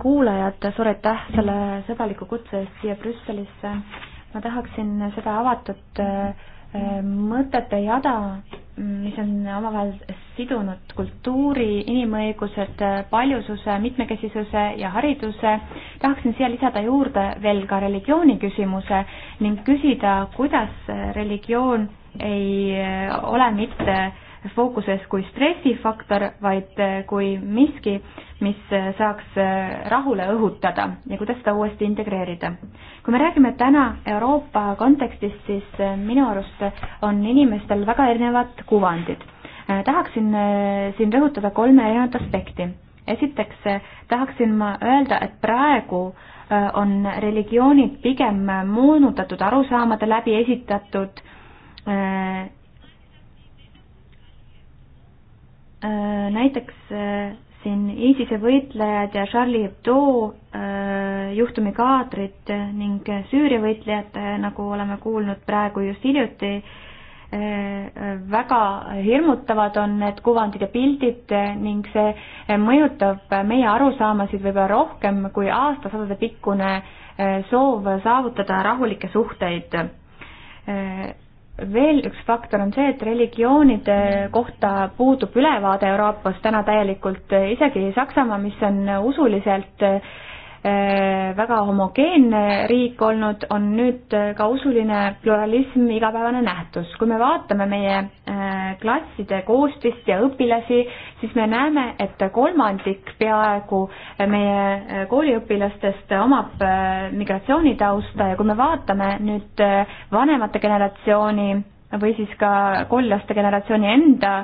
kuulajad, suur aitäh selle sõbraliku kutse eest siia Brüsselisse. ma tahaksin seda avatud äh, mõtete jada, mis on omavahel sidunud kultuuri, inimõigused, paljususe, mitmekesisuse ja hariduse, tahaksin siia lisada juurde veel ka religiooni küsimuse ning küsida, kuidas religioon ei ole mitte fookuses kui stressifaktor, vaid eh, kui miski, mis eh, saaks eh, rahule õhutada ja kuidas seda uuesti integreerida. kui me räägime täna Euroopa kontekstis, siis minu arust on inimestel väga erinevad kuvandid. tahaksin siin rõhutada kolme erinevat aspekti. esiteks tahaksin ma öelda, et praegu on religioonid pigem moonutatud arusaamade läbi esitatud Äh, näiteks äh, siin ISISe võitlejad ja Charlie Hebdo äh, juhtumi kaadrid ning Süüria võitlejad, nagu oleme kuulnud praegu just hiljuti, väga hirmutavad on need kuvandid ja pildid ning see mõjutab meie arusaamasid võib-olla rohkem kui aastasadade pikkune soov saavutada rahulikke suhteid veel üks faktor on see, et religioonide kohta puudub ülevaade Euroopas täna täielikult, isegi Saksamaa, mis on usuliselt äh, Äh, väga homogeenne riik olnud, on nüüd äh, ka usuline pluralism igapäevane nähtus. kui me vaatame meie äh, klasside koostist ja õpilasi, siis me näeme, et kolmandik peaaegu meie kooliõpilastest omab migratsioonitausta ja kui me vaatame nüüd vanemate generatsiooni või siis ka koolilaste generatsiooni enda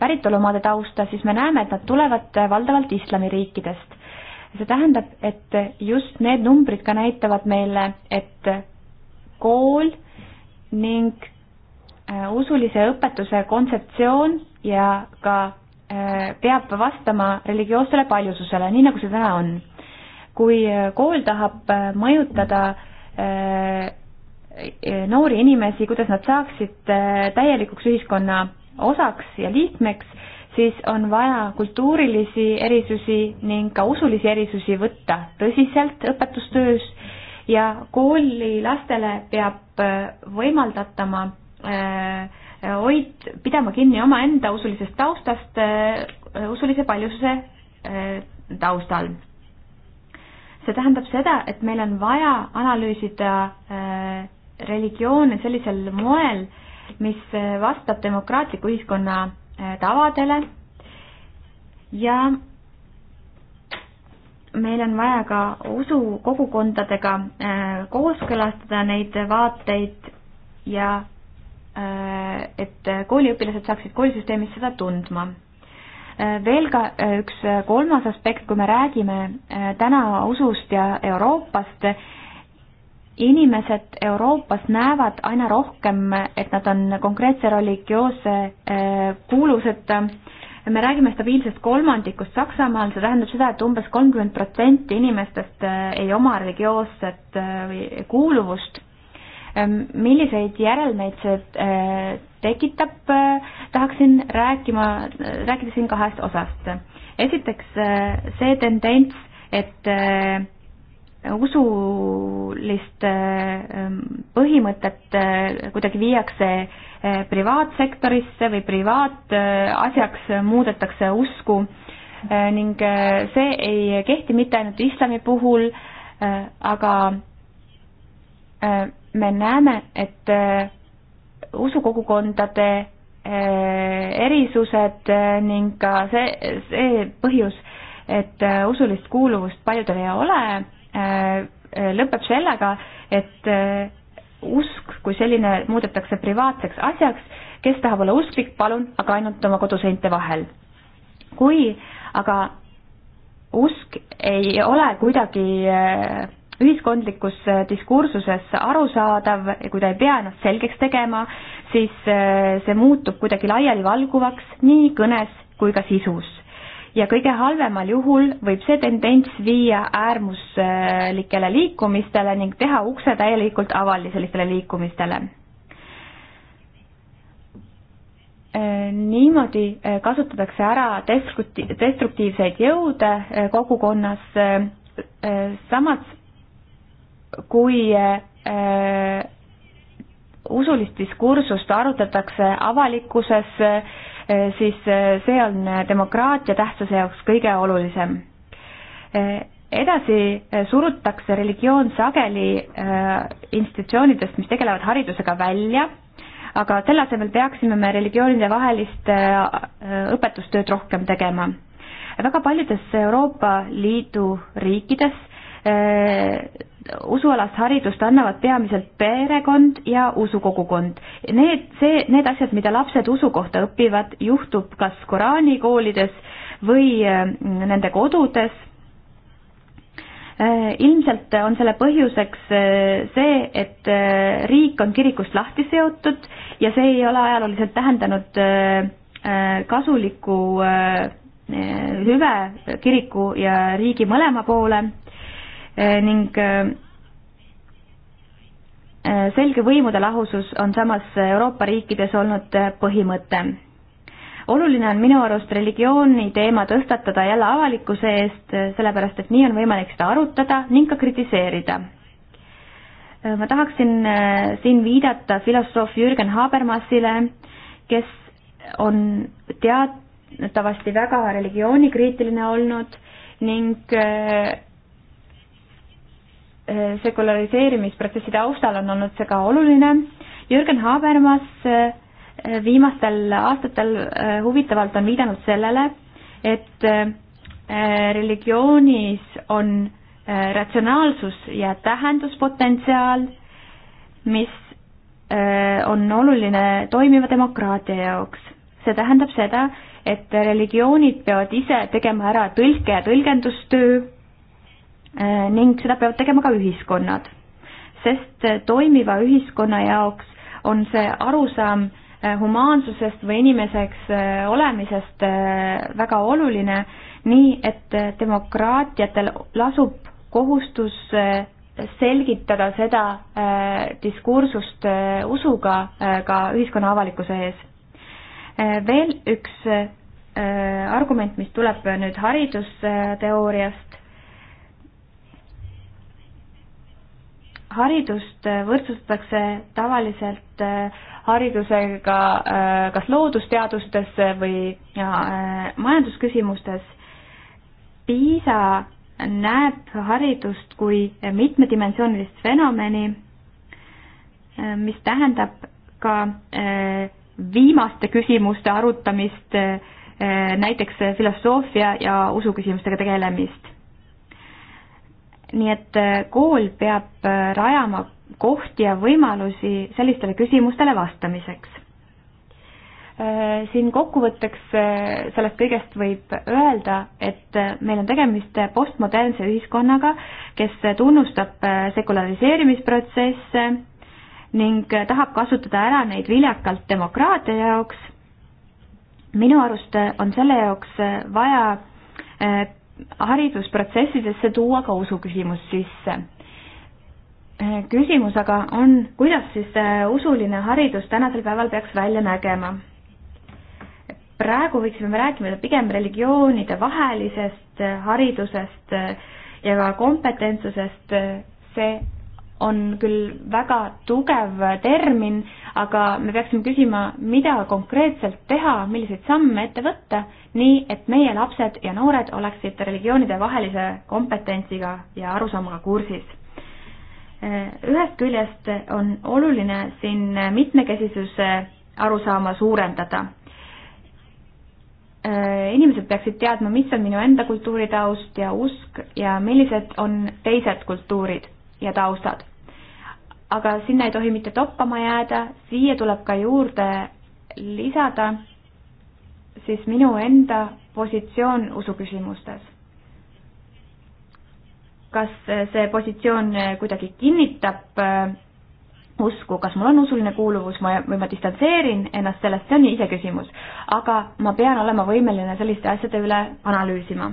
päritolumaade tausta, siis me näeme, et nad tulevad valdavalt islamiriikidest see tähendab, et just need numbrid ka näitavad meile, et kool ning äh, usulise õpetuse kontseptsioon ja ka äh, peab vastama religioossele paljususele, nii nagu see täna on. kui äh, kool tahab mõjutada noori inimesi, kuidas nad saaksid täielikuks ühiskonna osaks ja liikmeks, siis on vaja kultuurilisi erisusi ning ka usulisi erisusi võtta tõsiselt õpetustöös ja kooli lastele peab äh, võimaldatama äh, hoid-, pidama kinni omaenda usulisest taustast äh, usulise paljususe taustal. see tähendab seda, et meil on vaja analüüsida religioone sellisel moel, mis vastab demokraatliku ühiskonna Äh, tavadele ja meil on vaja ka usukogukondadega äh, kooskõlastada neid vaateid ja äh, et kooliõpilased saaksid koolisüsteemis seda tundma. veel ka üks kolmas aspekt, kui me räägime täna usust ja Euroopast, inimesed Euroopas näevad aina rohkem, et nad on konkreetse religioosse eh, kuuluseta. me räägime stabiilsest kolmandikust Saksamaal, see tähendab seda, et umbes kolmkümmend protsenti inimestest eh, ei oma religioosset eh, kuuluvust. Ehm, milliseid järelmeid see tekitab, tahaksin rääkima, rääkida siin kahest osast. esiteks see tendents, et usulist ähm, põhimõtet äh, kuidagi viiakse äh, privaatsektorisse või privaatasjaks äh, muudetakse usku ning see ei kehti mitte ainult islami puhul, aga me näeme, et usukogukondade erisused ning ka see, see põhjus, et usulist kuuluvust paljudel ei ole, Äh, lõpeb sellega, et äh, usk kui selline muudetakse privaatseks asjaks, kes tahab olla usklik, palun, aga ainult oma koduseinte vahel. kui aga usk ei ole kuidagi äh, ühiskondlikus diskursuses arusaadav, kui ta ei pea ennast selgeks tegema, siis see muutub kuidagi laialivalguvaks nii kõnes kui ka sisus ja kõige halvemal juhul võib see tendents viia äärmuslikele liikumistele ning teha ukse täielikult avaliselistele liikumistele. Äh, niimoodi äh, kasutatakse ära destrukti-, destruktiivseid jõude äh, kogukonnas, samas kui usulist diskursust arutatakse avalikkuses äh, Eh, siis eh, see on eh, demokraatia tähtsuse jaoks kõige olulisem. edasi surutakse religioon sageli institutsioonidest, mis tegelevad haridusega, välja, aga selle asemel peaksime me religioonide vahelist õpetustööd rohkem tegema väga paljudes Euroopa Liidu riikides Äh, usualast haridust annavad peamiselt perekond ja usukogukond. Need, see, need asjad, mida lapsed usu kohta õpivad, juhtub kas Koraani koolides või äh, nende kodudes. Äh, ilmselt on selle põhjuseks see, et riik on kirikust lahti seotud ja see ei ole ajalooliselt tähendanud kasulikku hüve kiriku ja riigi mõlema poole Eh, ning eh, eh, selge võimude lahusus on samas Euroopa riikides olnud põhimõte. oluline on minu arust religiooni teema tõstatada jälle avalikkuse eest, sellepärast et nii on võimalik seda arutada ning ka kritiseerida. ma tahaksin siin viidata filosoof Jürgen Habermasile, kes on teatavasti väga religioonikriitiline olnud ning Eh, sekulariseerimisprotsessi taustal on olnud see ka oluline. Jürgen Habermas eh, viimastel aastatel eh, huvitavalt on viidanud sellele, et religioonis on ratsionaalsus ja tähenduspotentsiaal, mis on oluline toimiva demokraatia jaoks. see tähendab seda, et religioonid peavad ise tegema ära tõlke ja tõlgendustöö Äh, ning seda peavad tegema ka ühiskonnad, sest äh, toimiva ühiskonna jaoks on see arusaam äh, humaansusest või inimeseks olemisest väga oluline, nii et demokraatiatel lasub kohustus selgitada seda diskursust usuga ka ühiskonna avalikkuse ees. veel üks argument, mis tuleb nüüd haridusteooriast, haridust äh, võrdsustatakse tavaliselt äh, haridusega äh, kas loodusteadustes või majandusküsimustes. PISA näeb haridust kui mitmedimensioonilist fenomeni, mis tähendab ka viimaste küsimuste arutamist, näiteks filosoofia ja usuküsimustega tegelemist nii et äh, kool peab äh, rajama kohti ja võimalusi sellistele küsimustele vastamiseks. Äh, siin kokkuvõtteks sellest kõigest võib öelda, et meil on tegemist postmodernse ühiskonnaga, kes tunnustab sekulariseerimisprotsesse ning tahab kasutada ära neid viljakalt demokraatia jaoks. minu arust on selle jaoks vaja haridusprotsessidesse tuua ka usuküsimus sisse. Äh, küsimus aga on, kuidas siis äh, usuline haridus tänasel päeval peaks välja nägema? praegu võiksime rääkida pigem religioonide vahelisest äh, haridusest ja ka kompetentsusest, see on küll väga tugev termin, aga me peaksime küsima, mida konkreetselt teha, milliseid samme ette võtta, nii et meie lapsed ja noored oleksid religioonide vahelise kompetentsiga ja arusaamaga kursis. ühest küljest on oluline siin mitmekesisuse arusaama suurendada inimesed peaksid teadma, mis on minu enda kultuuritaust ja usk ja millised on teised kultuurid ja taustad aga sinna ei tohi mitte toppama jääda, siia tuleb ka juurde lisada siis minu enda positsioon usuküsimustes. kas see positsioon kuidagi kinnitab äh, usku, kas mul on usuline kuuluvus ma, või ma distantseerin ennast sellest, see on iseküsimus. aga ma pean olema võimeline selliste asjade üle analüüsima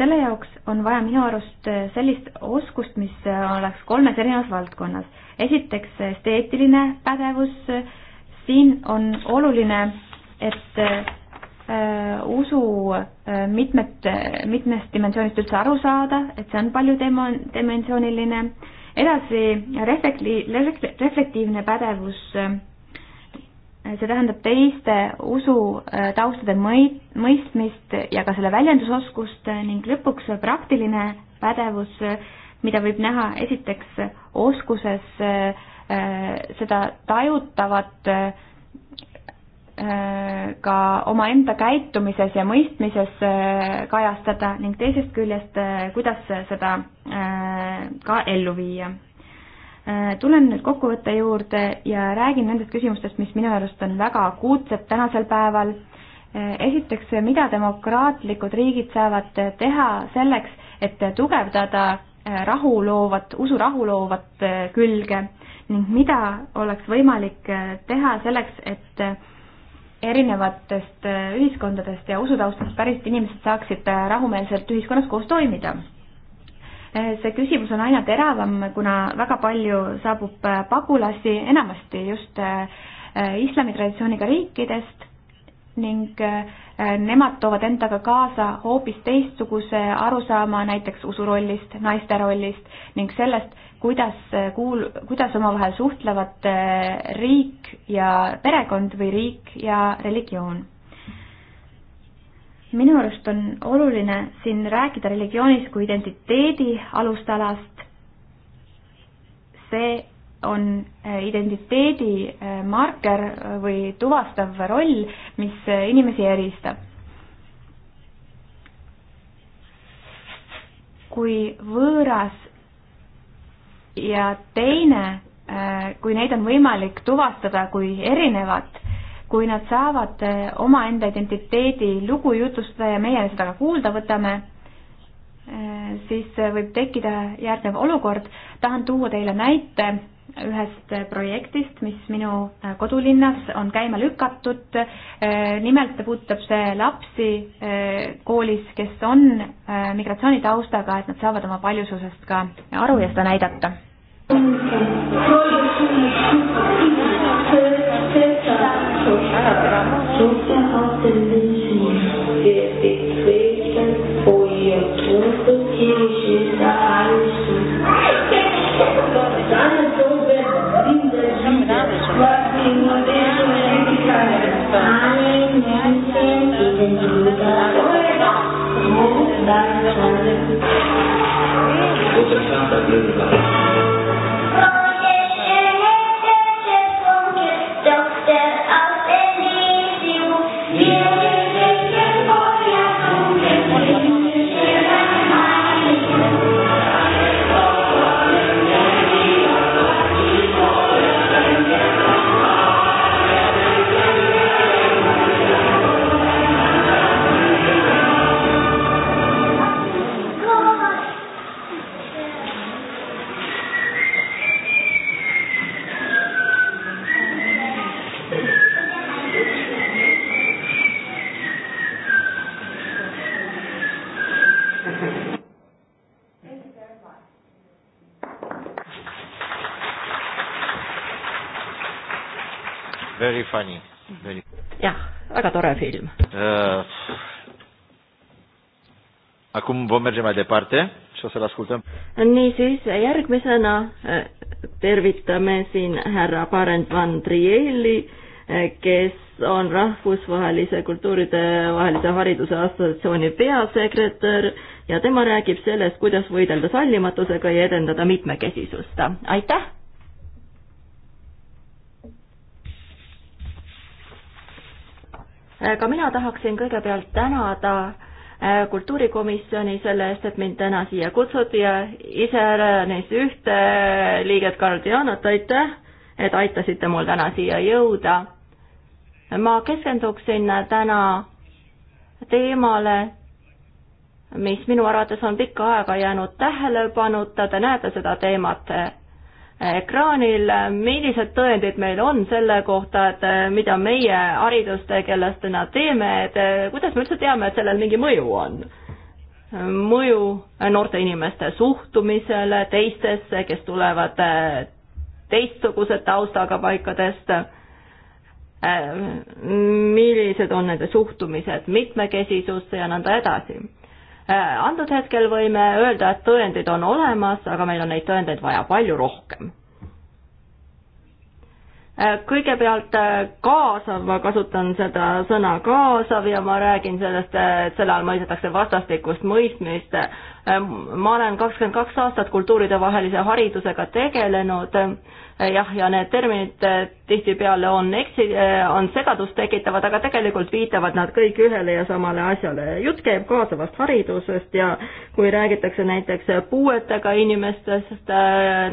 selle jaoks on vaja minu arust äh, sellist oskust, mis äh, oleks kolmes erinevas valdkonnas. esiteks äh, esteetiline pädevus, siin on oluline, et usu mitmed, mitmest dimensioonist üldse aru saada, et see on paljudimensiooniline. edasi reflekti-, reflektiivne pädevus see tähendab teiste usutaustade äh, mõi-, mõistmist ja ka selle väljendusoskust ning lõpuks praktiline pädevus, mida võib näha esiteks oskuses äh, seda tajutavat äh, ka omaenda käitumises ja mõistmises kajastada ning teisest küljest, kuidas seda ka ellu viia Äh, tulen nüüd kokkuvõtte juurde ja räägin nendest küsimustest, mis minu arust on väga akuutsed tänasel päeval. Äh, esiteks, mida demokraatlikud riigid saavad teha selleks, et tugevdada äh, rahu loovat, usu rahu loovat külge ning mida oleks võimalik teha selleks, et erinevatest ühiskondadest ja usutaustast pärist inimesed saaksid rahumeelselt ühiskonnas koos toimida Eh, see küsimus on aina teravam, kuna väga palju saabub eh, pagulasi, enamasti just eh, islami traditsiooniga riikidest ning nemad toovad endaga kaasa hoopis teistsuguse arusaama näiteks usurollist, naiste rollist ning sellest, kuidas kuul-, kuidas omavahel suhtlevad riik ja perekond või riik ja religioon minu arust on oluline siin rääkida religioonist kui identiteedi alustalast. see on äh, identiteedi äh, marker või tuvastav roll, mis äh, inimesi eristab. kui võõras ja teine, kui neid on võimalik tuvastada kui erinevat, kui nad saavad eh, omaenda identiteedi lugu jutustada ja meie seda ka kuulda võtame, eh, siis eh, võib tekkida järgnev olukord. tahan tuua teile näite ühest projektist, mis minu kodulinnas on käima lükatud. nimelt puudutab see lapsi koolis, kes on migratsioonitaustaga, et nad saavad oma paljususest ka aru ja seda näidata. Testa första kroppen av belysning. Det bekvämligen och ger kroppen till skilda arvsyn. Seine Proben sind der Alle Menschen in den Brüder. Wo bleibt Gute Vater, blöde Vater. very funny very.... jah, väga tore film uh,. Acum vom merge mai departe și o să-l ascultăm. Niisiis, järgmisena äh, tervitame siin härra Parent Van Trieli, äh, kes on rahvusvahelise kultuuride vahelise hariduse assotsiatsiooni peasekretär ja tema räägib sellest, kuidas võidelda sallimatusega ja edendada mitmekesisust. aitäh! Äh, ka mina tahaksin kõigepealt tänada äh, kultuurikomisjoni selle eest, et mind täna siia kutsuti ja iseäranis ühte liiget, Karl Dianot, aitäh, et aitasite mul täna siia jõuda. ma keskenduksin täna teemale, mis minu arvates on pikka aega jäänud tähelepanuta, te näete seda teemat Äh, ekraanil, äh, millised tõendid meil on selle kohta, et äh, mida meie haridustegelastena teeme, et kuidas me üldse teame, et sellel mingi mõju on? mõju noorte inimeste suhtumisele teistesse, kes tulevad teistsuguse taustaga paikadest, millised on nende suhtumised mitmekesisusse ja nõnda edasi Äh, antud hetkel võime öelda, et tõendid on olemas, aga meil on neid tõendeid vaja palju rohkem. Äh, kõigepealt äh, kaasav, ma kasutan seda sõna kaasav ja ma räägin sellest, et selle all mõistetakse vastastikust mõistmist. ma olen kakskümmend kaks aastat kultuuridevahelise haridusega tegelenud Eh, jah, ja need terminid eh, tihtipeale on eksi-, eh, on segadust tekitavad, aga tegelikult viitavad nad kõik ühele ja samale asjale. jutt käib kaasavast haridusest ja kui räägitakse näiteks puuetega inimestest,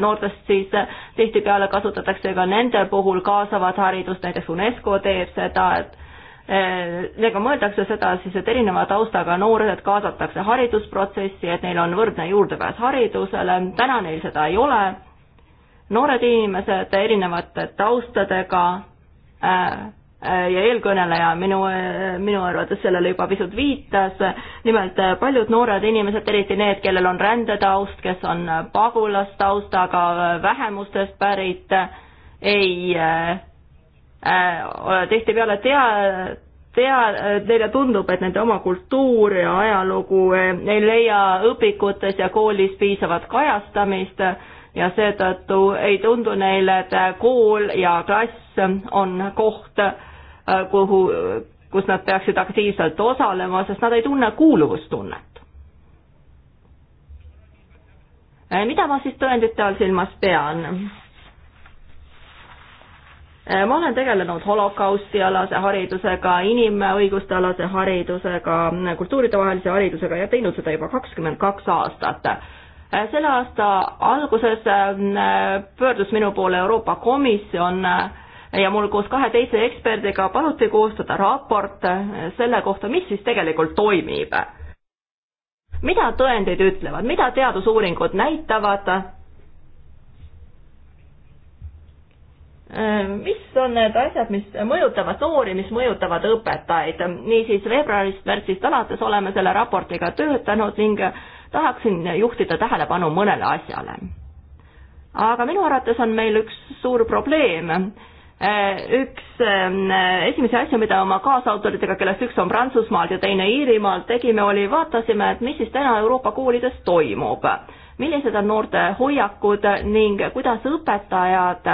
noortest, siis tihtipeale kasutatakse ka nende puhul kaasavat haridust, näiteks UNESCO teeb seda, et ega mõeldakse seda siis, et erineva taustaga noored kaasatakse haridusprotsessi, et neil on võrdne juurdepääs haridusele, täna neil seda ei ole noored inimesed erinevate taustadega äh, äh, ja eelkõneleja minu, äh, minu arvates sellele juba pisut viitas, nimelt paljud noored inimesed, eriti need, kellel on rändetaust, kes on pagulastaustaga, vähemustest pärit, ei äh, tihtipeale tea, tea, neile tundub, et nende oma kultuur ja ajalugu ei leia õpikutes ja koolis piisavat kajastamist ja seetõttu ei tundu neile, et kool ja klass on koht, äh, kuhu, kus nad peaksid aktiivselt osalema, sest nad ei tunne kuuluvustunnet. Äh, mida ma siis tõendite all silmas pean? Äh, ma olen tegelenud holokaustialase haridusega, inimõiguste alase haridusega, kultuuride vahelise haridusega ja teinud seda juba kakskümmend kaks aastat Äh, selle aasta alguses ähm, pöördus minu poole Euroopa Komisjon äh, ja mul koos kahe teise eksperdiga paluti koostada raport äh, selle kohta, mis siis tegelikult toimib. mida tõendid ütlevad, mida teadusuuringud näitavad? mis on need asjad, mis mõjutavad noori, mis mõjutavad õpetajaid? niisiis veebruarist, märtsist alates oleme selle raportiga töötanud ning tahaksin juhtida tähelepanu mõnele asjale. aga minu arvates on meil üks suur probleem. Äh, üks äh, esimesi asju, mida oma kaasautoritega, kellest üks on Prantsusmaalt ja teine Iirimaalt, tegime, oli vaatasime, et mis siis täna Euroopa koolides toimub. millised on noorte hoiakud ning kuidas õpetajad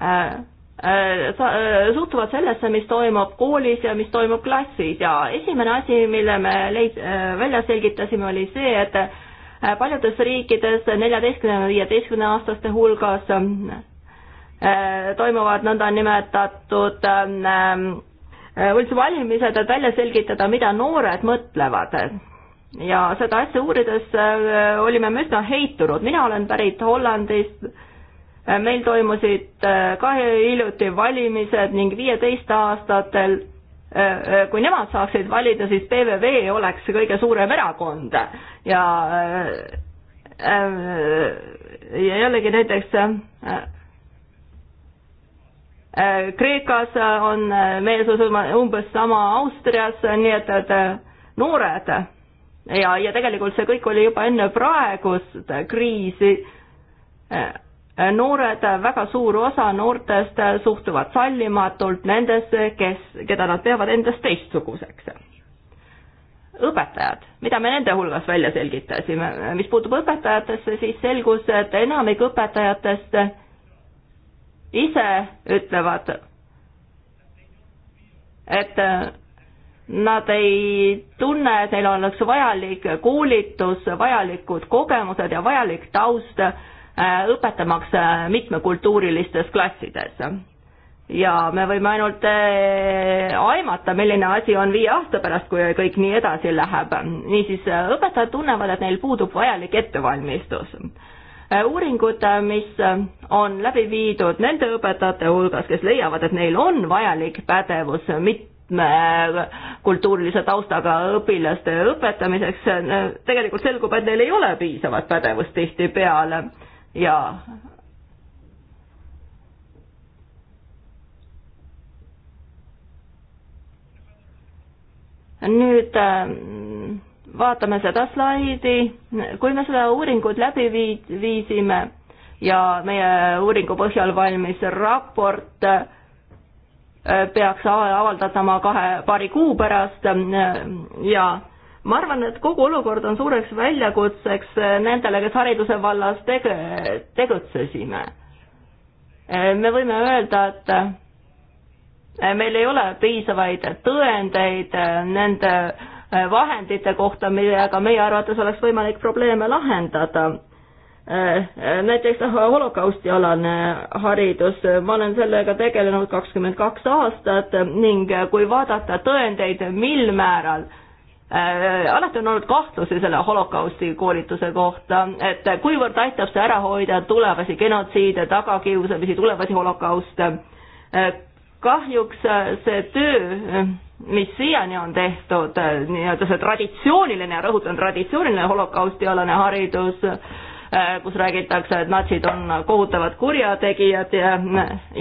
äh, Äh, äh, suhtuvad sellesse, mis toimub koolis ja mis toimub klassis ja esimene asi, mille me leid-, äh, välja selgitasime, oli see, et paljudes riikides neljateistkümne, viieteistkümne aastaste hulgas toimuvad nõndanimetatud üldse ähm, valimised, et välja selgitada, mida noored mõtlevad. ja seda asja uurides olime me üsna heitunud, mina olen pärit Hollandist meil toimusid äh, ka hiljuti valimised ning viieteist aastatel äh, äh, kui nemad saaksid valida, siis PVV oleks kõige suurem erakond ja ja jällegi näiteks Kreekas on meelsus umbes sama Austrias, nii et, et noored ja, ja tegelikult see kõik oli juba enne praegust kriisi noored, väga suur osa noortest suhtuvad sallimatult nendesse, kes, keda nad peavad endast teistsuguseks. õpetajad, mida me nende hulgas välja selgitasime, mis puutub õpetajatesse, siis selgus, et enamik õpetajatest ise ütlevad, et nad ei tunne, et neil oleks vajalik koolitus, vajalikud kogemused ja vajalik taust Äh, õpetamaks äh, mitmekultuurilistes klassides. ja me võime ainult äh, aimata, milline asi on viie aasta pärast, kui kõik nii edasi läheb. niisiis, õpetajad tunnevad, et neil puudub vajalik ettevalmistus uuringud, mis on läbi viidud nende õpetajate hulgas, kes leiavad, et neil on vajalik pädevus mitme kultuurilise taustaga õpilaste õpetamiseks, tegelikult selgub, et neil ei ole piisavat pädevust tihtipeale ja nüüd ähm, vaatame seda slaidi, kui me seda uuringut läbi viid-, viisime ja meie uuringu põhjal valmis raport äh, peaks avaldatama kahe, paari kuu pärast äh, ja ma arvan, et kogu olukord on suureks väljakutseks nendele, kes hariduse vallas tege-, tegutsesime. me võime öelda, et meil ei ole piisavaid tõendeid nende vahendite kohta, millega meie arvates oleks võimalik probleeme lahendada. näiteks holokausti alane haridus, ma olen sellega tegelenud kakskümmend kaks aastat ning kui vaadata tõendeid, mil määral äh, Äh, alati on olnud kahtlusi selle holokausti koolituse kohta, et kuivõrd aitab see ära hoida tulevasi genotsiide, tagakiusamisi, tulevasi holokauste. Äh, kahjuks äh, see töö, mis siiani on tehtud, nii-öelda see traditsiooniline, rõhutan, traditsiooniline holokaustialane haridus, kus räägitakse, et natsid on kohutavad kurjategijad ja,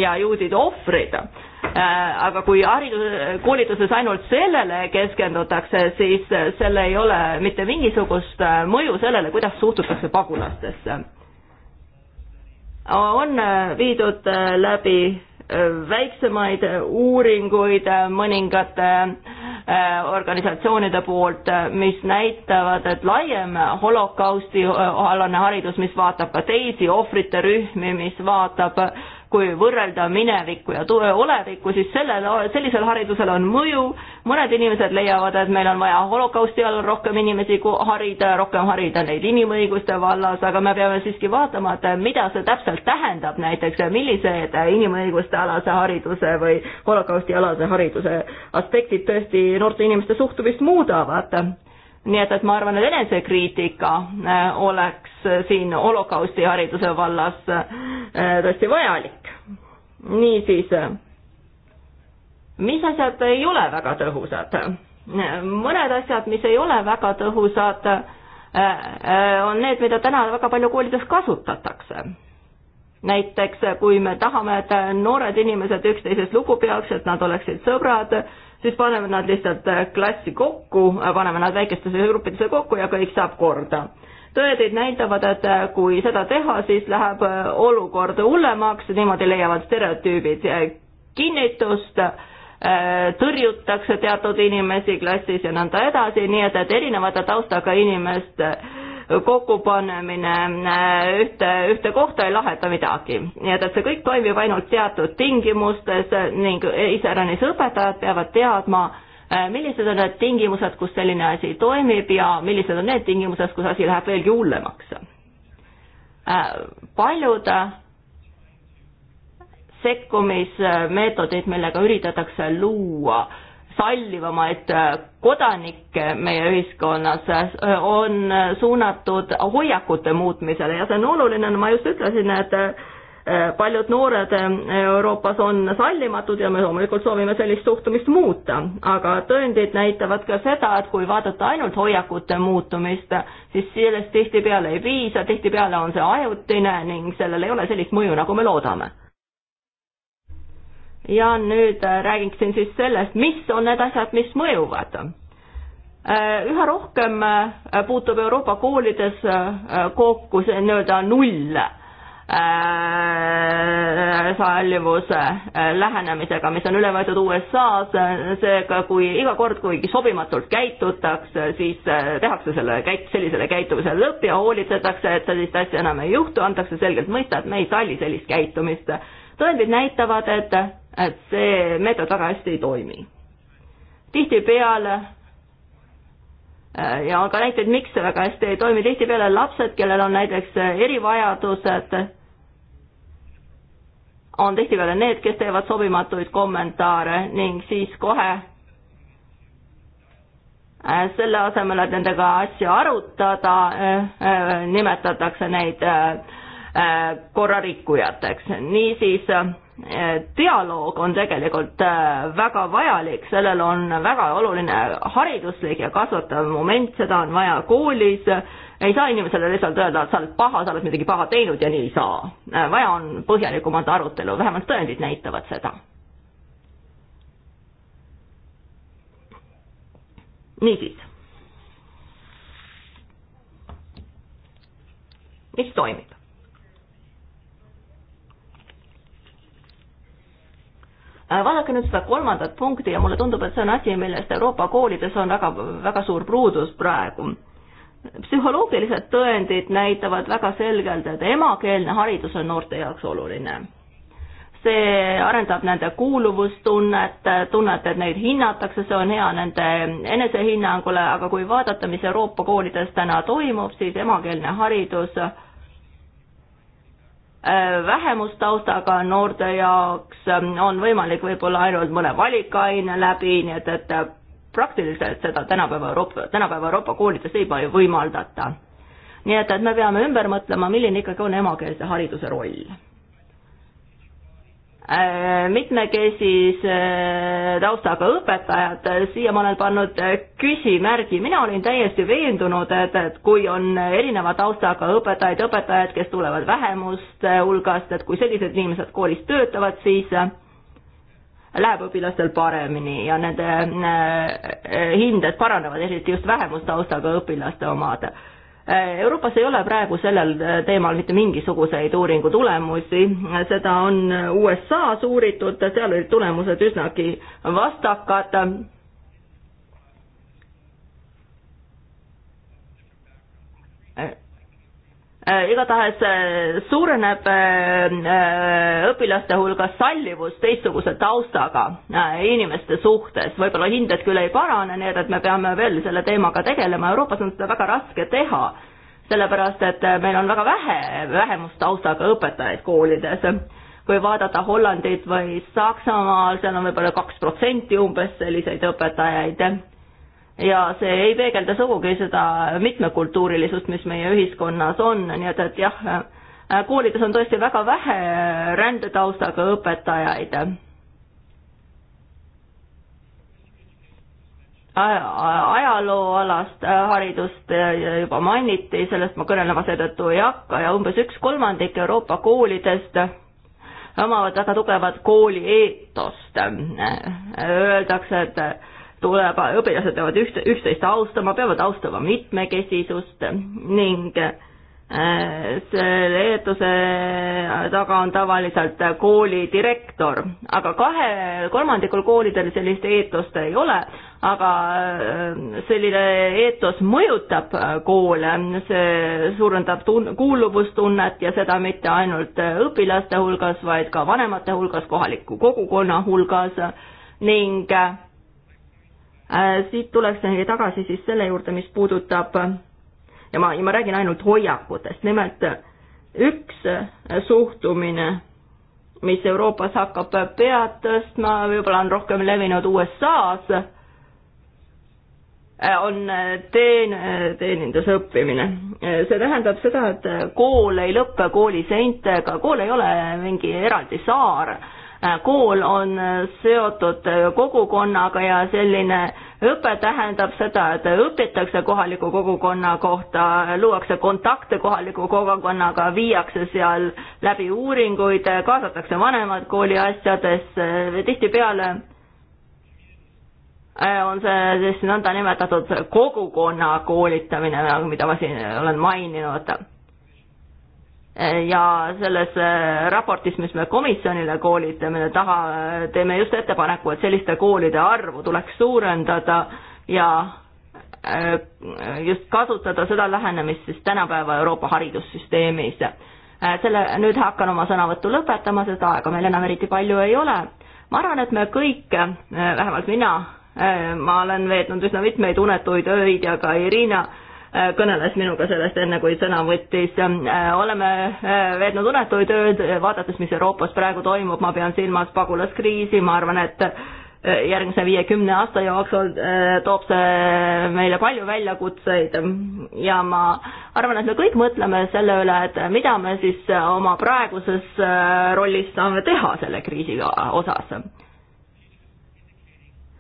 ja juudid ohvrid. Äh, aga kui haridus, koolituses ainult sellele keskendutakse, siis äh, sel ei ole mitte mingisugust äh, mõju sellele, kuidas suhtutakse pagulastesse. on viidud läbi väiksemaid uuringuid mõningate organisatsioonide poolt, mis näitavad, et laiem holokausti alane haridus, mis vaatab ka teisi ohvrite rühmi, mis vaatab äh, kui võrrelda minevikku ja olevikku, siis sellel, sellisel haridusel on mõju, mõned inimesed leiavad, et meil on vaja holokausti ajal rohkem inimesi harida, rohkem harida neid inimõiguste vallas, aga me peame siiski vaatama, et mida see täpselt tähendab näiteks, millised inimõiguste alase hariduse või holokausti alase hariduse aspektid tõesti noorte inimeste suhtumist muudavad nii et, et ma arvan, et enesekriitika äh, oleks siin holokausti hariduse vallas äh, tõesti vajalik niisiis, mis asjad ei ole väga tõhusad? mõned asjad, mis ei ole väga tõhusad, äh, äh, on need, mida täna väga palju koolides kasutatakse. näiteks kui me tahame, et noored inimesed üksteisest lugu peaks, et nad oleksid sõbrad, siis paneme nad lihtsalt klassi kokku, paneme nad väikestesse gruppidesse kokku ja kõik saab korda tõedeid näitavad, et äh, kui seda teha, siis läheb äh, olukord hullemaks, niimoodi leiavad stereotüübid äh, kinnitust, tõrjutakse teatud inimesi klassis ja nõnda edasi, nii et, et erinevate taustaga inimeste kokkupanemine ühte, ühte kohta ei lahenda midagi. nii et, et see kõik toimib ainult teatud tingimustes ning iseäranis õpetajad peavad teadma, Äh, millised on need tingimused, kus selline asi toimib ja millised on need tingimused, kus asi läheb veelgi hullemaks. Äh, paljud äh, sekkumismeetodid, millega üritatakse luua sallivamaid kodanikke meie ühiskonnas, on suunatud hoiakute muutmisele ja see on oluline, ma just ütlesin, et Eh, paljud noored eh, Euroopas on sallimatud ja me loomulikult soovime sellist suhtumist muuta, aga tõendid näitavad ka seda, et kui vaadata ainult hoiakute muutumist, siis sellest tihtipeale ei piisa, tihtipeale on see ajutine ning sellel ei ole sellist mõju, nagu me loodame. ja nüüd eh, räägiksin siis sellest, mis on need asjad, mis mõjuvad üha rohkem puutub Euroopa koolides kokku see nii-öelda null sallivuse äh, lähenemisega, mis on üle võetud USA-s, äh, seega kui iga kord, kui sobimatult käitutakse, siis äh, tehakse selle käit-, sellisele käitumisele lõpp ja hoolitsetakse, et sellist asja enam ei juhtu, antakse selgelt mõista, et me ei salli sellist käitumist. tõendid näitavad, et, et see meetod väga hästi ei toimi. tihtipeale ja on ka näiteid, miks see väga hästi ei toimi, tihtipeale lapsed, kellel on näiteks erivajadused, on tihtipeale need, kes teevad sobimatuid kommentaare ning siis kohe äh, selle asemel, et nendega asja arutada, äh, äh, nimetatakse neid korrarikkujateks. niisiis dialoog on tegelikult väga vajalik, sellel on väga oluline hariduslik ja kasvatav moment, seda on vaja koolis ei saa inimesele lihtsalt öelda, et sa oled paha, sa oled midagi paha teinud ja nii ei saa. Äh, vaja on põhjalikumat arutelu, vähemalt tõendid näitavad seda. niisiis. mis toimib? Äh, vaadake nüüd seda kolmandat punkti ja mulle tundub, et see on asi, millest Euroopa koolides on väga, väga suur puudus praegu psühholoogilised tõendid näitavad väga selgelt, et emakeelne haridus on noorte jaoks oluline. see arendab nende kuuluvustunnet, tunnet, et neid hinnatakse, see on hea nende enesehinnangule, aga kui vaadata, mis Euroopa koolides täna toimub, siis emakeelne haridus äh, vähemustaustaga noorte jaoks ähm, on võimalik võib-olla ainult mõne valikaine läbi, nii et, et praktiliselt seda tänapäeva Euroopa, tänapäeva Euroopa koolides ei võimaldata. nii et, et me peame ümber mõtlema, milline ikkagi on emakeelse hariduse roll äh, mitmekesise äh, taustaga õpetajad, äh, siia ma olen pannud küsimärgi, mina olin täiesti veendunud, et, et kui on erineva taustaga õpetajaid, õpetajad, kes tulevad vähemuste hulgast, et kui sellised inimesed koolis töötavad, siis läheb õpilastel paremini ja nende äh, hinded paranevad, eriti just vähemustaustaga õpilaste omad. Äh, Euroopas ei ole praegu sellel äh, teemal mitte mingisuguseid uuringu tulemusi, seda on USA-s uuritud, seal olid tulemused üsnagi vastakad Äh, igatahes äh, suureneb äh, õpilaste hulgas sallivus teistsuguse taustaga inimeste suhtes, võib-olla hinded küll ei parane, nii et, et me peame veel selle teemaga tegelema, Euroopas on seda väga raske teha, sellepärast et meil on väga vähe vähemustaustaga õpetajaid koolides. kui vaadata Hollandit või Saksamaal, seal on võib-olla kaks protsenti umbes selliseid õpetajaid ja see ei peegelda sugugi seda mitmekultuurilisust, mis meie ühiskonnas on, nii et, et jah, koolides on tõesti väga vähe rändetaustaga õpetajaid. ajalooalast haridust juba mainiti, sellest ma kõnelema seetõttu ei hakka ja umbes üks kolmandik Euroopa koolidest omavad väga tugevat kooli eetost. Öeldakse, et tuleb, õpilased peavad ühte, üksteist austama, peavad austama mitmekesisust ning äh, selle eetuse taga on tavaliselt kooli direktor, aga kahe, kolmandikul koolidel sellist eetust ei ole, aga äh, selline eetos mõjutab äh, koole, see suurendab tun-, kuuluvustunnet ja seda mitte ainult õpilaste hulgas, vaid ka vanemate hulgas, kohaliku kogukonna hulgas ning äh, Äh, siit tuleksingi tagasi siis selle juurde, mis puudutab ja ma, ja ma räägin ainult hoiakutest, nimelt üks äh, suhtumine, mis Euroopas hakkab pead tõstma, võib-olla on rohkem levinud USA-s, äh, on teen-, teeninduse õppimine. see tähendab seda, et kool ei lõpe kooli seintega, kool ei ole mingi eraldi saar Äh, kool on äh, seotud äh, kogukonnaga ja selline õpe tähendab seda, et õpitakse kohaliku kogukonna kohta, luuakse kontakte kohaliku kogukonnaga, viiakse seal läbi uuringuid, kaasatakse vanemad kooli asjadesse, tihtipeale on see siis nõndanimetatud kogukonna koolitamine, nagu mida ma siin olen maininud Eh, ja selles eh, raportis, mis me komisjonile koolitame, taha eh, teeme just ettepaneku, et selliste koolide arvu tuleks suurendada ja just kasutada seda lähenemist siis tänapäeva Euroopa haridussüsteemis. selle, nüüd hakkan oma sõnavõttu lõpetama, sest aega meil enam eriti palju ei ole. ma arvan, et me kõik, vähemalt mina, ma olen veetnud üsna mitmeid unetuid öid ja ka Irina Äh, kõneles minuga sellest enne, kui sõna võttis. Äh, oleme äh, veetnud unetuid ööd, vaadates, mis Euroopas praegu toimub, ma pean silmas pagulaskriisi, ma arvan, et järgmise viiekümne aasta jooksul toob see meile palju väljakutseid ja ma arvan, et me kõik mõtleme selle üle, et mida me siis oma praeguses rollis saame teha selle kriisiga osas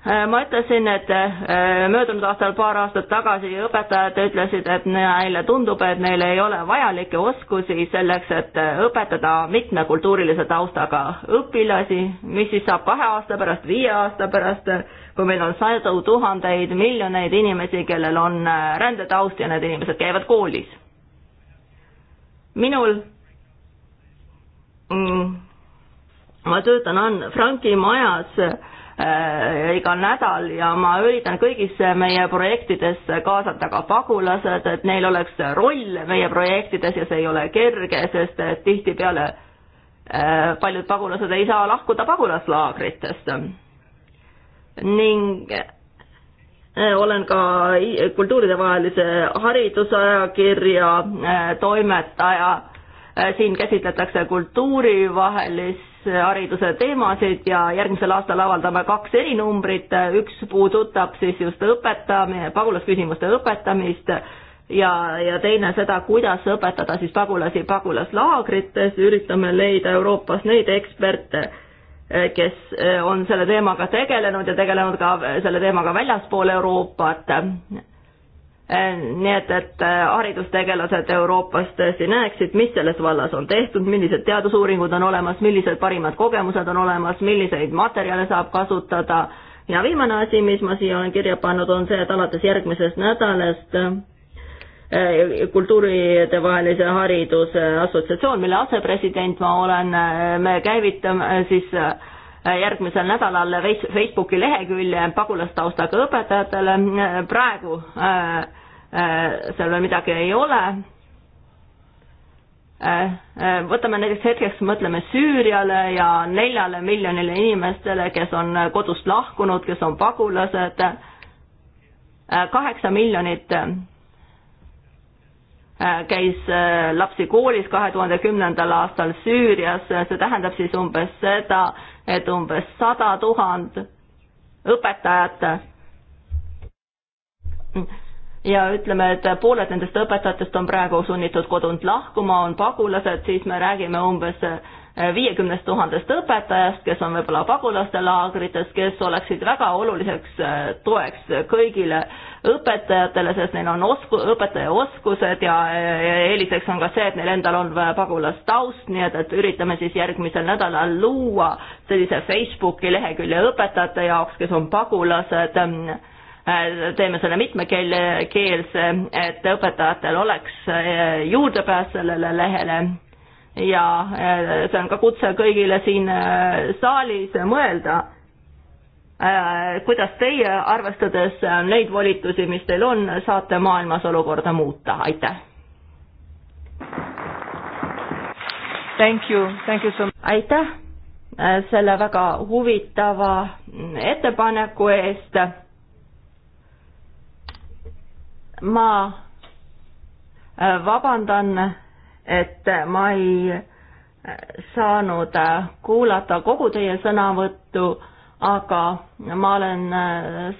Äh, ma ütlesin, et äh, möödunud aastal paar aastat tagasi õpetajad ütlesid, et neile tundub, et neil ei ole vajalikke oskusi selleks, et äh, õpetada mitmekultuurilise taustaga õpilasi, mis siis saab kahe aasta pärast, viie aasta pärast, kui meil on sadu tuhandeid, miljoneid inimesi, kellel on rändetaust ja need inimesed käivad koolis. minul mm, ma töötan Anne Franki majas Äh, iga nädal ja ma üritan kõigisse meie projektidesse kaasata ka pagulased, et neil oleks roll meie projektides ja see ei ole kerge, sest tihtipeale äh, paljud pagulased ei saa lahkuda pagulaslaagritest. ning äh, olen ka kultuuridevahelise haridusajakirja toimetaja, siin käsitletakse kultuurivahelist hariduse teemasid ja järgmisel aastal avaldame kaks erinumbrit, üks puudutab siis just õpetamine, pagulasküsimuste õpetamist ja, ja teine seda, kuidas õpetada siis pagulasi pagulaslaagrites, üritame leida Euroopas neid eksperte, kes eh, on selle teemaga tegelenud ja tegelenud ka selle teemaga väljaspool Euroopat nii et, et äh, haridustegelased Euroopas tõesti näeksid, mis selles vallas on tehtud, millised teadusuuringud on olemas, millised parimad kogemused on olemas, milliseid materjale saab kasutada ja viimane asi, mis ma siia olen kirja pannud, on see, et alates järgmisest nädalast äh, kultuuridevahelise hariduse assotsiatsioon, mille asepresident ma olen, äh, me käivitame siis järgmisel nädalal Facebooki lehekülje pagulastaustaga õpetajatele, praegu äh, Äh, seal veel midagi ei ole. Äh, äh, võtame näiteks hetkeks, mõtleme Süüriale ja neljale miljonile inimestele, kes on kodust lahkunud, kes on pagulased, kaheksa miljonit käis lapsi koolis kahe tuhande kümnendal aastal Süürias, see tähendab siis umbes seda, et umbes sada tuhat õpetajat ja ütleme, et pooled nendest õpetajatest on praegu sunnitud kodunt lahkuma, on pagulased, siis me räägime umbes eh, viiekümnest tuhandest õpetajast, kes on võib-olla pagulaste laagrites, kes oleksid väga oluliseks eh, toeks kõigile õpetajatele, sest neil on osku-, õpetajaoskused ja eeliseks on ka see, et neil endal on pagulastaust, nii et, et üritame siis järgmisel nädalal luua sellise Facebooki lehekülje õpetajate jaoks, kes on pagulased mm, Äh, teeme selle mitmekeelse, et õpetajatel oleks äh, juurdepääs sellele lehele ja äh, see on ka kutse kõigile siin saalis mõelda, kuidas teie, arvestades neid volitusi, mis teil on, saate maailmas olukorda muuta, aitäh! Thank you, thank you so much! aitäh selle väga huvitava ettepaneku eest ma äh, vabandan, et ma ei äh, saanud äh, kuulata kogu teie sõnavõttu, aga ma olen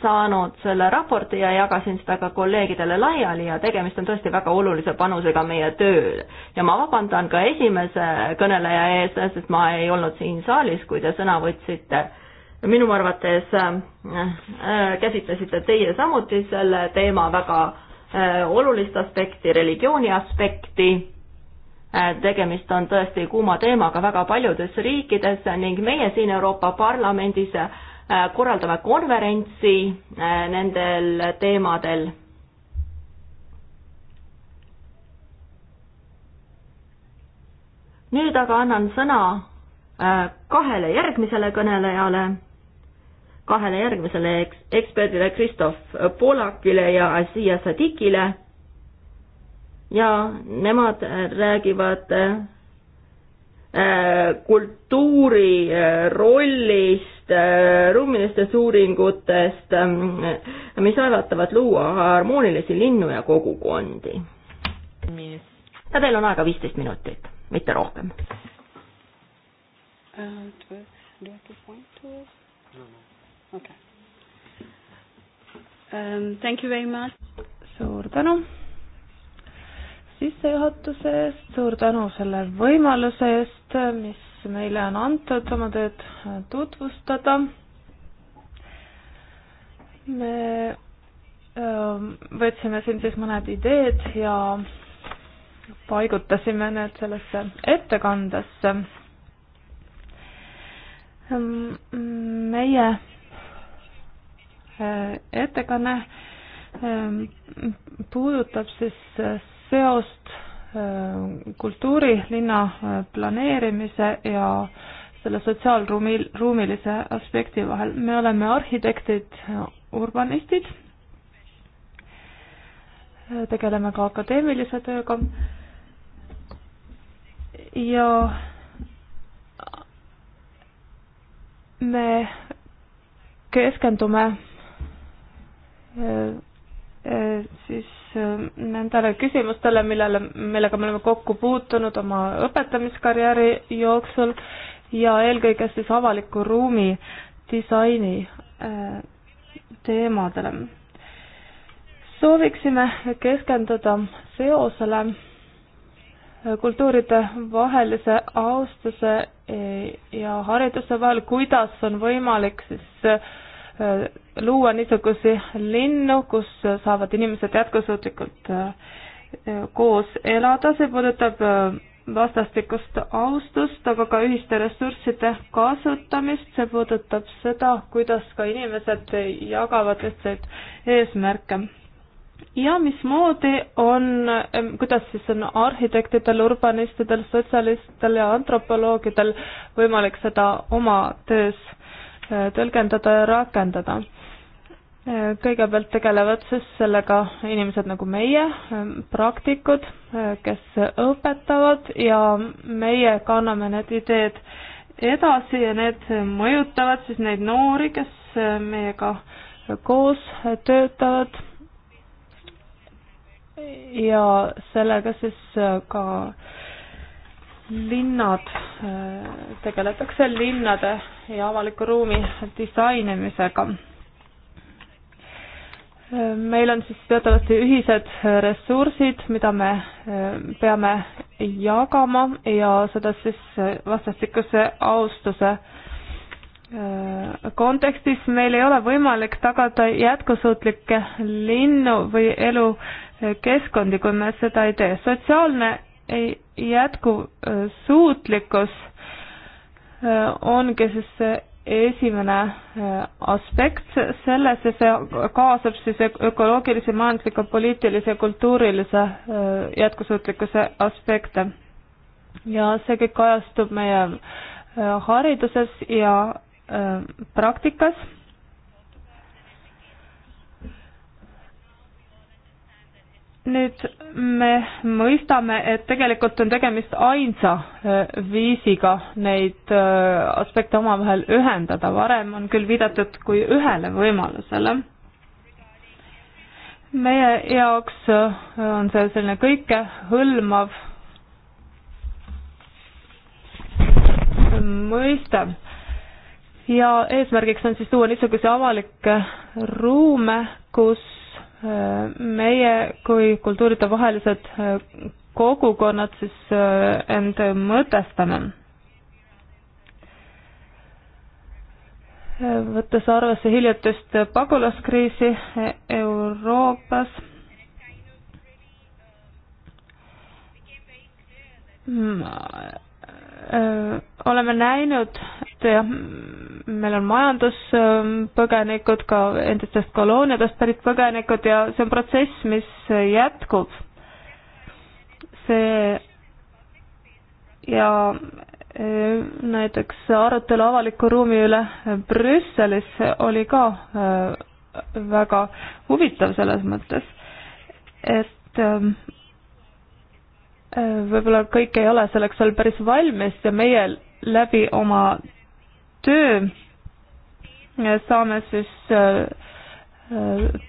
saanud selle raporti ja jagasin seda ka kolleegidele laiali ja tegemist on tõesti väga olulise panusega meie tööle. ja ma vabandan ka esimese kõneleja ees, sest ma ei olnud siin saalis, kui te sõna võtsite. minu arvates käsitlesite teie samuti selle teema väga Äh, olulist aspekti, religiooni aspekti. Äh, tegemist on tõesti kuuma teemaga väga paljudes riikides ning meie siin Euroopa Parlamendis äh, korraldame konverentsi nendel teemadel. nüüd aga annan sõna kahele järgmisele kõnelejale kahele järgmisele eks-, eksperdile Kristof Polakile ja Asia Sadikile ja nemad äh, räägivad äh, äh, kultuuri rollist, ruumilistest uuringutest, mis aevatavad luua harmoonilisi linnu ja kogukondi. ja teil on aega viisteist minutit, mitte rohkem. Uh, 12, 12 um,. Thank you very much. suur tänu sissejuhatuse eest, suur tänu selle võimaluse eest, mis meile on antud oma tööd tutvustada. me ähm, võtsime siin siis mõned ideed ja paigutasime need sellesse ettekandesse ähm, meie ettekanne ähm, puudutab siis äh, seost äh, kultuurilinna äh, planeerimise ja selle sotsiaalruumi, ruumilise aspekti vahel. me oleme arhitektid, urbanistid, tegeleme ka akadeemilise tööga ja me keskendume Äh, äh, siis äh, nendele küsimustele, millele, millega me oleme kokku puutunud oma õpetamiskarjääri jooksul ja eelkõige siis avaliku ruumi disaini teemadele. sooviksime keskenduda seosele kultuuride vahelise austuse ja hariduse vahel, kuidas on võimalik siis Äh, luua niisugusi linnu, kus saavad inimesed jätkusuutlikult äh, koos elada, see puudutab äh, vastastikust austust, aga ka ühiste ressursside kasutamist, see puudutab seda, kuidas ka inimesed jagavad ühtseid eesmärke. ja mismoodi on, kuidas siis on arhitektidel, urbanistidel, sotsialistidel ja antropoloogidel võimalik seda oma töös tõlgendada ja rakendada. kõigepealt tegelevad siis sellega inimesed nagu meie, praktikud, kes õpetavad ja meie kanname need ideed edasi ja need mõjutavad siis neid noori, kes meiega koos töötavad. ja sellega siis ka äh, linnad, tegeletakse linnade ja avaliku ruumi disainimisega. meil on siis teatavasti ühised ressursid, mida me peame jagama ja seda siis vastastikuse austuse äh, kontekstis meil ei ole võimalik tagada jätkusuutlikke linnu või elukeskkondi, kui me seda ei tee. sotsiaalne jätkusuutlikkus äh, äh, ongi siis esimene äh, aspekt selles ja see kaasab siis ökoloogilise, majandusliku, poliitilise, kultuurilise jätkusuutlikkuse aspekte. ja see kõik kajastub meie hariduses ja praktikas nüüd me mõistame, et tegelikult on tegemist ainsa äh, viisiga neid äh, aspekte omavahel ühendada, varem on küll viidatud kui ühele võimalusele. meie jaoks äh, on see selline kõikehõlmav mõiste ja eesmärgiks on siis tuua niisuguseid avalikke ruume, kus meie kui kultuuride vahelised äh, kogukonnad siis äh, end mõtestame. võttes arvesse hiljutist pagulaskriisi Euroopas, oleme näinud, et jah, meil on majanduspõgenikud, ka endistest kolooniadest pärit põgenikud ja see on protsess, mis jätkub. see ja näiteks arutelu avaliku ruumi üle Brüsselis oli ka väga huvitav selles mõttes, et võib-olla kõik ei ole selleks veel päris valmis ja meie läbi oma töö saame siis äh,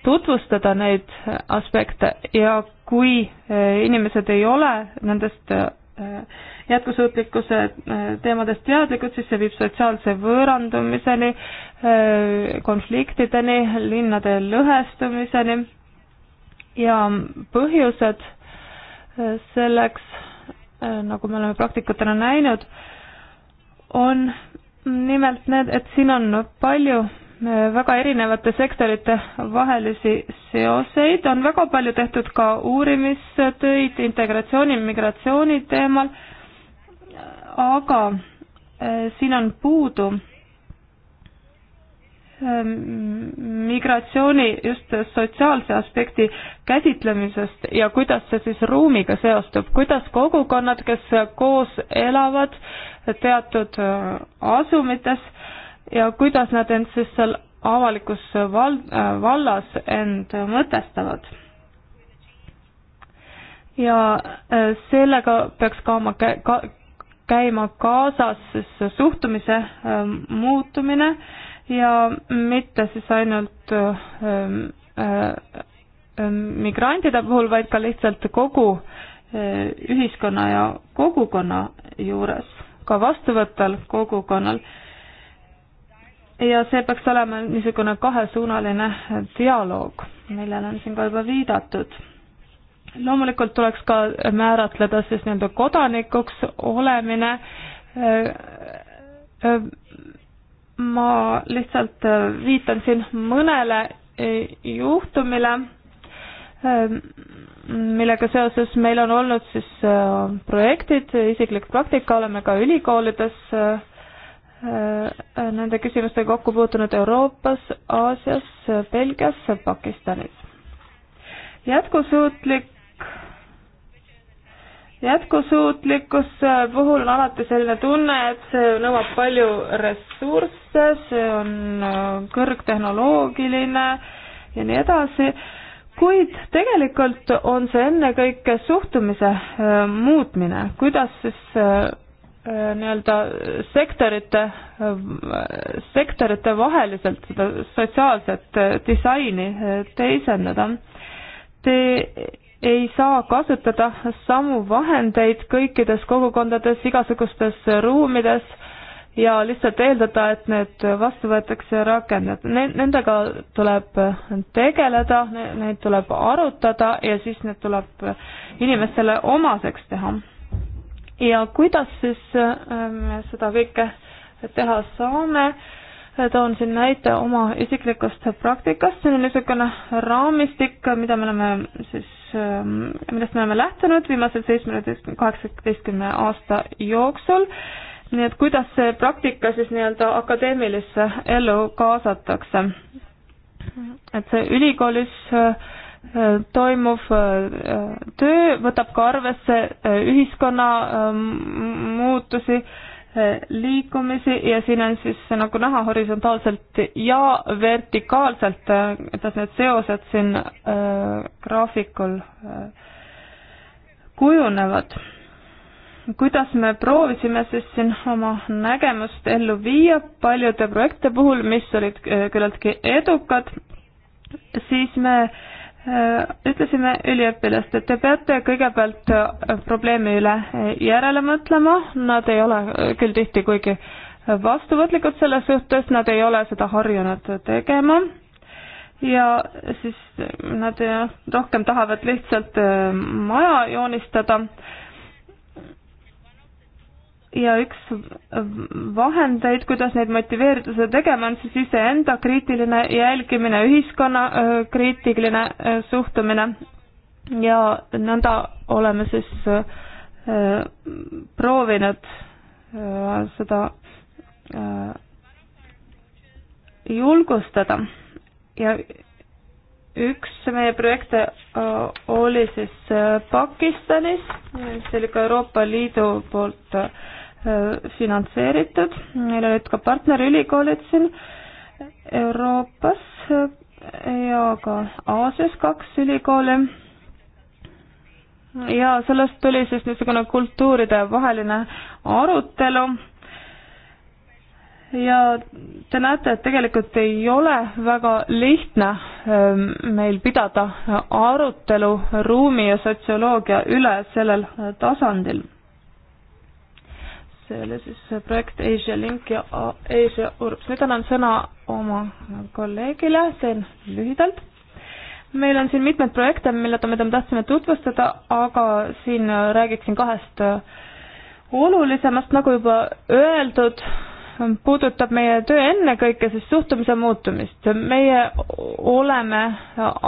tutvustada neid aspekte ja kui äh, inimesed ei ole nendest äh, jätkusuutlikkuse teemadest teadlikud, siis see viib sotsiaalse võõrandumiseni, konfliktideni, linnade lõhestumiseni ja põhjused selleks, äh, nagu me oleme praktikutena näinud, on nimelt need, et siin on palju äh, väga erinevate sektorite vahelisi seoseid, on väga palju tehtud ka uurimistöid integratsiooni, migratsiooni teemal, aga äh, siin on puudu Ähm, migratsiooni just sotsiaalse aspekti käsitlemisest ja kuidas see siis ruumiga seostub, kuidas kogukonnad, kes koos elavad teatud äh, asumites ja kuidas nad end siis seal avalikus val-, äh, vallas end mõtestavad. ja äh, sellega peaks ka oma kä-, ka-, käima kaasas siis suhtumise muutumine äh, ja mitte siis ainult ähm, äh, ähm, migrantide puhul, vaid ka lihtsalt kogu äh, ühiskonna ja kogukonna juures, ka vastuvõtval kogukonnal. ja see peaks olema niisugune kahesuunaline dialoog, millele on siin ka juba viidatud. loomulikult tuleks ka määratleda siis nii-öelda kodanikuks olemine äh, ma lihtsalt äh, viitan siin mõnele äh, juhtumile, ähm, millega seoses meil on olnud siis äh, projektid, isiklik praktika, oleme ka ülikoolides nende küsimustega kokku puutunud Euroopas, Aasias, Belgias, Pakistanis. jätkusuutlik jätkusuutlikkuse puhul on alati selline tunne, et see nõuab palju ressursse, see on äh, kõrgtehnoloogiline ja nii edasi, kuid tegelikult on see ennekõike suhtumise äh, muutmine, kuidas siis äh, nii-öelda sektorite, sektorite vaheliselt seda sotsiaalset disaini teisendada. Te ei saa kasutada samu vahendeid kõikides kogukondades, igasugustes ruumides ja lihtsalt eeldada, et need vastu võetakse ja rakendatakse. Nendega tuleb tegeleda, neid tuleb arutada ja siis need tuleb inimestele omaseks teha. ja kuidas siis me ähm, seda kõike teha saame? toon siin näite oma isiklikust praktikast, see on niisugune raamistik, mida me oleme siis Ähm, millest me oleme lähtunud viimase seitsmeteistkümne, kaheksateistkümne aasta jooksul. nii et kuidas see praktika siis nii-öelda akadeemilisse ellu kaasatakse? et see ülikoolis äh, toimuv äh, töö võtab ka arvesse äh, ühiskonna muutusi liikumisi ja siin on siis nagu näha horisontaalselt ja vertikaalselt, kuidas need seosed siin äh, graafikul äh, kujunevad. kuidas me proovisime siis siin oma nägemust ellu viia paljude projekte puhul, mis olid äh, küllaltki edukad, siis me äh, Äh, ütlesime üliõpilast, et te peate kõigepealt äh, probleemi üle äh, järele mõtlema, nad ei ole küll tihti kuigi vastuvõtlikud selle suhtes, nad ei ole seda harjunud tegema ja siis nad rohkem tahavad lihtsalt maja joonistada ja üks vahendeid, kuidas neid motiveerida seda tegema, on siis iseenda kriitiline jälgimine, ühiskonna kriitiline suhtumine ja nõnda oleme siis proovinud seda julgustada ja üks meie projekte oli siis Pakistanis, see oli ka Euroopa Liidu poolt äh, Äh, finantseeritud, meil olid ka partnerülikoolid siin Euroopas äh, ja ka Aasias kaks ülikooli. ja sellest tuli siis niisugune kultuuridevaheline arutelu. ja te näete, et tegelikult ei ole väga lihtne ähm, meil pidada aruteluruumi ja sotsioloogia üle sellel tasandil see oli siis projekt Asia Link ja Asia Urbs. nüüd annan sõna oma kolleegile, teen lühidalt. meil on siin mitmeid projekte, millega me tahtsime tutvustada, aga siin räägiksin kahest olulisemast, nagu juba öeldud, puudutab meie töö ennekõike siis suhtumise muutumist. meie oleme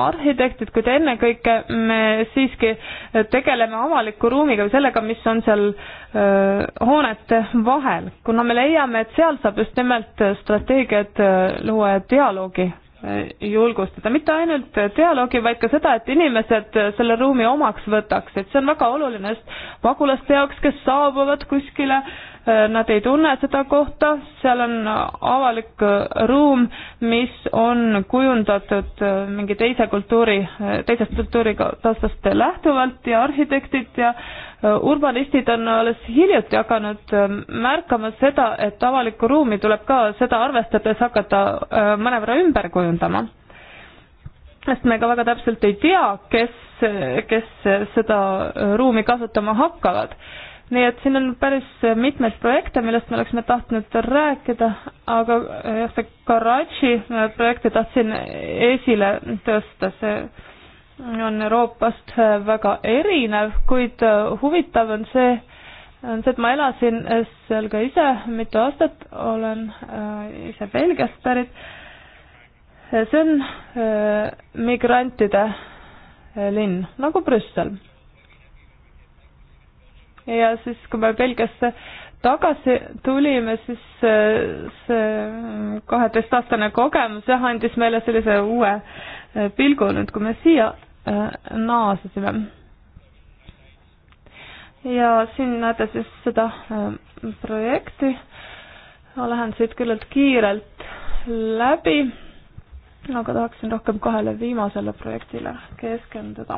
arhitektid, kuid ennekõike me siiski tegeleme avaliku ruumiga või sellega, mis on seal öö, hoonete vahel, kuna me leiame, et seal saab just nimelt strateegiat luua ja dialoogi julgustada mitte ainult dialoogi, vaid ka seda, et inimesed selle ruumi omaks võtaks, et see on väga oluline, sest pagulaste jaoks, kes saabuvad kuskile, nad ei tunne seda kohta, seal on avalik ruum, mis on kujundatud mingi teise kultuuri, teisest kultuuritaustast lähtuvalt ja arhitektid ja äh, urbanistid on alles hiljuti hakanud äh, märkama seda, et avalikku ruumi tuleb ka seda arvestades hakata äh, mõnevõrra ümber kujundama. sest me ka väga täpselt ei tea, kes, kes seda ruumi kasutama hakkavad. nii et siin on päris mitmeid projekte, millest me oleksime tahtnud rääkida, aga äh, jah, see Karachi projekti tahtsin esile tõsta, see on Euroopast äh, väga erinev, kuid äh, huvitav on see, on see, et ma elasin äh, seal ka ise mitu aastat, olen ise Belgiast pärit. see on migrantide linn, nagu Brüssel. ja siis, kui me Belgiasse tagasi tulime, siis see kaheteistaastane kogemus jah, andis meile sellise uue pilgu nüüd, kui me siia äh, naasesime. ja siin näete siis seda äh, projekti. ma lähen siit küllalt kiirelt läbi, aga tahaksin rohkem kahele viimasele projektile keskenduda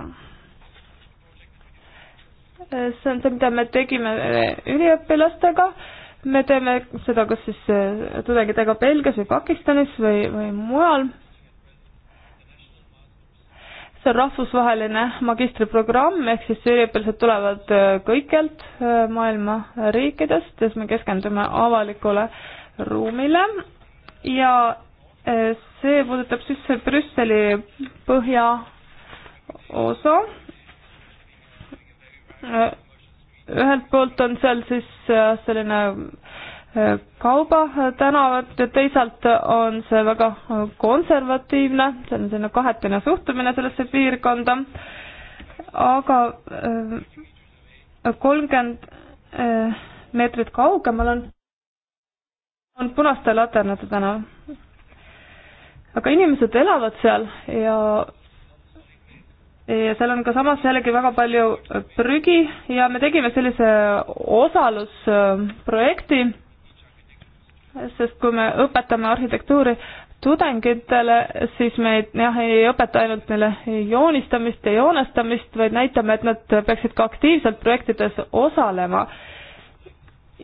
äh, see on see, mida me tegime üliõpilastega, me teeme seda kas siis tudengitega Belgias või Pakistanis või, või mujal see on rahvusvaheline magistriprogramm, ehk siis üliõpilased tulevad äh, kõikjalt äh, maailma riikidest, siis me keskendume avalikule ruumile ja äh, see puudutab siis Brüsseli põhjaosa. ühelt poolt on seal siis selline kaubatänavat ja teisalt on see väga konservatiivne, see on selline kahetine suhtumine sellesse piirkonda, aga äh, kolmkümmend äh, meetrit kaugemal on, on Punaste Laternate tänav. aga inimesed elavad seal ja ja seal on ka samas jällegi väga palju prügi ja me tegime sellise osalusprojekti sest kui me õpetame arhitektuuri tudengitele, siis me jah, ei õpeta ainult neile joonistamist ja joonestamist, vaid näitame, et nad peaksid ka aktiivselt projektides osalema.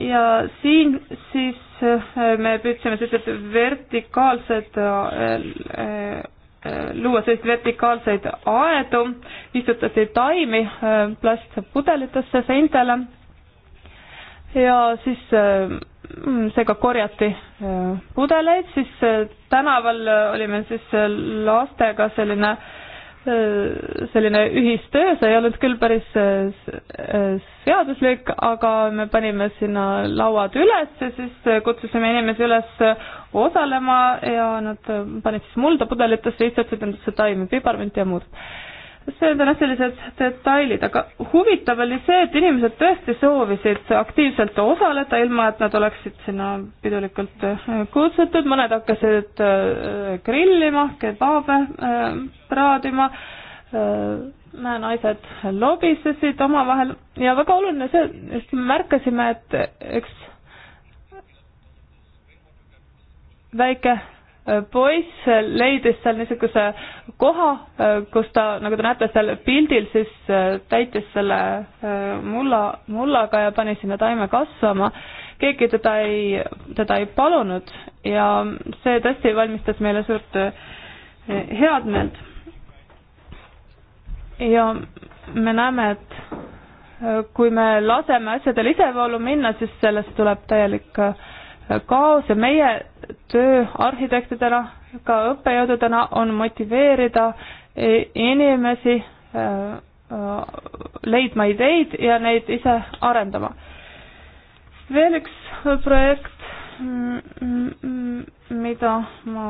ja siin siis äh, me püüdsime sellised vertikaalsed äh, äh, luua selliseid vertikaalseid aedu, istutati taimi plastpudelitesse seintele ja siis äh, mm, seega korjati äh, pudeleid, siis äh, tänaval oli meil siis lastega selline, selline ühistöö, see ei olnud küll päris seaduslik, aga me panime sinna lauad üles ja siis kutsusime inimesi üles osalema ja nad panid siis mulda pudelitesse, istutasid endasse taimi, piparmünti ja muud need on jah, sellised detailid, aga huvitav oli see, et inimesed tõesti soovisid aktiivselt osaleda, ilma et nad oleksid sinna pidulikult äh, kutsutud, mõned hakkasid äh, grillima, kebaabe äh, praadima, naised lobisesid omavahel ja väga oluline see, sest me märkasime, et üks väike Äh, poiss leidis seal niisuguse koha, äh, kus ta, nagu te näete seal pildil, siis äh, täitis selle mulla, mullaga ja pani sinna taime kasvama. keegi teda ei, teda ei palunud ja see tõesti valmistas meile suurt head meelt. ja me näeme, et kui me laseme asjadel isevoolu minna, siis sellest tuleb täielik äh, kaose meie töö arhitektidena, ka õppejõududena on motiveerida e, inimesi e, e, leidma ideid ja neid ise arendama. veel üks projekt, mida ma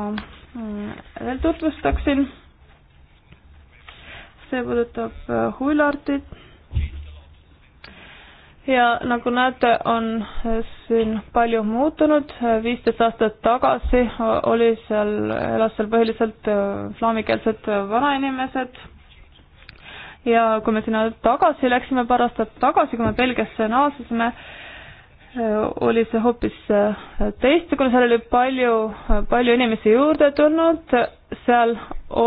veel tutvustaksin, see puudutab Huilartit ja nagu näete, on siin palju muutunud, viisteist aastat tagasi oli seal, elas seal põhiliselt äh, flaamikeelsed vanainimesed ja kui me sinna tagasi läksime, paar aastat tagasi, kui me Belgiasse naasesime, äh, oli see hoopis äh, teistsugune, seal oli palju, palju inimesi juurde tulnud, seal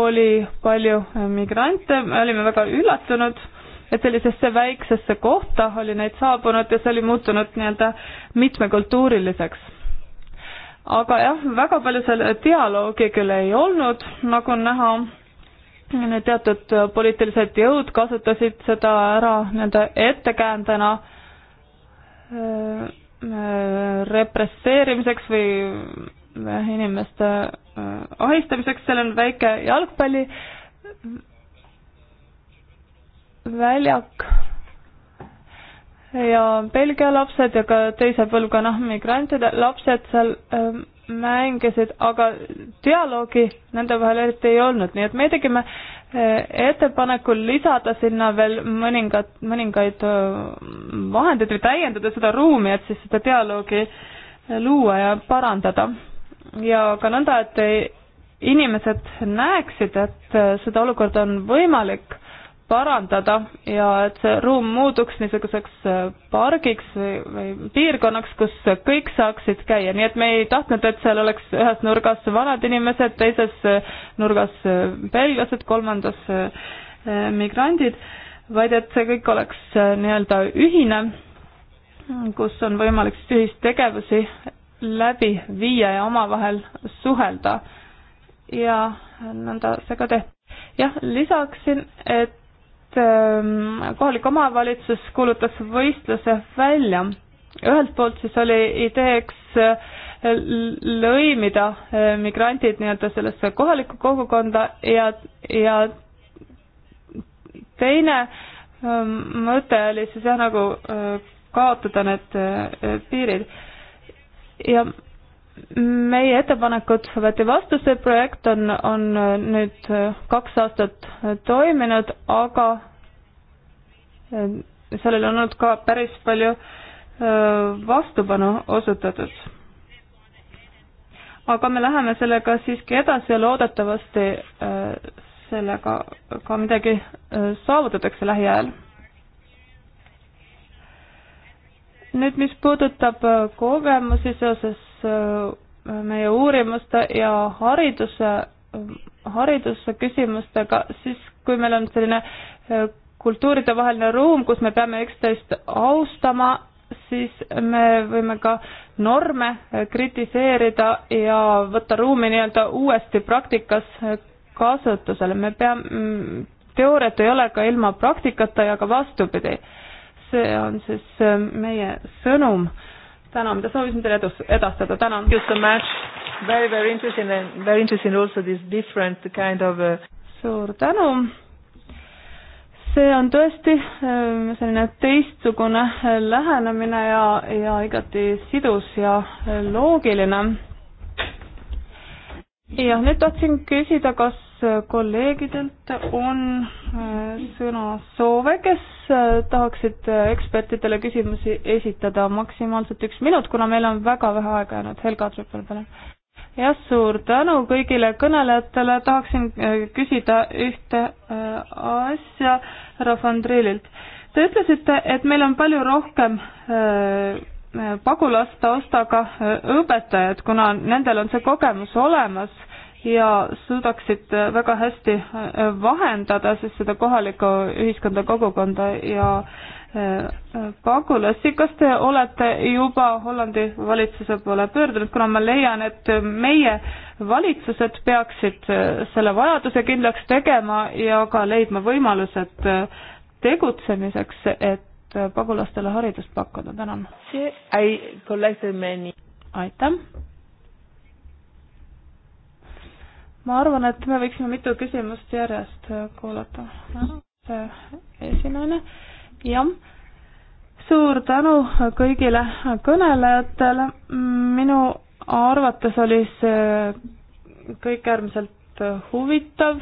oli palju migrante, me olime väga üllatunud et sellisesse väiksesse kohta oli neid saabunud ja see oli muutunud nii-öelda mitmekultuuriliseks. aga jah, väga palju seal dialoogi küll ei olnud, nagu näha, teatud poliitilised jõud kasutasid seda ära nii-öelda ettekäändena äh, äh, represseerimiseks või äh, inimeste ahistamiseks, seal on väike jalgpalli väljak ja Belgia lapsed ja ka teise põlvkonna ah, migrantide lapsed seal ähm, mängisid, aga dialoogi nende vahel eriti ei olnud, nii et me tegime äh, ettepanekul lisada sinna veel mõningad, mõningaid äh, vahendeid või täiendada seda ruumi, et siis seda dialoogi äh, luua ja parandada. ja ka nõnda, et inimesed näeksid, et seda olukorda on võimalik parandada ja et see ruum muutuks niisuguseks äh, pargiks või, või piirkonnaks, kus kõik saaksid käia, nii et me ei tahtnud, et seal oleks ühes nurgas vanad inimesed, teises äh, nurgas äh, belglased, kolmandas migrandid, vaid et see kõik oleks nii-öelda ühine, kus on võimalik siis ühistegevusi läbi viia ja omavahel suhelda. ja nõnda see ka tehti. jah, lisaksin, et Ähm, kohalik omavalitsus kuulutas võistluse välja. ühelt poolt siis oli ideeks äh, lõimida äh, migrandid nii-öelda sellesse kohalikku kogukonda ja, ja teine ähm, mõte oli siis jah, nagu äh, kaotada need piirid. ja meie ettepanekud võeti vastu, see projekt on, on äh, nüüd äh, kaks aastat äh, toiminud, aga sellel on olnud ka päris palju vastupanu osutatud. aga me läheme sellega siiski edasi ja loodetavasti sellega ka midagi saavutatakse lähiajal. nüüd, mis puudutab kogemusi seoses Äh, meie uurimuste ja hariduse, hariduse küsimustega, siis kui meil on selline äh, kultuuridevaheline ruum, kus me peame üksteist austama, siis me võime ka norme äh, kritiseerida ja võtta ruumi nii-öelda uuesti praktikas kasutusele, me peame, mm, teooriat ei ole ka ilma praktikata ja ka vastupidi. see on siis meie sõnum täna, mida soovisin teile edus, edastada, tänan. Very, very interesting and very interesting also this different kind of uh... suur tänu. see on tõesti ähm, selline teistsugune äh, lähenemine ja, ja igati sidus ja äh, loogiline. jah, nüüd tahtsin küsida, kas kolleegidelt on äh, sõnasoove, kes äh, tahaksid äh, ekspertidele küsimusi esitada, maksimaalselt üks minut, kuna meil on väga vähe aega jäänud. Helga Trüppel, palun. jah, suur tänu kõigile kõnelejatele, tahaksin küsida ühte asja härra Fandrililt. Te ütlesite, et meil on palju rohkem pagulastaustaga õpetajad, kuna nendel on see kogemus olemas ja suudaksid väga hästi vahendada siis seda kohalikku ühiskonda, kogukonda ja äh, pagulasi, kas te olete juba Hollandi valitsuse poole pöördunud, kuna ma leian, et meie valitsused peaksid äh, selle vajaduse kindlaks tegema ja ka leidma võimalused äh, tegutsemiseks, et pagulastele haridust pakkuda, tänan. aitäh. ma arvan, et me võiksime mitu küsimust järjest äh, kuulata. Äh, esimene, jah. suur tänu kõigile kõnelejatele. minu arvates oli see kõik äärmiselt äh, huvitav.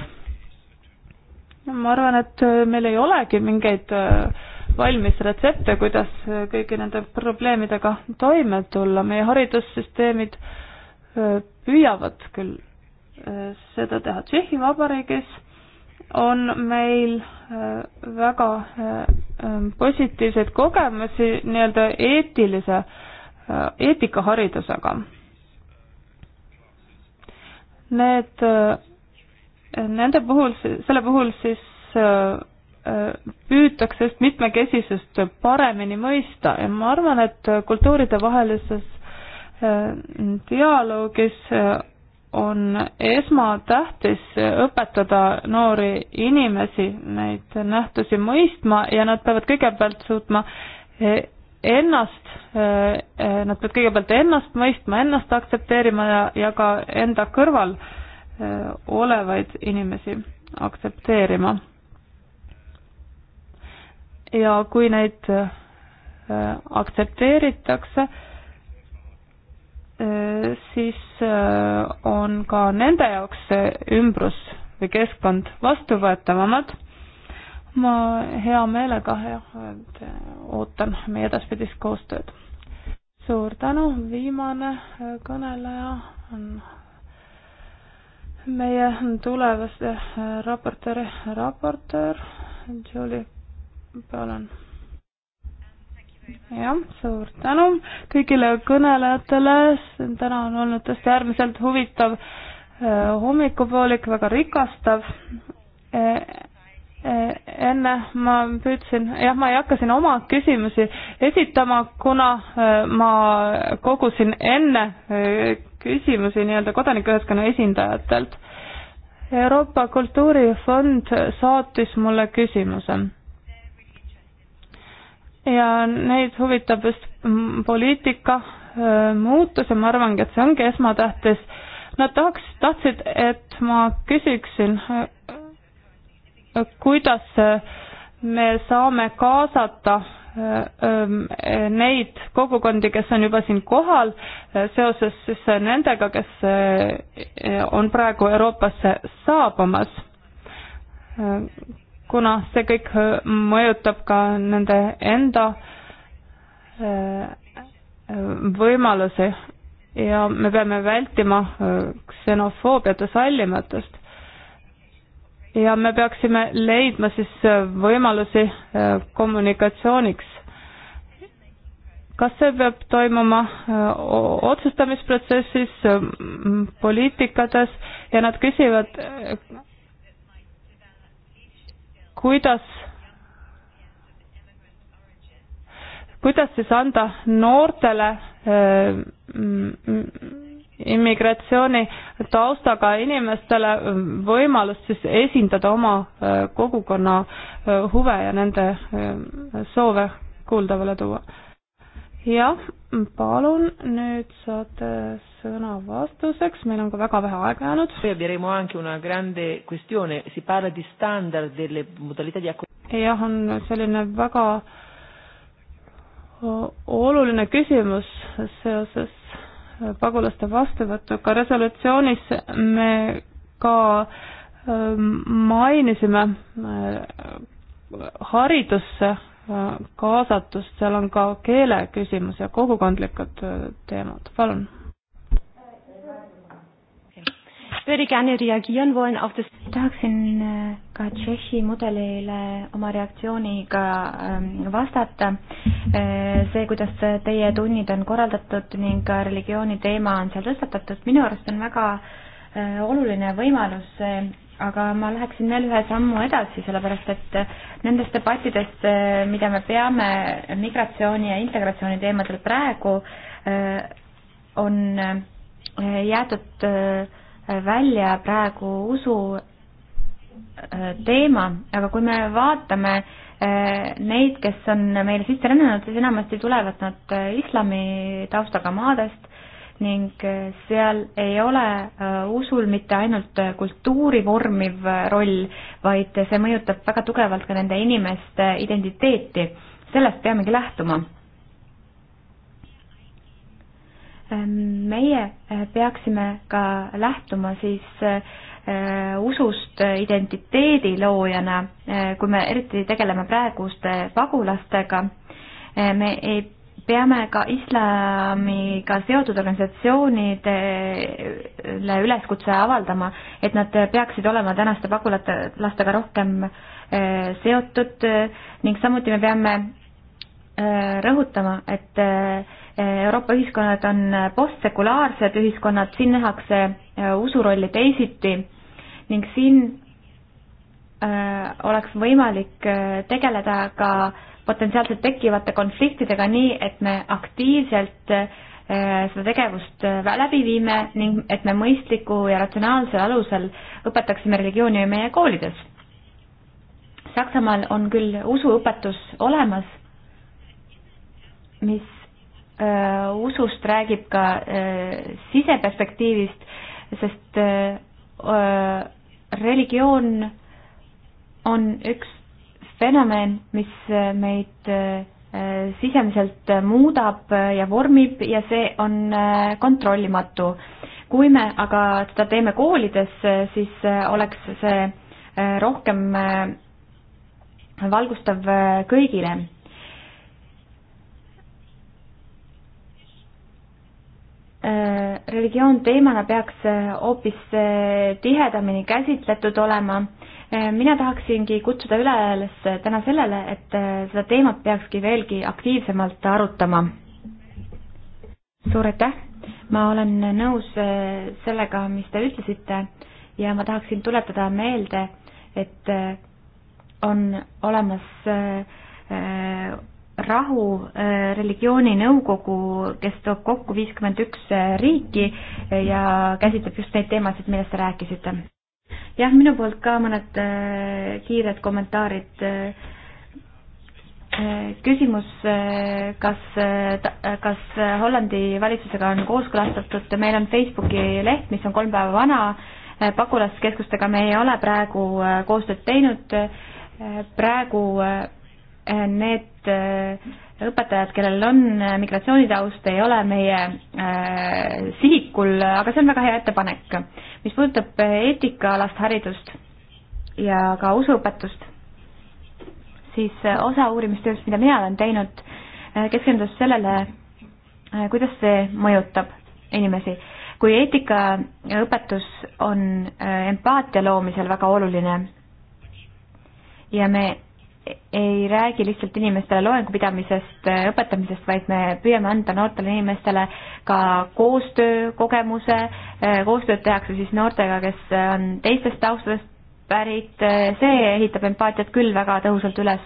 ma arvan, et meil ei olegi mingeid valmis retsepte, kuidas kõigi nende probleemidega toime tulla. meie haridussüsteemid püüavad küll seda teha. Tšehhi Vabariigis on meil äh, väga äh, ähm, positiivseid kogemusi nii-öelda eetilise, äh, eetikaharidusega. Need, nende puhul, selle puhul siis püütakse just mitmekesisust paremini mõista ja ma arvan, et kultuuridevahelises dialoogis on esmatähtis õpetada noori inimesi neid nähtusi mõistma ja nad peavad kõigepealt suutma eh, ennast, eh, eh, nad peavad kõigepealt ennast mõistma, ennast aktsepteerima ja, ja ka enda kõrval olevaid inimesi aktsepteerima. ja kui neid aktsepteeritakse, Äh, siis äh, on ka nende jaoks ümbrus või keskkond vastuvõetavamad. ma hea meelega äh, ootan meie edaspidist koostööd. suur tänu, viimane kõneleja on meie tulevase raportööri raportöör Julie Palan jah, suur tänu kõigile kõnelejatele, täna on olnud tõesti äärmiselt huvitav äh, hommikupoolik, väga rikastav. E, e, enne ma püüdsin, jah, ma ei hakka siin oma küsimusi esitama, kuna äh, ma kogusin enne äh, küsimusi nii-öelda kodanikuühiskonna esindajatelt. Euroopa Kultuurifond saatis mulle küsimuse ja neid huvitab just poliitika äh, muutus ja ma arvangi, et see ongi esmatähtis. Nad tahaks, tahtsid, et ma küsiksin, äh, äh, kuidas me saame kaasata neid kogukondi, kes on juba siin kohal, seoses siis nendega, kes on praegu Euroopasse saabumas kuna see kõik äh, mõjutab ka nende enda äh, võimalusi ja me peame vältima äh, ksenofoobiat ja sallimatust. ja me peaksime leidma siis võimalusi kommunikatsiooniks. kas see peab toimuma otsustamisprotsessis, poliitikates ja nad küsivad kuidas, kuidas siis anda noortele äh, mm, mm, immigratsiooni taustaga inimestele võimalust siis esindada oma äh, kogukonna äh, huve ja nende soove kuuldavale tuua jah, palun, nüüd saate sõna vastuseks, meil on ka väga vähe aega jäänud. jah, on selline väga oluline küsimus seoses pagulaste vastuvõtuga. resolutsioonis me ka ähm, mainisime äh, haridusse kaasatust, seal on ka keele küsimus ja kogukondlikud äh, teemad, palun. tahaksin äh, ka Tšehhi mudelile oma reaktsiooniga ähm, vastata. Äh, see, kuidas teie tunnid on korraldatud ning ka religiooni teema on seal tõstatatud, minu arust on väga oluline võimalus aga ma läheksin veel ühe sammu edasi, sellepärast et äh, nendest debattidest, äh, mida me peame migratsiooni ja integratsiooni teemadel praegu, äh, on jäetud välja praegu usu teema, aga kui me vaatame neid, kes on meile sisse rännanud, siis enamasti tulevad nad islami taustaga maadest ning äh, seal ei ole äh, usul mitte ainult äh, kultuuri vormiv roll, vaid see mõjutab väga tugevalt ka nende inimeste identiteeti. sellest peamegi lähtuma. Ähm, meie peaksime ka lähtuma siis usust identiteedi loojana, kui me eriti tegeleme praeguste pagulastega, me ei peame ka islamiga seotud organisatsioonidele üleskutse avaldama, et nad peaksid olema tänaste pagulastega rohkem äh, seotud äh, ning samuti me peame äh, rõhutama, et Euroopa ühiskonnad on postsekulaarsed ühiskonnad, siin nähakse usu rolli teisiti ning siin oleks võimalik tegeleda ka äh, potentsiaalselt tekkivate konfliktidega nii, et me aktiivselt äh, seda tegevust äh, läbi viime ning et me mõistliku ja ratsionaalsel alusel õpetaksime religiooni meie koolides. Saksamaal on küll usuõpetus olemas, mis äh, usust räägib ka äh, siseperspektiivist, sest äh, äh religioon on üks fenomen, mis äh, meid äh, äh, sisemiselt muudab ja vormib ja see on kontrollimatu. kui me aga seda teeme koolides, siis oleks see rohkem valgustav kõigile religioon teemana peaks hoopis tihedamini käsitletud olema Eh, mina tahaksingi kutsuda üles täna sellele, et eh, seda teemat peakski veelgi aktiivsemalt arutama. suur aitäh, ma olen nõus eh, sellega, mis te ütlesite ja ma tahaksin tuletada meelde, et on olemas rahu religiooni nõukogu, kes toob kokku viiskümmend üks riiki ja käsitleb just neid teemasid, millest te rääkisite jah, minu poolt ka mõned äh, kiired kommentaarid. Äh, äh, küsimus, kas, kas Hollandi valitsusega on kooskõlastatud, meil on Facebooki leht, mis on kolm päeva vana, pagulaskeskustega me ei ole praegu koostööd teinud, praegu need õpetajad, kellel on äh, migratsioonitaust, ei ole meie äh, sihikul, aga see on väga hea ettepanek. mis puudutab äh, eetikaalast haridust ja ka usuõpetust, siis äh, osa uurimistööst, mida mina olen teinud, keskendus sellele, kuidas see mõjutab inimesi. kui eetikaõpetus on empaatia loomisel väga oluline ja me ei räägi lihtsalt inimestele loengu pidamisest, äh, õpetamisest, vaid me püüame anda noortele inimestele ka koostöökogemuse, äh, koostööd tehakse siis noortega, kes äh, on teistest taustadest pärit, see ehitab empaatiat küll väga tõhusalt üles.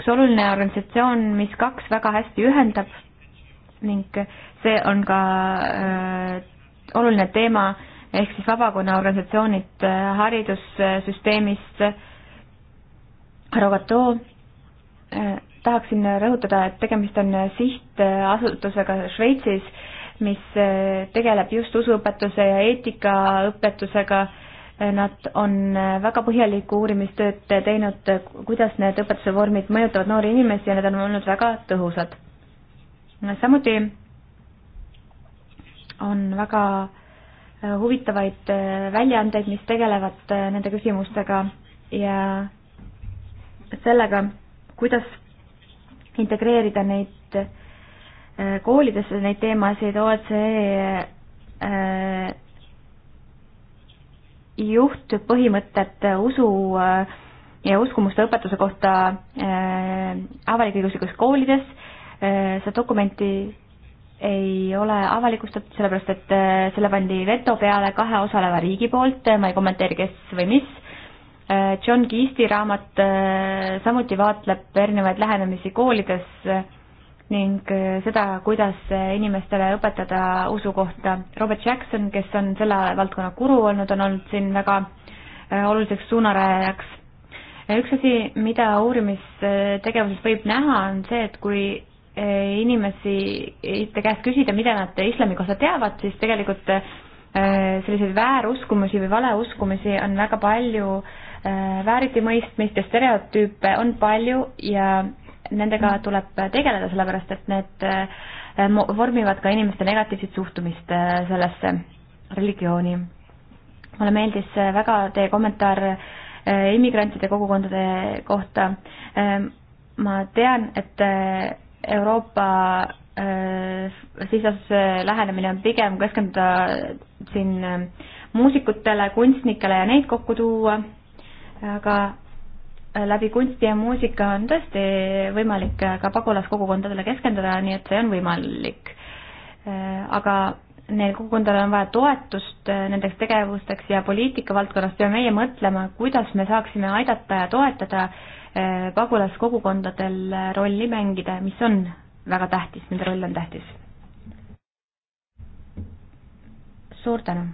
üks oluline organisatsioon, mis kaks väga hästi ühendab ning see on ka öö, oluline teema, ehk siis vabakonna organisatsioonid haridussüsteemis öö, härra Kato äh,, tahaksin rõhutada, et tegemist on sihtasutusega Šveitsis, mis äh, tegeleb just usuõpetuse ja eetikaõpetusega. Äh, nad on äh, väga põhjalikku uurimistööd teinud, kuidas need õpetuse vormid mõjutavad noori inimesi ja need on olnud väga tõhusad. samuti on väga huvitavaid väljaandeid, mis tegelevad nende küsimustega ja sellega, kuidas integreerida neid äh, koolidesse neid teemasid, OECD äh, juhtpõhimõtted usu äh, ja uskumuste õpetuse kohta avalik-õiguslikus koolides. seda dokumenti ei ole avalikustatud, sellepärast et selle pandi veto peale kahe osaleva riigi poolt, ma ei kommenteeri, kes või mis John Keisti raamat äh, samuti vaatleb erinevaid lähenemisi koolides äh, ning äh, seda, kuidas inimestele õpetada usu kohta. Robert Jackson, kes on selle valdkonna guru olnud, on olnud siin väga oluliseks suunarajajaks. üks asi, mida uurimistegevuses võib näha, on see, et kui inimesi käest küsida, mida nad islami kohta teavad, siis tegelikult selliseid vääruskumisi või valeuskumusi on väga palju äh, Äh, vääritimõistmist ja stereotüüpe on palju ja nendega mm. tuleb tegeleda, sellepärast et need äh, vormivad ka inimeste negatiivset suhtumist äh, sellesse religiooni. mulle meeldis väga teie kommentaar immigrantide kogukondade kohta. ma tean, et Euroopa sisasuse lähenemine on pigem keskenduda siin muusikutele, kunstnikele ja neid kokku tuua aga äh, läbi kunsti ja muusika on tõesti võimalik äh, ka pagulaskogukondadele keskenduda, nii et see on võimalik. Äh, aga neil kogukondadel on vaja toetust nendeks tegevusteks ja poliitika valdkonnas peame meie mõtlema, kuidas me saaksime aidata ja toetada pagulaskogukondadel rolli mängida, mis on väga tähtis, nende roll on tähtis. suur tänu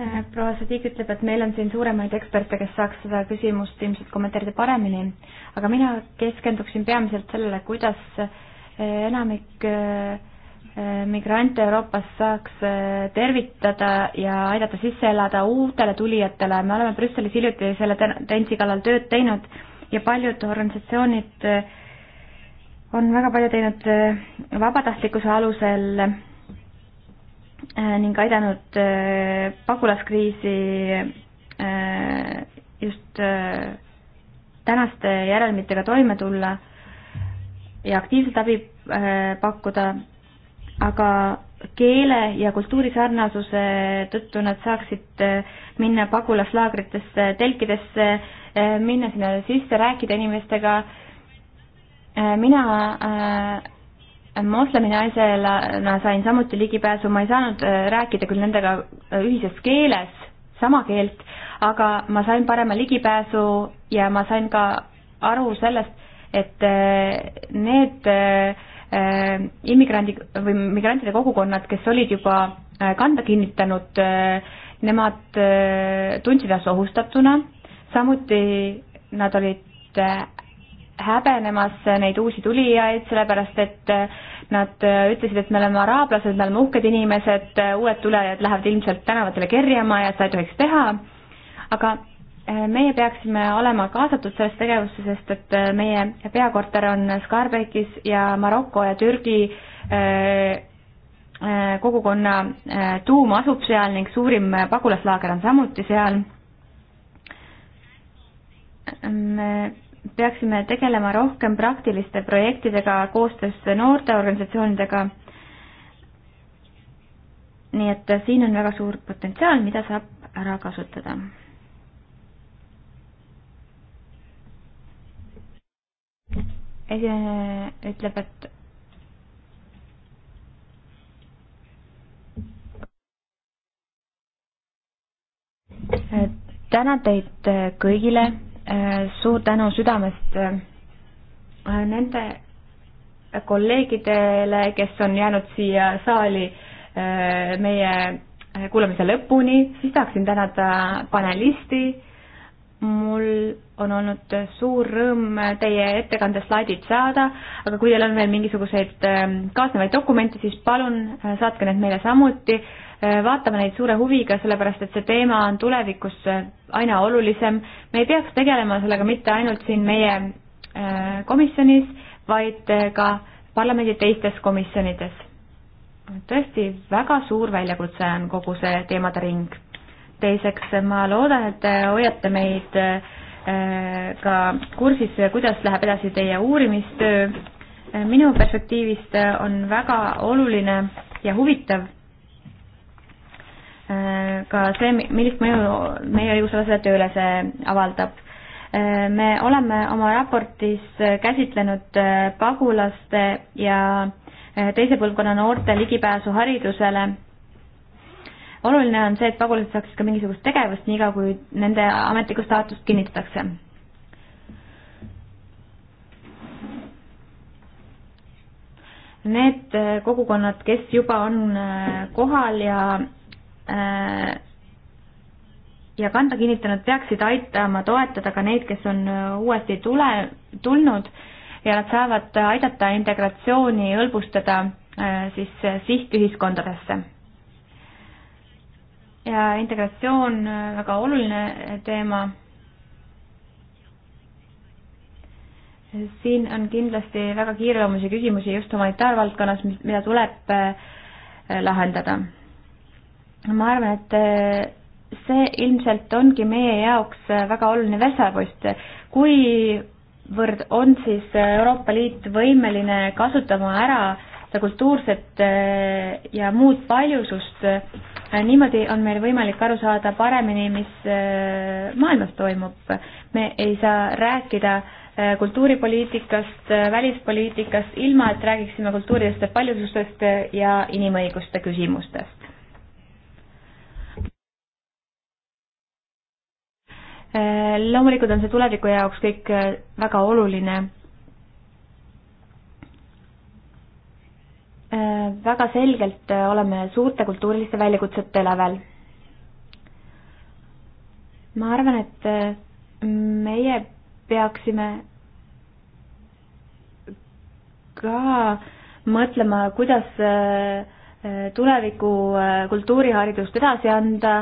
Äh, proua Sadiq ütleb, et meil on siin suuremaid eksperte, kes saaks seda küsimust ilmselt kommenteerida paremini, aga mina keskenduksin peamiselt sellele, kuidas äh, enamik äh, migrante Euroopas saaks eh, tervitada ja aidata sisse elada uutele tulijatele, me oleme Brüsselis hiljuti selle tendentsi kallal tööd teinud ja paljud organisatsioonid eh, on väga palju teinud eh, vabatahtlikkuse alusel ning aidanud pagulaskriisi just tänaste järelmitega toime tulla ja aktiivset abi pakkuda aga keele ja kultuuri sarnasuse tõttu nad saaksid eh, minna pagulaslaagritesse, telkidesse, eh, minna sinna sisse, rääkida inimestega. Eh, mina moslemi naisena sain samuti ligipääsu, ma ei saanud rääkida küll nendega ühises keeles, sama keelt, aga ma sain parema ligipääsu ja ma sain ka aru sellest, et need äh, Äh, immigrandi või migrantide kogukonnad, kes olid juba äh, kanda kinnitanud, äh, nemad tundsid ennast ohustatuna, samuti nad olid häbenemas neid uusi tulijaid, sellepärast et nad ütlesid, et me oleme araablased, me oleme uhked inimesed, uued tulejad lähevad ilmselt tänavatele kerjama ja seda ei tohiks teha, aga Äh, meie peaksime olema kaasatud sellesse tegevusse, sest et äh, meie peakorter on Skarbekis ja Maroko ja Türgi äh, kogukonna tuum asub seal ning suurim pagulaslaager on samuti seal. me peaksime tegelema rohkem praktiliste projektidega koostöös noorteorganisatsioonidega. nii et siin on väga suur potentsiaal, mida saab ära kasutada esi-, ütleb, et tänan teid kõigile, suur tänu südamest nende kolleegidele, kes on jäänud siia saali meie kuulamise lõpuni, siis tahaksin tänada panelisti mul on olnud suur rõõm teie ettekande slaidid saada, aga kui teil on veel mingisuguseid ähm, kaasnevaid dokumente, siis palun äh, saatke need meile samuti. Äh, vaatame neid suure huviga, sellepärast et see teema on tulevikus äh, aina olulisem. me ei peaks tegelema sellega mitte ainult siin meie komisjonis, vaid ka parlamendi teistes komisjonides. tõesti väga suur väljakutse on kogu see teemade ring teiseks, ma loodan, et te hoiate meid äh, ka kursis, kuidas läheb edasi teie uurimistöö. Äh, minu perspektiivist on väga oluline ja huvitav äh, ka see, millist mõju meie õigusalasele tööle see avaldab me oleme oma raportis käsitlenud pagulaste ja teise põlvkonna noorte ligipääsu haridusele oluline on see, et pagulased saaksid ka mingisugust tegevust, niikaua kui nende ametlikku staatust kinnitatakse. Need äh, kogukonnad, kes juba on äh, kohal ja äh, ja kanda kinnitanud, peaksid aitama toetada ka neid, kes on uuesti tule, tulnud ja nad saavad aidata integratsiooni hõlbustada siis sihtühiskondadesse ja integratsioon äh, väga oluline äh, teema. siin on kindlasti väga kiireloomulisi küsimusi just humanitaarvaldkonnas, mida tuleb äh, lahendada. ma arvan, et see ilmselt ongi meie jaoks väga oluline väsapost, kuivõrd on siis Euroopa Liit võimeline kasutama ära äh, seda kultuurset eh, ja muud paljusust, eh, niimoodi on meil võimalik aru saada paremini, mis eh, maailmas toimub. me ei saa rääkida kultuuripoliitikast, välispoliitikast, ilma et räägiksime kultuuridest ja paljusustest ja inimõiguste küsimustest. loomulikult on see tuleviku jaoks kõik väga oluline Äh, väga selgelt äh, oleme suurte kultuuriliste väljakutsete lävel. ma arvan, et äh, meie peaksime ka mõtlema, kuidas tuleviku kultuuriharidust edasi anda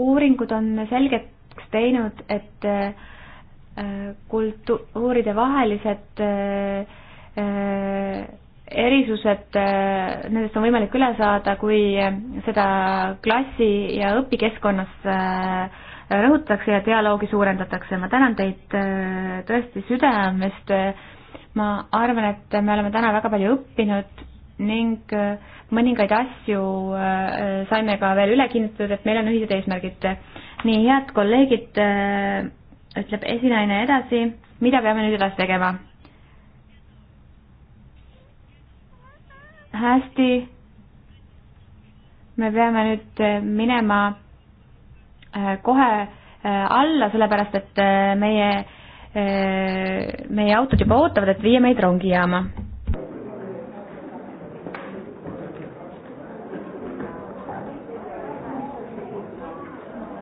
uuringud on selgeks teinud, et äh, kultuuride vahelised äh, äh, erisused, nendest on võimalik üle saada, kui seda klassi- ja õpikeskkonnas rõhutatakse ja dialoogi suurendatakse. ma tänan teid tõesti südamest. ma arvan, et me oleme täna väga palju õppinud ning äh, mõningaid asju äh, saime ka veel üle kinnitada, et meil on ühised eesmärgid. nii, head kolleegid, äh, ütleb esinaine edasi, mida peame nüüd edasi tegema? hästi, me peame nüüd minema kohe alla, sellepärast et meie, meie autod juba ootavad, et viia meid rongijaama